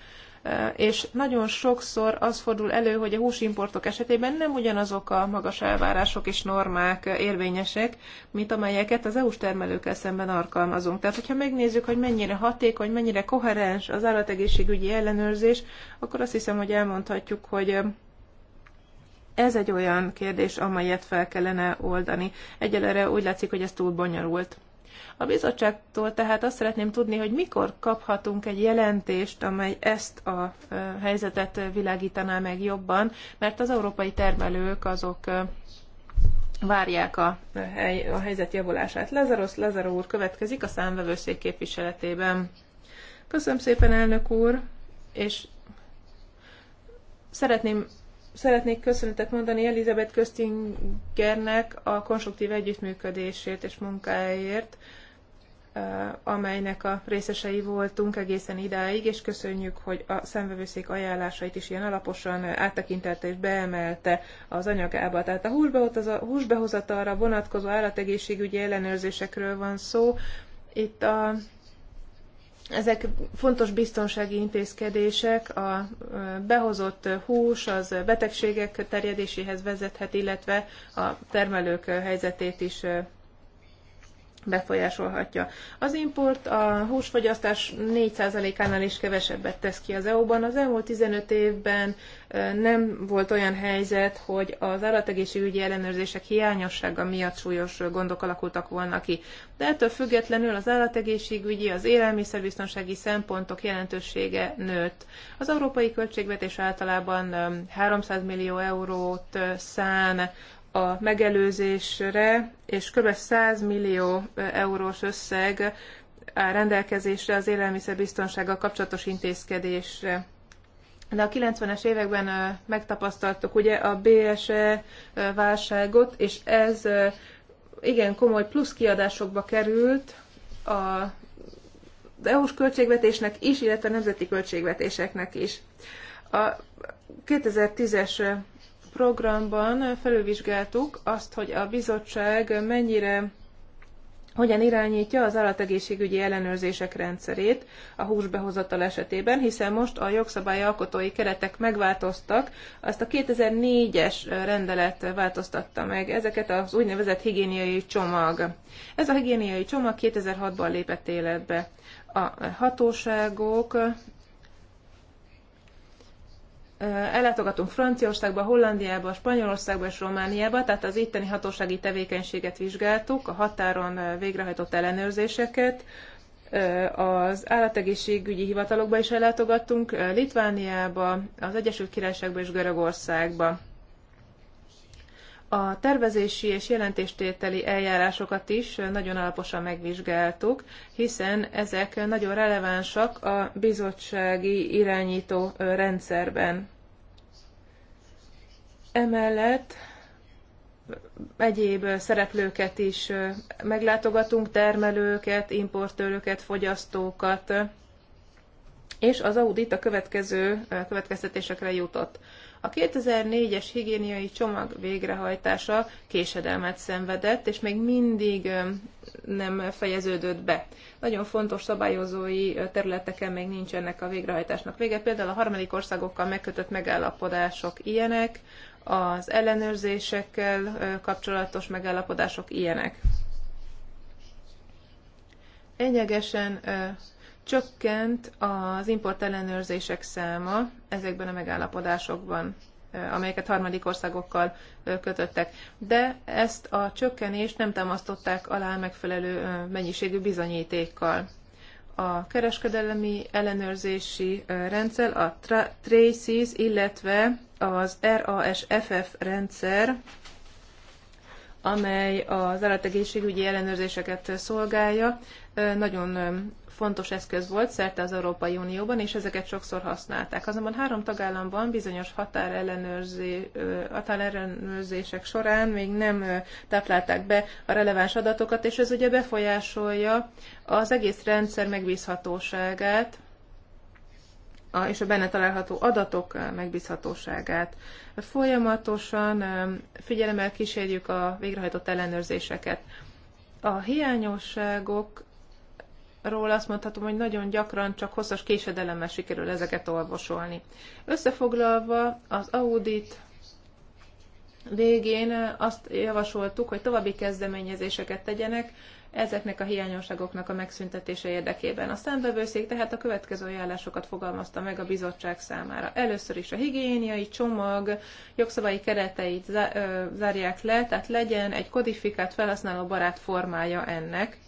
e, és nagyon sokszor az fordul elő, hogy a húsimportok esetében nem ugyanazok a magas elvárások és normák érvényesek, mint amelyeket az EU-s termelőkkel szemben alkalmazunk. Tehát, hogyha megnézzük, hogy mennyire hatékony, mennyire koherens az állategészségügyi ellenőrzés, akkor azt hiszem, hogy elmondhatjuk, hogy e, ez egy olyan kérdés, amelyet fel kellene oldani. Egyelőre úgy látszik, hogy ez túl bonyolult. A bizottságtól tehát azt szeretném tudni, hogy mikor kaphatunk egy jelentést, amely ezt a helyzetet világítaná meg jobban, mert az európai termelők azok várják a, hely, a helyzet javulását. Lazaros Lazaro úr következik a számvevőszék képviseletében. Köszönöm szépen, elnök úr, és szeretném Szeretnék köszönetet mondani Elizabeth Köztingernek a konstruktív együttműködésért és munkáért amelynek a részesei voltunk egészen idáig, és köszönjük, hogy a szemvevőszék ajánlásait is ilyen alaposan áttekintette és beemelte az anyagába. Tehát a húsbehozatalra vonatkozó állategészségügyi ellenőrzésekről van szó. Itt a ezek fontos biztonsági intézkedések, a behozott hús az betegségek terjedéséhez vezethet, illetve a termelők helyzetét is befolyásolhatja. Az import a húsfogyasztás 4%-ánál is kevesebbet tesz ki az EU-ban. Az elmúlt 15 évben nem volt olyan helyzet, hogy az állategészségügyi ellenőrzések hiányossága miatt súlyos gondok alakultak volna ki. De ettől függetlenül az állategészségügyi, az élelmiszerbiztonsági szempontok jelentősége nőtt. Az európai költségvetés általában 300 millió eurót szán a megelőzésre, és kb. 100 millió eurós összeg áll rendelkezésre az élelmiszerbiztonsággal kapcsolatos intézkedésre. De a 90-es években megtapasztaltuk ugye a BSE válságot, és ez igen komoly plusz kiadásokba került a EU-s költségvetésnek is, illetve a nemzeti költségvetéseknek is. A 2010-es programban felülvizsgáltuk azt, hogy a bizottság mennyire hogyan irányítja az állategészségügyi ellenőrzések rendszerét a húsbehozatal esetében, hiszen most a alkotói keretek megváltoztak, azt a 2004-es rendelet változtatta meg ezeket az úgynevezett higiéniai csomag. Ez a higiéniai csomag 2006-ban lépett életbe. A hatóságok ellátogatunk Franciaországba, Hollandiába, Spanyolországba és Romániába, tehát az itteni hatósági tevékenységet vizsgáltuk, a határon végrehajtott ellenőrzéseket, az állategészségügyi hivatalokba is ellátogattunk, Litvániába, az Egyesült Királyságba és Görögországba. A tervezési és jelentéstételi eljárásokat is nagyon alaposan megvizsgáltuk, hiszen ezek nagyon relevánsak a bizottsági irányító rendszerben. Emellett egyéb szereplőket is meglátogatunk, termelőket, importőröket, fogyasztókat, és az audit a következő következtetésekre jutott. A 2004-es higiéniai csomag végrehajtása késedelmet szenvedett, és még mindig nem fejeződött be. Nagyon fontos szabályozói területeken még nincsenek a végrehajtásnak vége. Például a harmadik országokkal megkötött megállapodások ilyenek, az ellenőrzésekkel kapcsolatos megállapodások ilyenek. Egyegesen Csökkent az import ellenőrzések száma ezekben a megállapodásokban amelyeket harmadik országokkal kötöttek. De ezt a csökkenést nem támasztották alá megfelelő mennyiségű bizonyítékkal. A kereskedelmi ellenőrzési rendszer, a TRACES, illetve az RASFF rendszer, amely az állategészségügyi ellenőrzéseket szolgálja, nagyon fontos eszköz volt szerte az Európai Unióban, és ezeket sokszor használták. Azonban három tagállamban bizonyos határellenőrzések során még nem táplálták be a releváns adatokat, és ez ugye befolyásolja az egész rendszer megbízhatóságát, a, és a benne található adatok megbízhatóságát. Folyamatosan figyelemmel kísérjük a végrehajtott ellenőrzéseket. A hiányosságok ról azt mondhatom, hogy nagyon gyakran csak hosszas késedelemmel sikerül ezeket olvasolni. Összefoglalva az audit végén azt javasoltuk, hogy további kezdeményezéseket tegyenek ezeknek a hiányosságoknak a megszüntetése érdekében. A szembevőszék tehát a következő ajánlásokat fogalmazta meg a bizottság számára. Először is a higiéniai csomag jogszabályi kereteit zárják le, tehát legyen egy kodifikált felhasználó barát formája ennek,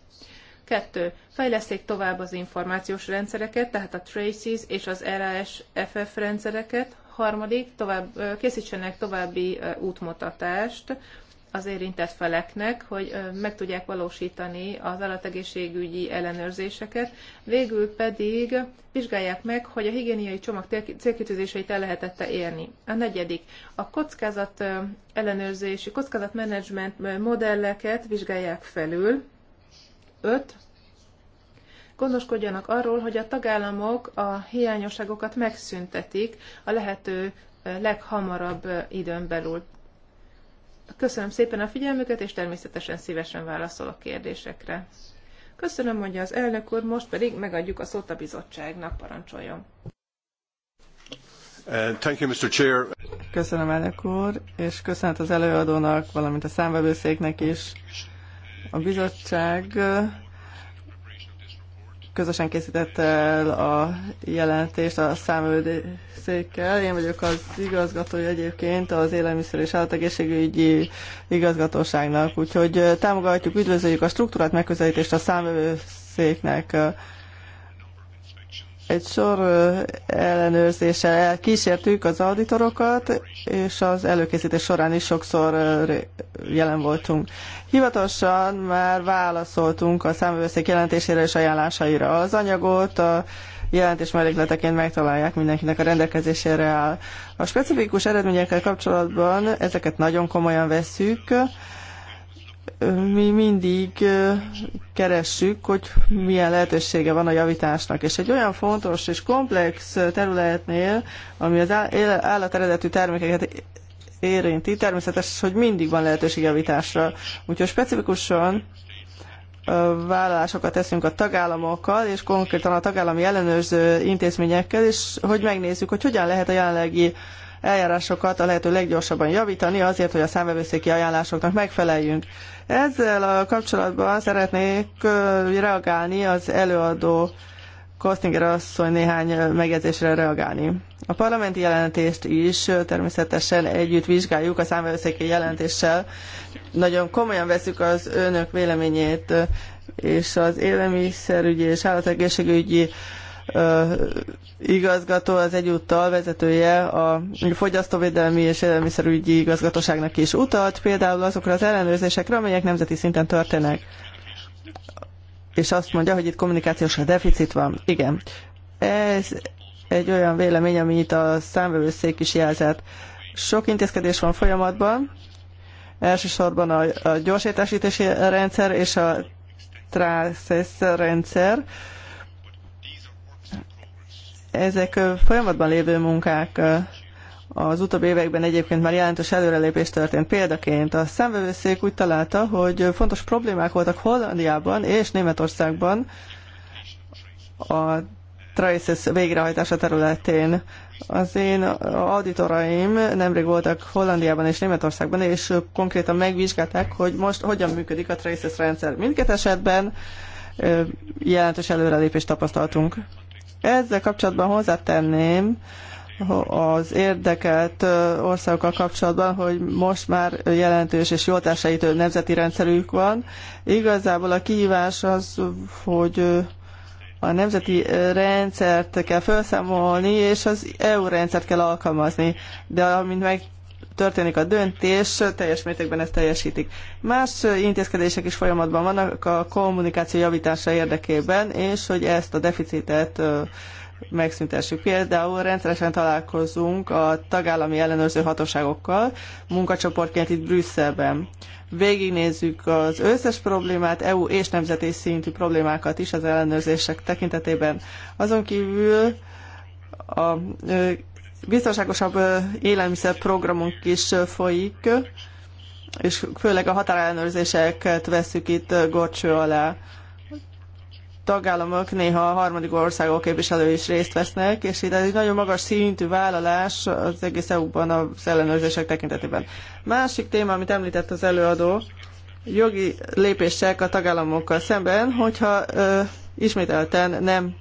Kettő, fejleszték tovább az információs rendszereket, tehát a Traces és az RASFF rendszereket. Harmadik, tovább, készítsenek további útmutatást az érintett feleknek, hogy meg tudják valósítani az állategészségügyi ellenőrzéseket. Végül pedig vizsgálják meg, hogy a higiéniai csomag célkitűzéseit el lehetette élni. A negyedik, a kockázat ellenőrzési, kockázatmenedzsment modelleket vizsgálják felül, 5. Gondoskodjanak arról, hogy a tagállamok a hiányosságokat megszüntetik a lehető leghamarabb időn belül. Köszönöm szépen a figyelmüket, és természetesen szívesen válaszolok kérdésekre. Köszönöm, mondja az elnök úr, most pedig megadjuk a szót a bizottságnak, parancsoljon. Uh, thank you, Mr. Chair. Köszönöm, elnök úr, és köszönet az előadónak, valamint a számvevőszéknek is a bizottság közösen készített el a jelentést a számövőszékkel. Én vagyok az igazgató egyébként az Élelmiszer és Állategészségügyi Igazgatóságnak, úgyhogy támogatjuk, üdvözöljük a struktúrát megközelítést a számőszéknek egy sor ellenőrzéssel kísértük az auditorokat, és az előkészítés során is sokszor jelen voltunk. Hivatalosan már válaszoltunk a számvevőszék jelentésére és ajánlásaira. Az anyagot a jelentés mellékleteként megtalálják mindenkinek a rendelkezésére áll. A specifikus eredményekkel kapcsolatban ezeket nagyon komolyan vesszük, mi mindig keressük, hogy milyen lehetősége van a javításnak. És egy olyan fontos és komplex területnél, ami az állateredetű termékeket érinti, természetes, hogy mindig van lehetőség javításra. Úgyhogy specifikusan vállalásokat teszünk a tagállamokkal, és konkrétan a tagállami ellenőrző intézményekkel, és hogy megnézzük, hogy hogyan lehet a jelenlegi eljárásokat a lehető leggyorsabban javítani azért, hogy a számvevőszéki ajánlásoknak megfeleljünk. Ezzel a kapcsolatban szeretnék reagálni az előadó Kostinger asszony néhány megjegyzésre reagálni. A parlamenti jelentést is természetesen együtt vizsgáljuk a számvevőszéki jelentéssel. Nagyon komolyan veszük az önök véleményét és az élelmiszerügyi és állategészségügyi igazgató, az egyúttal vezetője a fogyasztóvédelmi és élelmiszerügyi igazgatóságnak is utalt, például azokra az ellenőrzésekre, amelyek nemzeti szinten történnek. És azt mondja, hogy itt kommunikációs a deficit van. Igen. Ez egy olyan vélemény, amit a számvevőszék is jelzett. Sok intézkedés van folyamatban, elsősorban a, a gyorsításítási rendszer és a TRASES rendszer, ezek folyamatban lévő munkák az utóbbi években egyébként már jelentős előrelépés történt. Példaként a szemvevőszék úgy találta, hogy fontos problémák voltak Hollandiában és Németországban a Traces végrehajtása területén. Az én auditoraim nemrég voltak Hollandiában és Németországban, és konkrétan megvizsgálták, hogy most hogyan működik a Traces rendszer. Mindkét esetben jelentős előrelépést tapasztaltunk. Ezzel kapcsolatban hozzátenném az érdekelt országokkal kapcsolatban, hogy most már jelentős és jó társaitő nemzeti rendszerük van. Igazából a kihívás az, hogy a nemzeti rendszert kell felszámolni, és az EU rendszert kell alkalmazni. De amint meg történik a döntés, teljes mértékben ezt teljesítik. Más intézkedések is folyamatban vannak a kommunikáció javítása érdekében, és hogy ezt a deficitet megszüntessük. Például rendszeresen találkozunk a tagállami ellenőrző hatóságokkal, munkacsoportként itt Brüsszelben. Végignézzük az összes problémát, EU és nemzeti szintű problémákat is az ellenőrzések tekintetében. Azon kívül a biztonságosabb élelmiszerprogramunk is folyik, és főleg a határellenőrzéseket veszük itt gorcső alá. Tagállamok néha a harmadik országok képviselői is részt vesznek, és itt egy nagyon magas szintű vállalás az egész EU-ban az ellenőrzések tekintetében. Másik téma, amit említett az előadó, jogi lépések a tagállamokkal szemben, hogyha ö, ismételten nem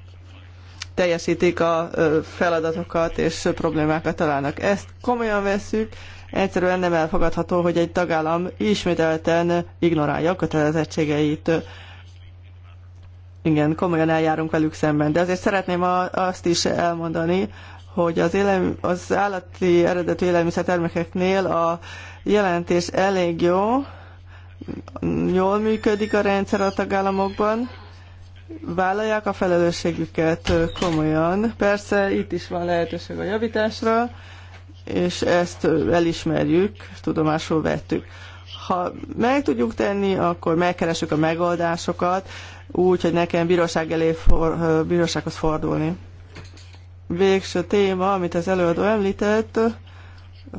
teljesítik a feladatokat és problémákat találnak. Ezt komolyan vesszük, egyszerűen nem elfogadható, hogy egy tagállam ismételten ignorálja a kötelezettségeit. Igen, komolyan eljárunk velük szemben, de azért szeretném azt is elmondani, hogy az, élelmi, az állati eredetű élelmiszertermékeknél a jelentés elég jó, jól működik a rendszer a tagállamokban, vállalják a felelősségüket komolyan. Persze itt is van lehetőség a javításra, és ezt elismerjük, tudomásul vettük. Ha meg tudjuk tenni, akkor megkeressük a megoldásokat, úgy, hogy nekem bíróság elé for, bírósághoz fordulni. Végső téma, amit az előadó említett,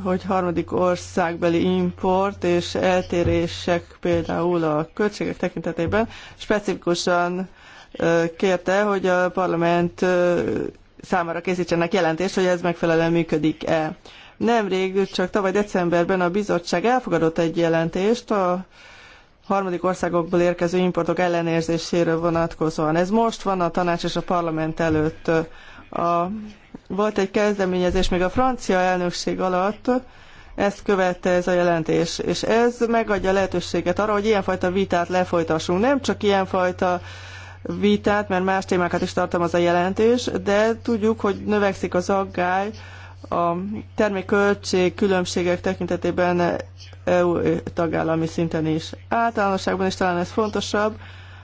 hogy harmadik országbeli import és eltérések például a költségek tekintetében specifikusan kérte, hogy a parlament számára készítsenek jelentést, hogy ez megfelelően működik-e. Nemrég, csak tavaly decemberben a bizottság elfogadott egy jelentést a harmadik országokból érkező importok ellenőrzéséről vonatkozóan. Ez most van a tanács és a parlament előtt. A, volt egy kezdeményezés még a francia elnökség alatt, ezt követte ez a jelentés, és ez megadja lehetőséget arra, hogy ilyenfajta vitát lefolytassunk. Nem csak ilyenfajta uh, vitát, mert más témákat is tartalmaz a jelentés, de tudjuk, hogy növekszik az aggály a termékköltség különbségek tekintetében EU tagállami szinten is. Általánosságban is talán ez fontosabb.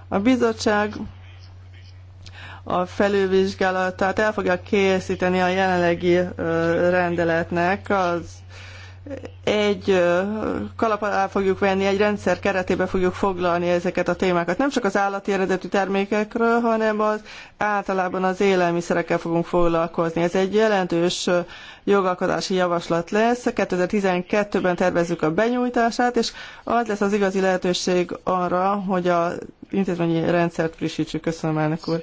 A bizottság a felülvizsgálatát el fogja készíteni a jelenlegi rendeletnek az egy kalap alá fogjuk venni, egy rendszer keretébe fogjuk foglalni ezeket a témákat. Nem csak az állati eredetű termékekről, hanem az általában az élelmiszerekkel fogunk foglalkozni. Ez egy jelentős jogalkotási javaslat lesz. 2012-ben tervezzük a benyújtását, és az lesz az igazi lehetőség arra, hogy az intézményi rendszert frissítsük. Köszönöm, elnök úr.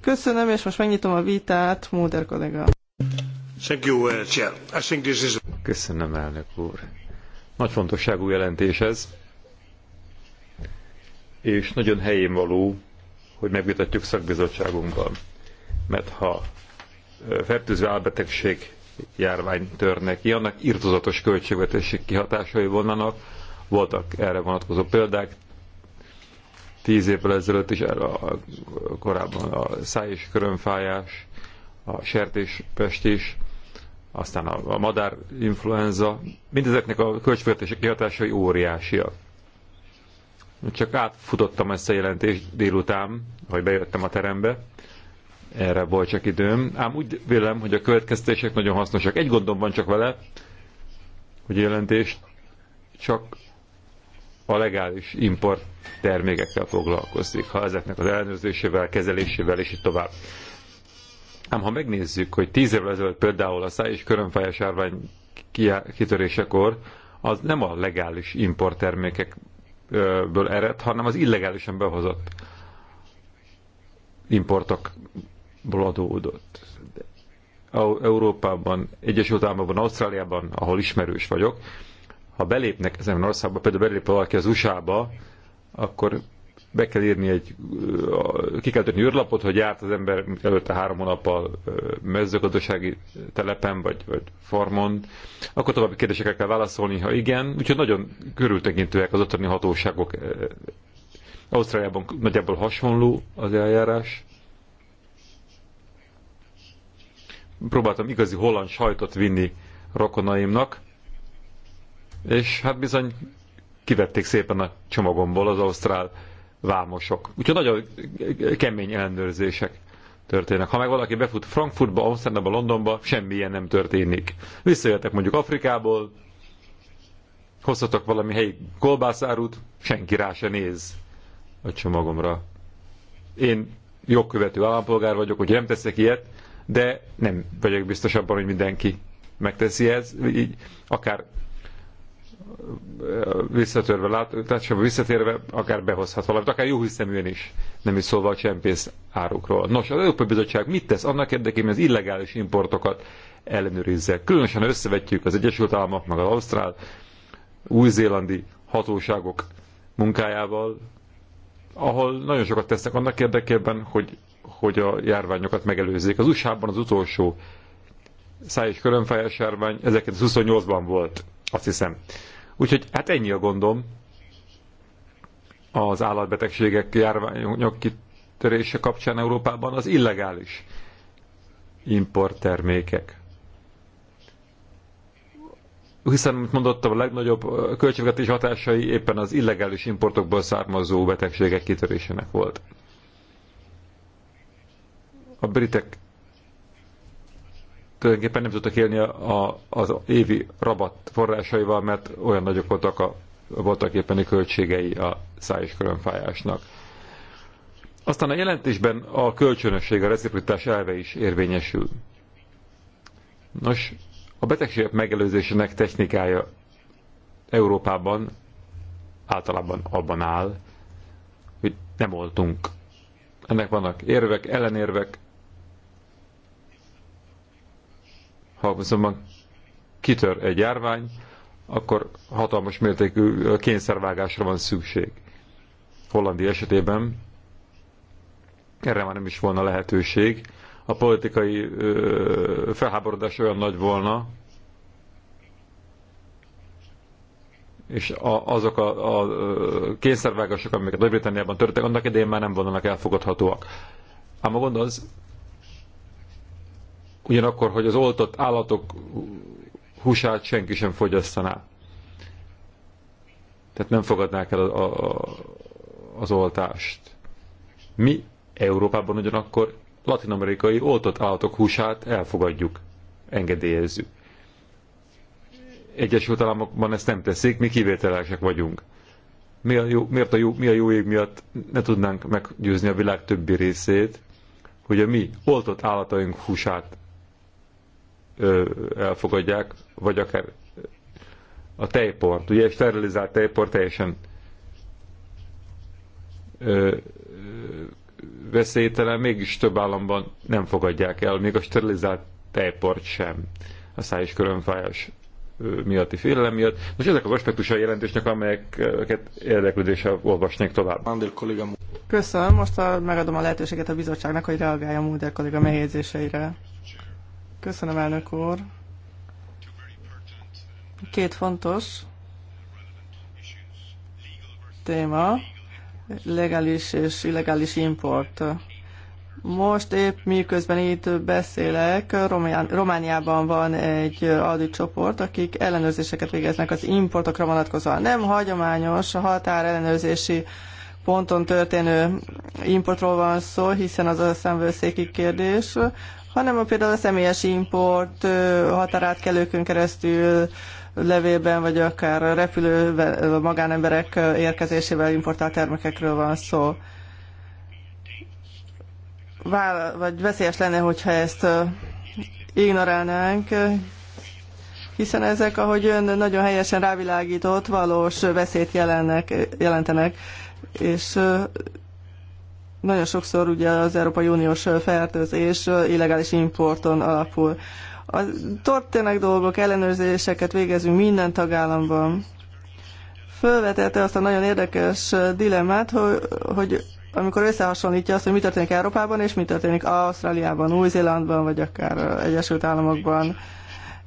Köszönöm, és most megnyitom a vitát, Móder kollega. Uh, Köszönöm, elnök úr. Nagy fontosságú jelentés ez, és nagyon helyén való, hogy megvitatjuk szakbizottságunkban. Mert ha fertőző álbetegség járvány törne ki, annak irtozatos költségvetési kihatásai vonnanak, voltak erre vonatkozó példák, tíz évvel ezelőtt is erre a, korábban a száj és körömfájás, a sertéspestés aztán a madár influenza, mindezeknek a költségvetési kihatásai óriásiak. Csak átfutottam ezt a jelentést délután, hogy bejöttem a terembe, erre volt csak időm, ám úgy vélem, hogy a következtések nagyon hasznosak. Egy gondom van csak vele, hogy jelentés csak a legális import termékekkel foglalkozik, ha ezeknek az ellenőrzésével, kezelésével és így tovább. Ám ha megnézzük, hogy tíz évvel ezelőtt például a száj és körönfájás árvány kitörésekor az nem a legális importtermékekből ered, hanem az illegálisan behozott importokból adódott. Európában, Egyesült Államokban, Ausztráliában, ahol ismerős vagyok, ha belépnek ezen országba, például belép valaki az USA-ba, akkor be kell írni egy, ki kell tenni űrlapot, hogy járt az ember előtte három hónappal mezőgazdasági telepen vagy, vagy farmon, akkor további kérdésekre kell válaszolni, ha igen. Úgyhogy nagyon körültekintőek az ottani hatóságok. Ausztráliában nagyjából hasonló az eljárás. Próbáltam igazi holland sajtot vinni rokonaimnak, és hát bizony kivették szépen a csomagomból az ausztrál vámosok. Úgyhogy nagyon kemény ellenőrzések történnek. Ha meg valaki befut Frankfurtba, Amsterdamba, Londonba, semmilyen nem történik. Visszajöttek mondjuk Afrikából, hozhatok valami helyi kolbászárút, senki rá se néz a csomagomra. Én jogkövető állampolgár vagyok, hogy nem teszek ilyet, de nem vagyok biztos abban, hogy mindenki megteszi ez, így akár visszatérve lát, látszóba visszatérve, akár behozhat valamit, akár jó hiszeműen is, nem is szólva a csempész árukról. Nos, az Európai Bizottság mit tesz annak érdekében, hogy az illegális importokat ellenőrizze? Különösen összevetjük az Egyesült Államok, meg az Ausztrál, új-zélandi hatóságok munkájával, ahol nagyon sokat tesznek annak érdekében, hogy, hogy a járványokat megelőzzék. Az USA-ban az utolsó száj és körönfájás járvány 1928-ban volt azt hiszem. Úgyhogy hát ennyi a gondom az állatbetegségek, járványok kitörése kapcsán Európában az illegális importtermékek. Hiszen, mint mondottam, a legnagyobb költségvetés hatásai éppen az illegális importokból származó betegségek kitörésének volt. A britek tulajdonképpen nem tudtak élni a, a, az évi rabat forrásaival, mert olyan nagyok voltak, a, voltak éppen a költségei a száj és körönfájásnak. Aztán a jelentésben a kölcsönösség, a reciprocitás elve is érvényesül. Nos, a betegségek megelőzésének technikája Európában általában abban áll, hogy nem oltunk. Ennek vannak érvek, ellenérvek, Ha azonban kitör egy járvány, akkor hatalmas mértékű kényszervágásra van szükség. Hollandi esetében erre már nem is volna lehetőség. A politikai felháborodás olyan nagy volna, és a, azok a, a kényszervágások, amiket Nagy-Britanniában történtek, annak idején már nem vannak elfogadhatóak. Ám a gond az, ugyanakkor, hogy az oltott állatok húsát senki sem fogyasztaná. Tehát nem fogadnák el a, a, az oltást. Mi Európában ugyanakkor latinamerikai oltott állatok húsát elfogadjuk, engedélyezzük. Egyesült Államokban ezt nem teszik, mi kivételesek vagyunk. Mi a jó, miért a jó, mi a jó ég miatt ne tudnánk meggyőzni a világ többi részét, hogy a mi oltott állataink húsát elfogadják, vagy akár a tejport. Ugye egy sterilizált tejport teljesen ö, veszélytelen, mégis több államban nem fogadják el, még a sterilizált tejport sem a száj körönfájás miatti félelem miatt. Most ezek az aspektusai jelentősnek, amelyeket érdeklődéssel olvasnék tovább. Köszönöm, most a, megadom a lehetőséget a bizottságnak, hogy reagálja a Mulder kolléga megjegyzéseire. Köszönöm, elnök úr. Két fontos téma, legális és illegális import. Most épp miközben itt beszélek, Romániában van egy adi csoport, akik ellenőrzéseket végeznek az importokra vonatkozóan. Nem hagyományos a határ ellenőrzési ponton történő importról van szó, hiszen az a szemvőszéki kérdés hanem a például a személyes import határátkelőkön keresztül levélben, vagy akár a repülő magánemberek érkezésével importált termékekről van szó. Vál, vagy veszélyes lenne, hogyha ezt ignorálnánk, hiszen ezek, ahogy ön nagyon helyesen rávilágított, valós veszélyt jelennek, jelentenek, és nagyon sokszor ugye az Európai Uniós fertőzés illegális importon alapul. A, történnek dolgok, ellenőrzéseket végezünk minden tagállamban. Fölvetette azt a nagyon érdekes dilemmát, hogy, hogy amikor összehasonlítja azt, hogy mi történik Európában, és mi történik Ausztráliában, Új-Zélandban, vagy akár Egyesült Államokban.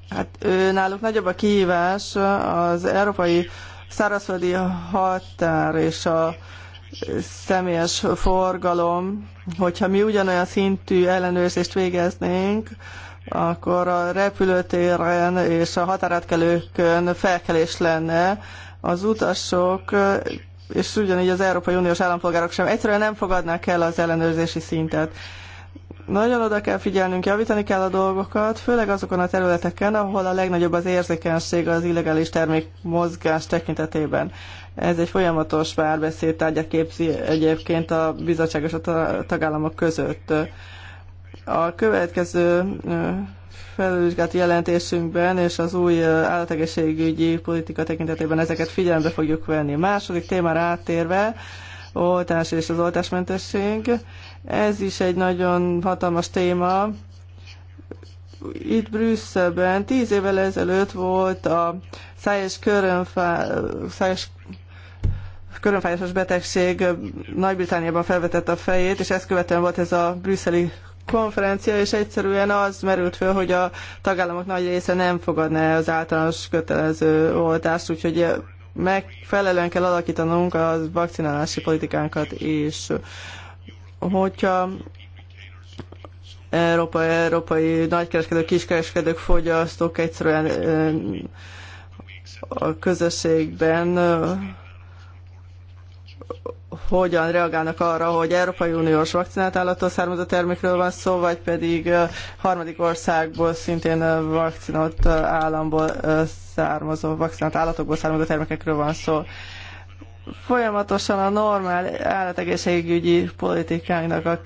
Hát ő, náluk nagyobb a kihívás az európai szárazföldi határ és a személyes forgalom, hogyha mi ugyanolyan szintű ellenőrzést végeznénk, akkor a repülőtéren és a határátkelőkön felkelés lenne, az utasok és ugyanígy az Európai Uniós állampolgárok sem egyszerűen nem fogadnák el az ellenőrzési szintet. Nagyon oda kell figyelnünk, javítani kell a dolgokat, főleg azokon a területeken, ahol a legnagyobb az érzékenység az illegális termék mozgás tekintetében. Ez egy folyamatos párbeszéd tárgyat képzi egyébként a bizottság és a tagállamok között. A következő felülvizsgált jelentésünkben és az új állategészségügyi politika tekintetében ezeket figyelembe fogjuk venni. Második témára áttérve, oltás és az oltásmentesség. Ez is egy nagyon hatalmas téma. Itt Brüsszelben tíz évvel ezelőtt volt a szájes körönfá, száj körönfájásos betegség Nagy-Britániában felvetett a fejét, és ezt követően volt ez a brüsszeli konferencia, és egyszerűen az merült föl, hogy a tagállamok nagy része nem fogadná az általános kötelező oltást, úgyhogy megfelelően kell alakítanunk a vakcinálási politikánkat is. Hogyha Európa, európai nagykereskedők, kiskereskedők, fogyasztók egyszerűen a közösségben hogyan reagálnak arra, hogy Európai Uniós vakcinát állattól származó termékről van szó, vagy pedig harmadik országból szintén vakcinott államból származó, vakcinált állatokból származó termékekről van szó. Folyamatosan a normál állategészségügyi politikának a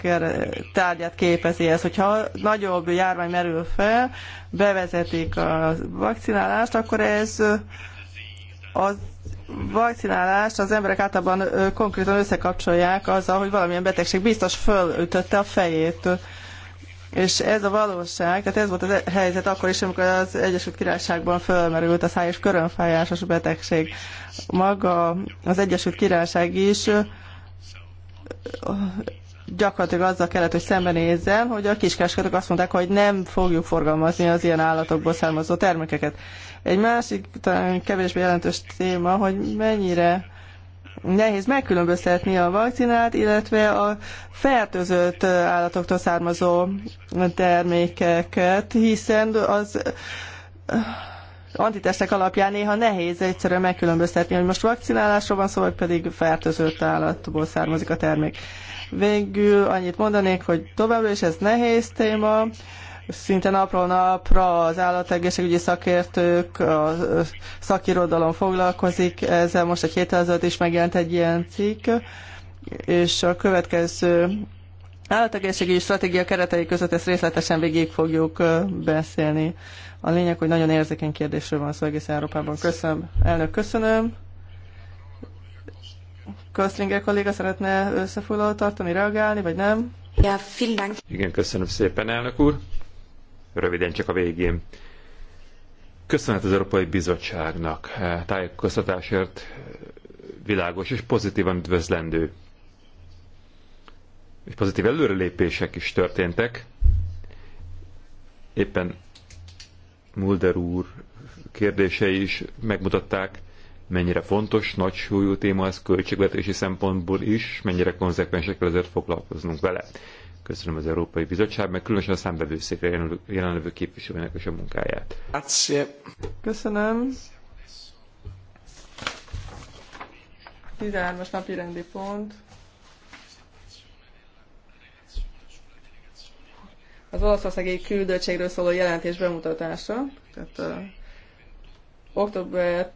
tárgyát képezi ez. Hogyha nagyobb járvány merül fel, bevezetik a vakcinálást, akkor ez az vakcinálást az emberek általában konkrétan összekapcsolják azzal, hogy valamilyen betegség biztos fölütötte a fejét. És ez a valóság, tehát ez volt a e- helyzet akkor is, amikor az Egyesült Királyságban fölmerült a száj és körönfájásos betegség. Maga az Egyesült Királyság is gyakorlatilag azzal kellett, hogy szembenézzen, hogy a kiskereskedők azt mondták, hogy nem fogjuk forgalmazni az ilyen állatokból származó termékeket. Egy másik, talán kevésbé jelentős téma, hogy mennyire nehéz megkülönböztetni a vakcinát, illetve a fertőzött állatoktól származó termékeket, hiszen az eh, antitestek alapján néha nehéz egyszerűen megkülönböztetni, hogy most vakcinálásról van szó, vagy pedig fertőzött állatból származik a termék. Végül annyit mondanék, hogy továbbra is ez nehéz téma, szinte napról napra az állategészségügyi szakértők, a szakirodalom foglalkozik, ezzel most egy héttel ezelőtt is megjelent egy ilyen cikk, és a következő állategészségügyi stratégia keretei között ezt részletesen végig fogjuk beszélni. A lényeg, hogy nagyon érzékeny kérdésről van szó egész Európában. Köszönöm. Elnök, köszönöm. Köszlinger kolléga szeretne összefoglalót tartani, reagálni, vagy nem? Ja, vielen Dank. Igen, köszönöm szépen, elnök úr röviden csak a végén. Köszönet az Európai Bizottságnak e, tájékoztatásért e, világos és pozitívan üdvözlendő. És pozitív előrelépések is történtek. Éppen Mulder úr kérdései is megmutatták, mennyire fontos, nagy súlyú téma ez költségvetési szempontból is, mennyire konzekvensek ezért foglalkoznunk vele. Köszönöm az Európai Bizottság, meg különösen a számbevőszékre jelenlevő képviselőnek és a munkáját. Köszönöm. 13-as napi rendi pont. Az olaszországi küldöttségről szóló jelentés bemutatása. Tehát, uh, október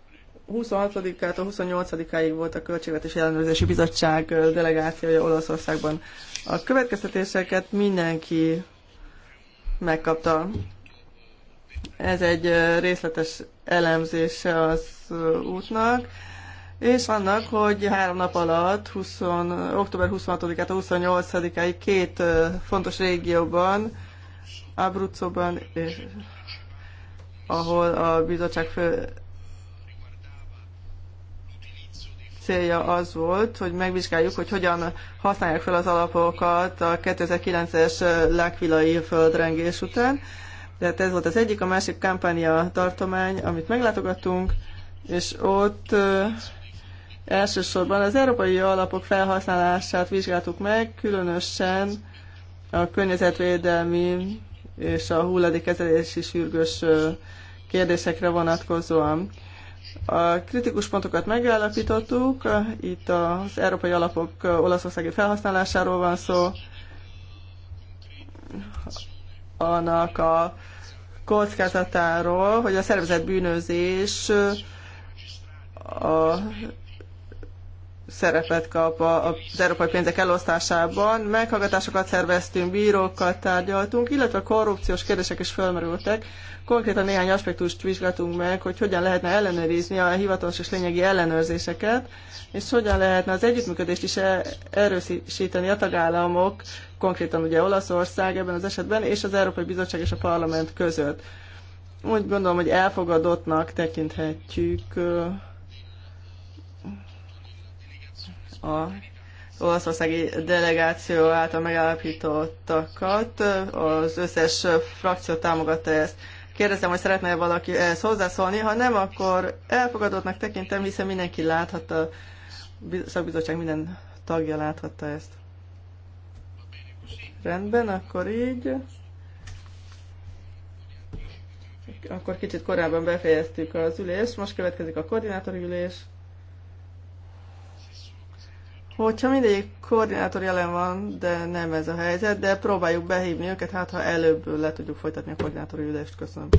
26-ától 28 ig volt a Költségvetési Ellenőrzési Bizottság delegációja Olaszországban. A következtetéseket mindenki megkapta. Ez egy részletes elemzése az útnak, és vannak, hogy három nap alatt, 20, október 26-át a 28-áig két fontos régióban, Abruzzóban, és ahol a bizottság fő célja az volt, hogy megvizsgáljuk, hogy hogyan használják fel az alapokat a 2009-es lákvilai földrengés után. Tehát ez volt az egyik, a másik kampánya tartomány, amit meglátogattunk, és ott elsősorban az európai alapok felhasználását vizsgáltuk meg, különösen a környezetvédelmi és a hulladékkezelési sürgős kérdésekre vonatkozóan. A kritikus pontokat megállapítottuk, itt az európai alapok olaszországi felhasználásáról van szó, annak a kockázatáról, hogy a szervezett bűnözés a szerepet kap az európai pénzek elosztásában. Meghallgatásokat szerveztünk, bírókkal tárgyaltunk, illetve korrupciós kérdések is felmerültek. Konkrétan néhány aspektust vizsgáltunk meg, hogy hogyan lehetne ellenőrizni a hivatalos és lényegi ellenőrzéseket, és hogyan lehetne az együttműködést is e- erősíteni a tagállamok, konkrétan ugye Olaszország ebben az esetben, és az Európai Bizottság és a Parlament között. Úgy gondolom, hogy elfogadottnak tekinthetjük a olaszországi delegáció által megállapítottakat. Az összes frakció támogatta ezt. Kérdezem, hogy szeretne valaki ehhez hozzászólni. Ha nem, akkor elfogadottnak tekintem, hiszen mindenki láthatta, a szakbizottság minden tagja láthatta ezt. Rendben, akkor így. Akkor kicsit korábban befejeztük az ülést, most következik a koordinátori ülés. Hogyha mindegyik koordinátor jelen van, de nem ez a helyzet, de próbáljuk behívni őket, hát ha előbb le tudjuk folytatni a koordinátori ülést. Köszönöm.